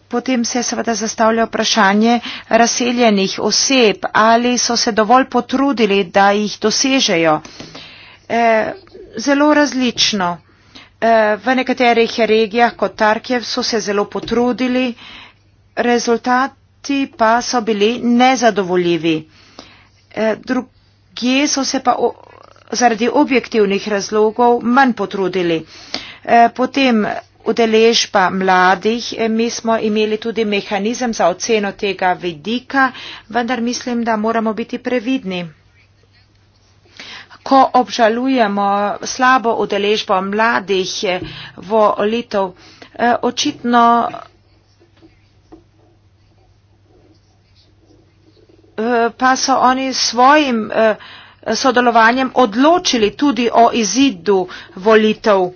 A: Potem se seveda zastavlja vprašanje razseljenih oseb, ali so se dovolj potrudili, da jih dosežejo. Uh, Eh, zelo različno. Eh, v nekaterih regijah kot Tarkjev so se zelo potrudili, rezultati pa so bili nezadovoljivi. Eh, drugje so se pa zaradi objektivnih razlogov manj potrudili. Potem udeležba mladih. Mi smo imeli tudi mehanizem za oceno tega vidika, vendar mislim, da moramo biti previdni ko obžalujemo slabo udeležbo mladih eh, volitev, eh, očitno eh, pa so oni svojim sodelovanjem odločili tudi o izidu volitev.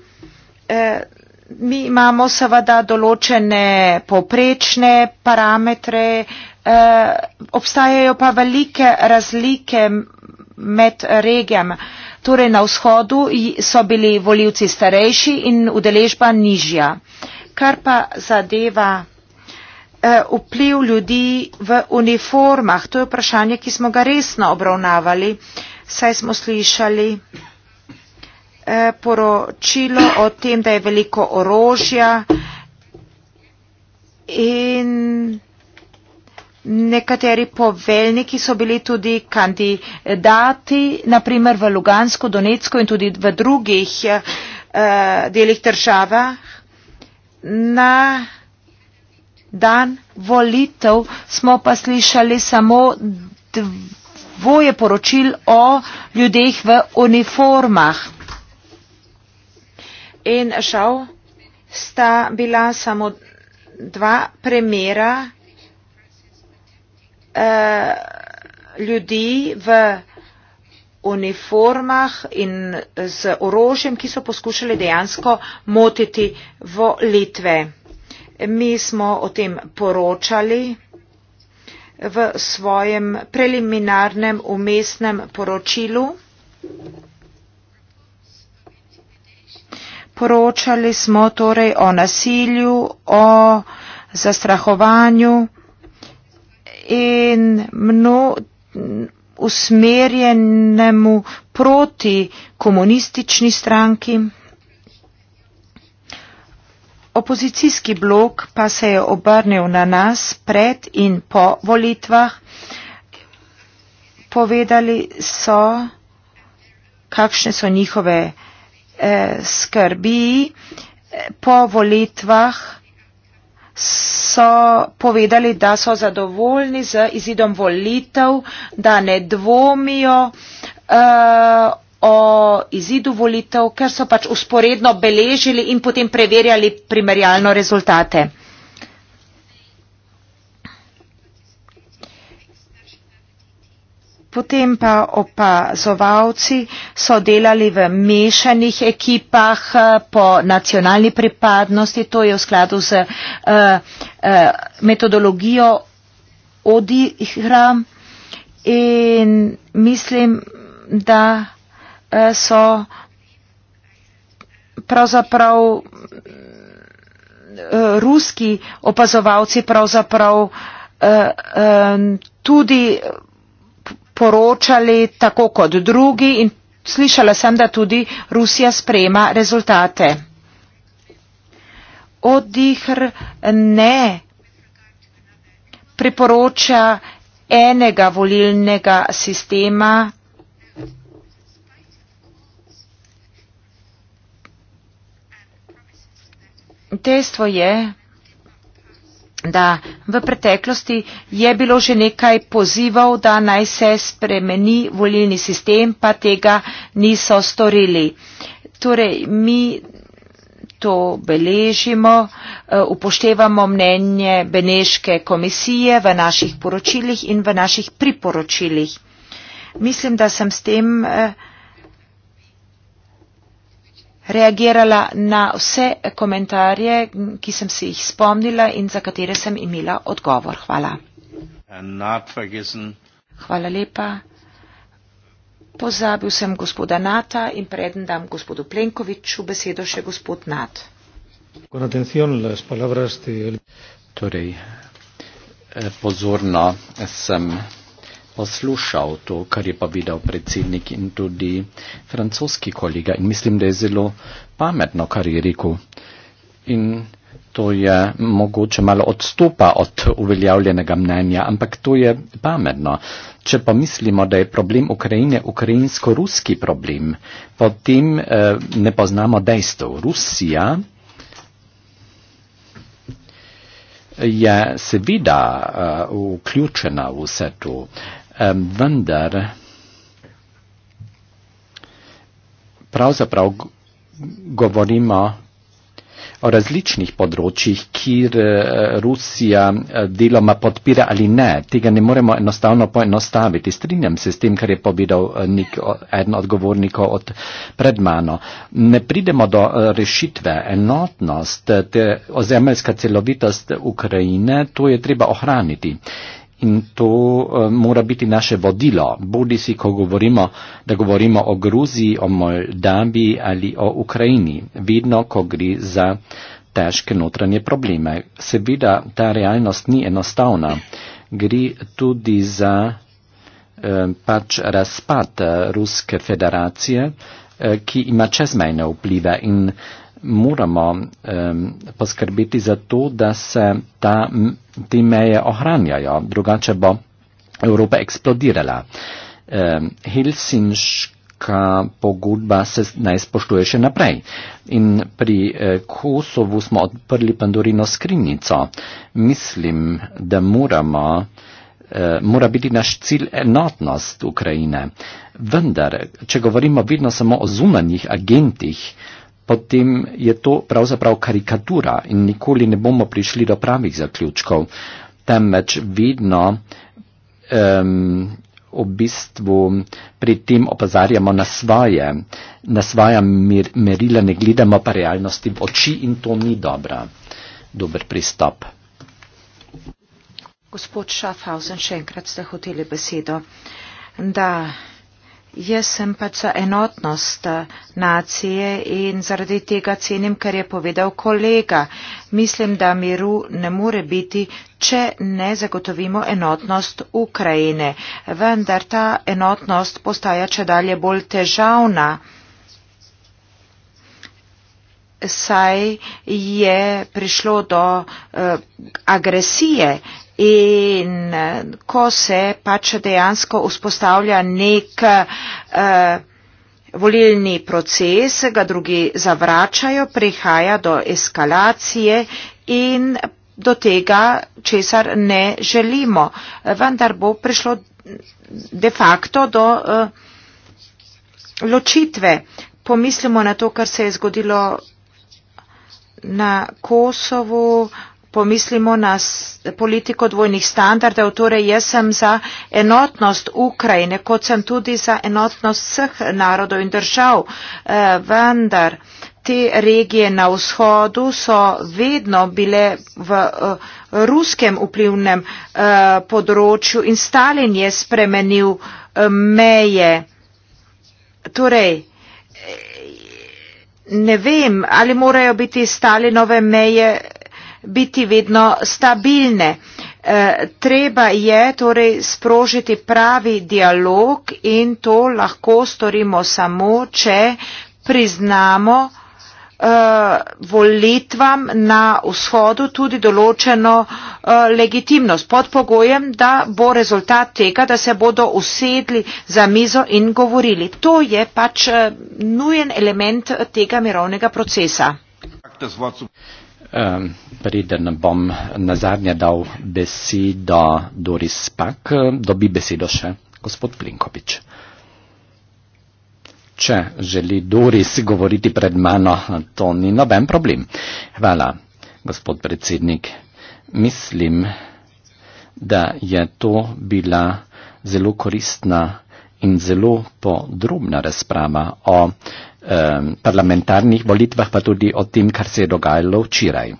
A: Mi imamo seveda določene poprečne parametre, obstajajo pa velike razlike med regijami. Torej na vzhodu so bili voljivci starejši in udeležba nižja. Kar pa zadeva eh, vpliv ljudi v uniformah, to je vprašanje, ki smo ga resno obravnavali, saj smo slišali eh, poročilo o tem, da je veliko orožja in Nekateri poveljniki so bili tudi kandidati, naprimer v Lugansko, Donetsko in tudi v drugih eh, delih država. Na dan volitev smo pa slišali samo dvoje poročil o ljudeh v uniformah. In žal sta bila samo dva primera Eh, ljudi v uniformah in z orožjem, ki so poskušali dejansko motiti v Litve. Mi smo o tem poročali v svojem preliminarnem umestnem poročilu. Poročali smo torej o nasilju, o zastrahovanju, in mno, usmerjenemu proti komunistični stranki. Opozicijski blok pa se je obrnil na nas pred in po volitvah. Povedali so, kakšne so njihove eh, skrbi. Po volitvah so povedali, da so zadovoljni z izidom volitev, da ne dvomijo uh, o izidu volitev, ker so pač usporedno beležili in potem preverjali primerjalno rezultate. potem pa opazovalci so delali v mešanih ekipah eh, po nacionalni pripadnosti, to je v skladu z uh, uh, metodologijo odihra in mislim, da uh, so pravzaprav uh, ruski opazovalci pravzaprav uh, uh, tudi poročali tako kot drugi in slišala sem, da tudi Rusija sprema rezultate. Odihr ne priporoča enega volilnega sistema. Dejstvo je, da v preteklosti je bilo že nekaj pozivov, da naj se spremeni volilni sistem, pa tega niso storili. Torej, mi to beležimo, eh, upoštevamo mnenje Beneške komisije v naših poročilih in v naših priporočilih. Mislim, da sem s tem eh, reagirala na vse komentarje, ki sem si jih spomnila in za katere sem imela odgovor. Hvala. Hvala lepa. Pozabil sem gospoda Nata in preden dam gospodu Plenkoviču besedo še gospod Nat.
B: Torej, eh, pozorno sem poslušal to, kar je pa videl predsednik in tudi francoski kolega. In mislim, da je zelo pametno, kar je rekel. In to je mogoče malo odstopa od uveljavljenega mnenja, ampak to je pametno. Če pa mislimo, da je problem Ukrajine ukrajinsko-ruski problem, potem eh, ne poznamo dejstev. Rusija je seveda eh, vključena v vse to. Eh, vendar pravzaprav govorimo o različnih področjih, kjer eh, Rusija eh, deloma podpira ali ne. Tega ne moremo enostavno poenostaviti. Strinjam se s tem, kar je povedal eh, nek, eden odgovornikov od pred mano. Ne pridemo do rešitve. Enotnost, ozemeljska celovitost Ukrajine, to je treba ohraniti. In to eh, mora biti naše vodilo, bodi si, ko govorimo, da govorimo o Gruziji, o Moldavi ali o Ukrajini, vedno, ko gre za težke notranje probleme. Seveda, ta realnost ni enostavna. Gre tudi za eh, pač razpad eh, Ruske federacije, ki ima čezmejne vplive in moramo um, poskrbeti za to, da se ta, te meje ohranjajo, drugače bo Evropa eksplodirala. Um, Helsinška pogodba se naj spoštuje še naprej. In pri uh, Kosovu smo odprli Pandorino skrinjico. Mislim, da moramo. E, mora biti naš cilj enotnost Ukrajine. Vendar, če govorimo vedno samo o zunanjih agentih, potem je to pravzaprav karikatura in nikoli ne bomo prišli do pravih zaključkov, temveč vedno um, v bistvu pri tem opozarjamo na svoje, na svoja mir, merila, ne gledamo pa realnosti v oči in to ni dobra, dober pristop.
A: Gospod Schaffhausen, še enkrat ste hoteli besedo. Da, Jaz sem pač za enotnost eh, nacije in zaradi tega cenim, kar je povedal kolega. Mislim, da miru ne more biti, če ne zagotovimo enotnost Ukrajine. Vendar ta enotnost postaja če dalje bolj težavna, saj je prišlo do uh, agresije in eh, ko se pač dejansko vzpostavlja nek eh, volilni proces, ga drugi zavračajo, prihaja do eskalacije in do tega, česar ne želimo. Vendar bo prišlo de facto do eh, ločitve. Pomislimo na to, kar se je zgodilo na Kosovu, pomislimo na politiko dvojnih standardov. Torej, jaz sem za enotnost Ukrajine, kot sem tudi za enotnost vseh narodov in držav, eh, vendar te regije na vzhodu so vedno bile v eh, ruskem vplivnem eh, področju in Stalin je spremenil meje. Torej, ne vem, ali morajo biti Stalinove meje biti vedno stabilne. E, treba je torej sprožiti pravi dialog in to lahko storimo samo, če priznamo e, volitvam na vzhodu tudi določeno e, legitimnost pod pogojem, da bo rezultat tega, da se bodo usedli za mizo in govorili. To je pač e, nujen element tega mirovnega procesa.
B: Um, preden bom na zadnje dal besedo Doris Pak, eh, dobi besedo še gospod Plinkovič. Če želi Doris govoriti pred mano, to ni noben problem. Hvala, gospod predsednik. Mislim, da je to bila zelo koristna in zelo podrobna razprava o Ehm, parlamentarnih volitvah, pa tudi o tem, kar se je dogajalo včeraj.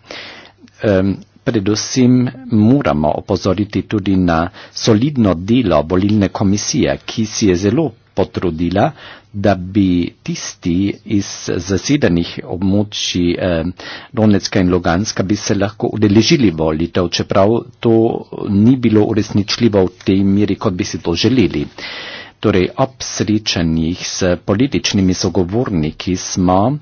B: Um, predvsem moramo opozoriti tudi na solidno delo volilne komisije, ki si je zelo potrudila, da bi tisti iz zasedanih območij eh, Donetska in Luganska bi se lahko udeležili volitev, čeprav to ni bilo uresničljivo v tej miri, kot bi si to želeli. Eh, Torej, ob srečanjih s političnimi sogovorniki smo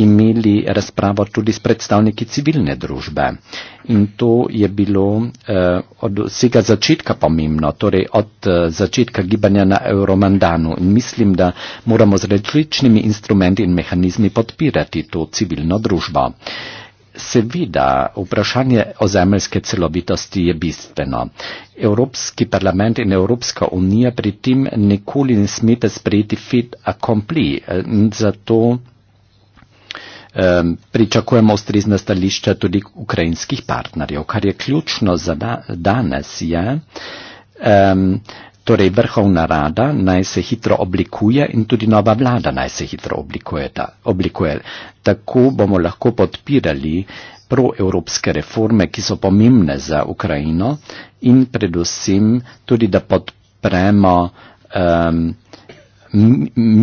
B: imeli razpravo tudi s predstavniki civilne družbe. In to je bilo eh, od vsega začetka pomembno, torej od eh, začetka gibanja na Euromandanu. In mislim, da moramo z različnimi instrumenti in mehanizmi podpirati to civilno družbo. Eh, Seveda, vprašanje o zemljske celovitosti je bistveno. Evropski parlament in Evropska unija pri tem nikoli ne smete sprejeti fit accompli, zato um, pričakujemo ustrezna stališča tudi ukrajinskih partnerjev. Kar je ključno za da, danes je, um, Torej, vrhovna rada naj se hitro oblikuje in tudi nova vlada naj se hitro oblikuje. Ta, oblikuje. Tako bomo lahko podpirali proevropske reforme, ki so pomembne za Ukrajino in predvsem tudi, da podpremo um,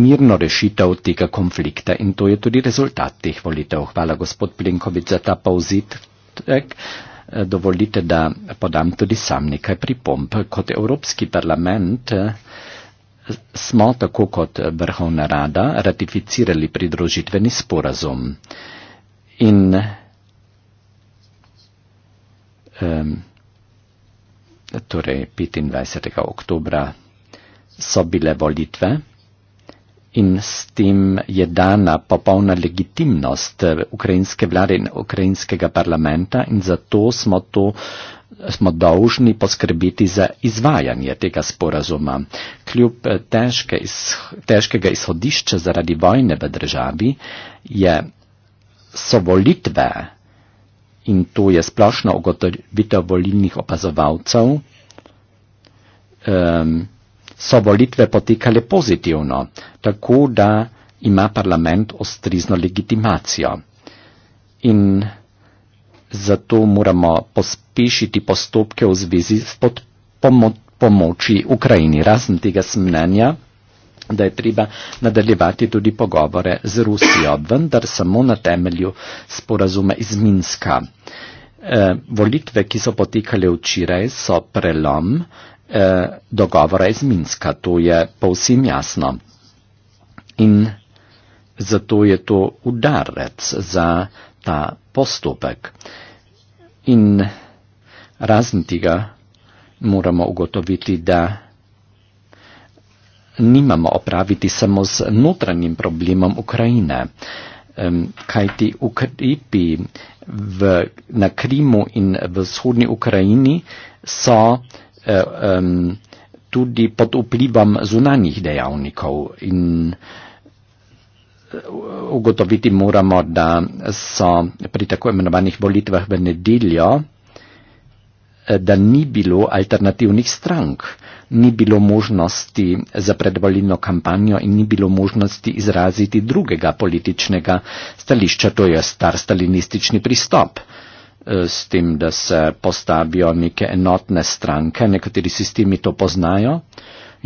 B: mirno rešitev tega konflikta in to je tudi rezultat teh volitev. Hvala gospod Plenkovič za ta povzetek. Eh, dovolite, da podam tudi sam nekaj pripomp. Kot Evropski parlament eh, smo, tako kot vrhovna rada, ratificirali pridružitveni sporazum. In um, torej 25. oktobra so bile volitve in s tem je dana popolna legitimnost eh, ukrajinske vlade in ukrajinskega parlamenta in zato smo to smo dolžni poskrbeti za izvajanje tega sporazuma. Kljub eh, težke iz, težkega izhodišča zaradi vojne v državi je so volitve in to je splošno ugotovitev volilnih opazovalcev, um, so volitve potekale pozitivno, tako da ima parlament ustrezno legitimacijo. In zato moramo pospešiti postopke v zvezi s pomočjo Ukrajini. Razen tega smnenja, da je treba nadaljevati tudi pogovore z Rusijo, vendar samo na temelju sporazuma iz Minska. E, volitve, ki so potekale včeraj, so prelom eh, dogovora iz Minska, to je povsem jasno. In zato je to udarec za ta postopek. In razen tega moramo ugotoviti, da nimamo opraviti samo z notranjim problemom Ukrajine, kaj ti ukrepi na Krimu in v vzhodni Ukrajini so um, tudi pod vplivom zunanjih dejavnikov in eh, ugotoviti moramo, da so pri tako imenovanih volitvah v nedeljo, eh, da ni bilo alternativnih strank, ni bilo možnosti za predvolilno kampanjo in ni bilo možnosti izraziti drugega političnega stališča, to je star stalinistični pristop. Uh, Eh, s tem, da se postavijo neke enotne stranke, nekateri sistemi to poznajo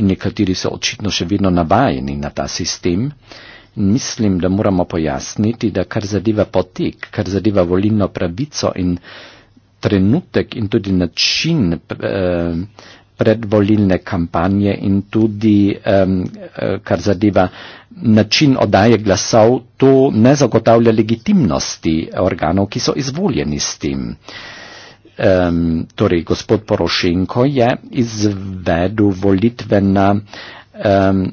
B: in nekateri so očitno še vedno navajeni na ta sistem. Mislim, da moramo pojasniti, da kar zadeva potek, kar zadeva volilno pravico in trenutek in tudi način eh, predvolilne kampanje in tudi, um, kar zadeva način odaje glasov, to ne zagotavlja legitimnosti organov, ki so izvoljeni s tem. Um, torej, gospod Porošenko je izvedel volitve na um,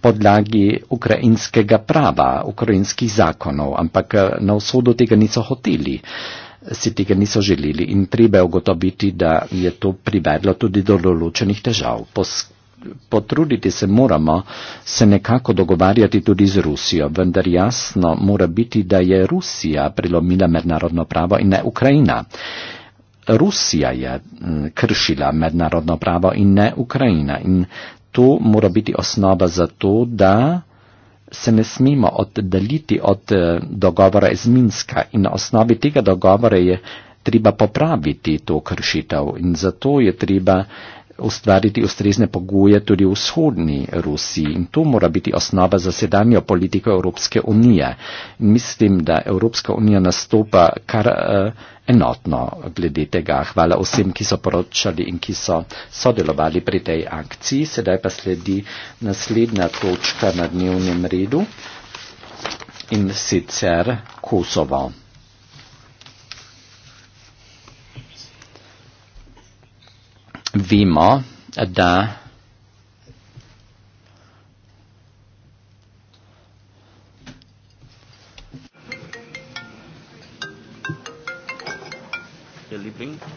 B: podlagi ukrajinskega prava, ukrajinskih zakonov, ampak e, na vsodo tega niso hoteli. Uh, si tega niso želeli in treba je ugotoviti, da je to privedlo tudi do določenih težav. Pos Potruditi se moramo se nekako dogovarjati tudi z Rusijo, vendar jasno mora biti, da je Rusija prelomila mednarodno pravo in ne Ukrajina. Rusija je kršila mednarodno pravo in ne Ukrajina. In to mora biti osnova za to, da se ne smemo oddaliti od eh, dogovora iz Minska in na osnovi tega dogovora je treba popraviti to kršitev in zato je treba ustvariti ustrezne pogoje tudi v vzhodni Rusiji in to mora biti osnova za sedanjo politiko Evropske unije. Mislim, da Evropska unija nastopa kar uh, enotno glede tega. Hvala vsem, ki so poročali in ki so sodelovali pri tej akciji. Sedaj pa sledi naslednja točka na dnevnem redu in sicer Kosovo. Vemo, da Liebling.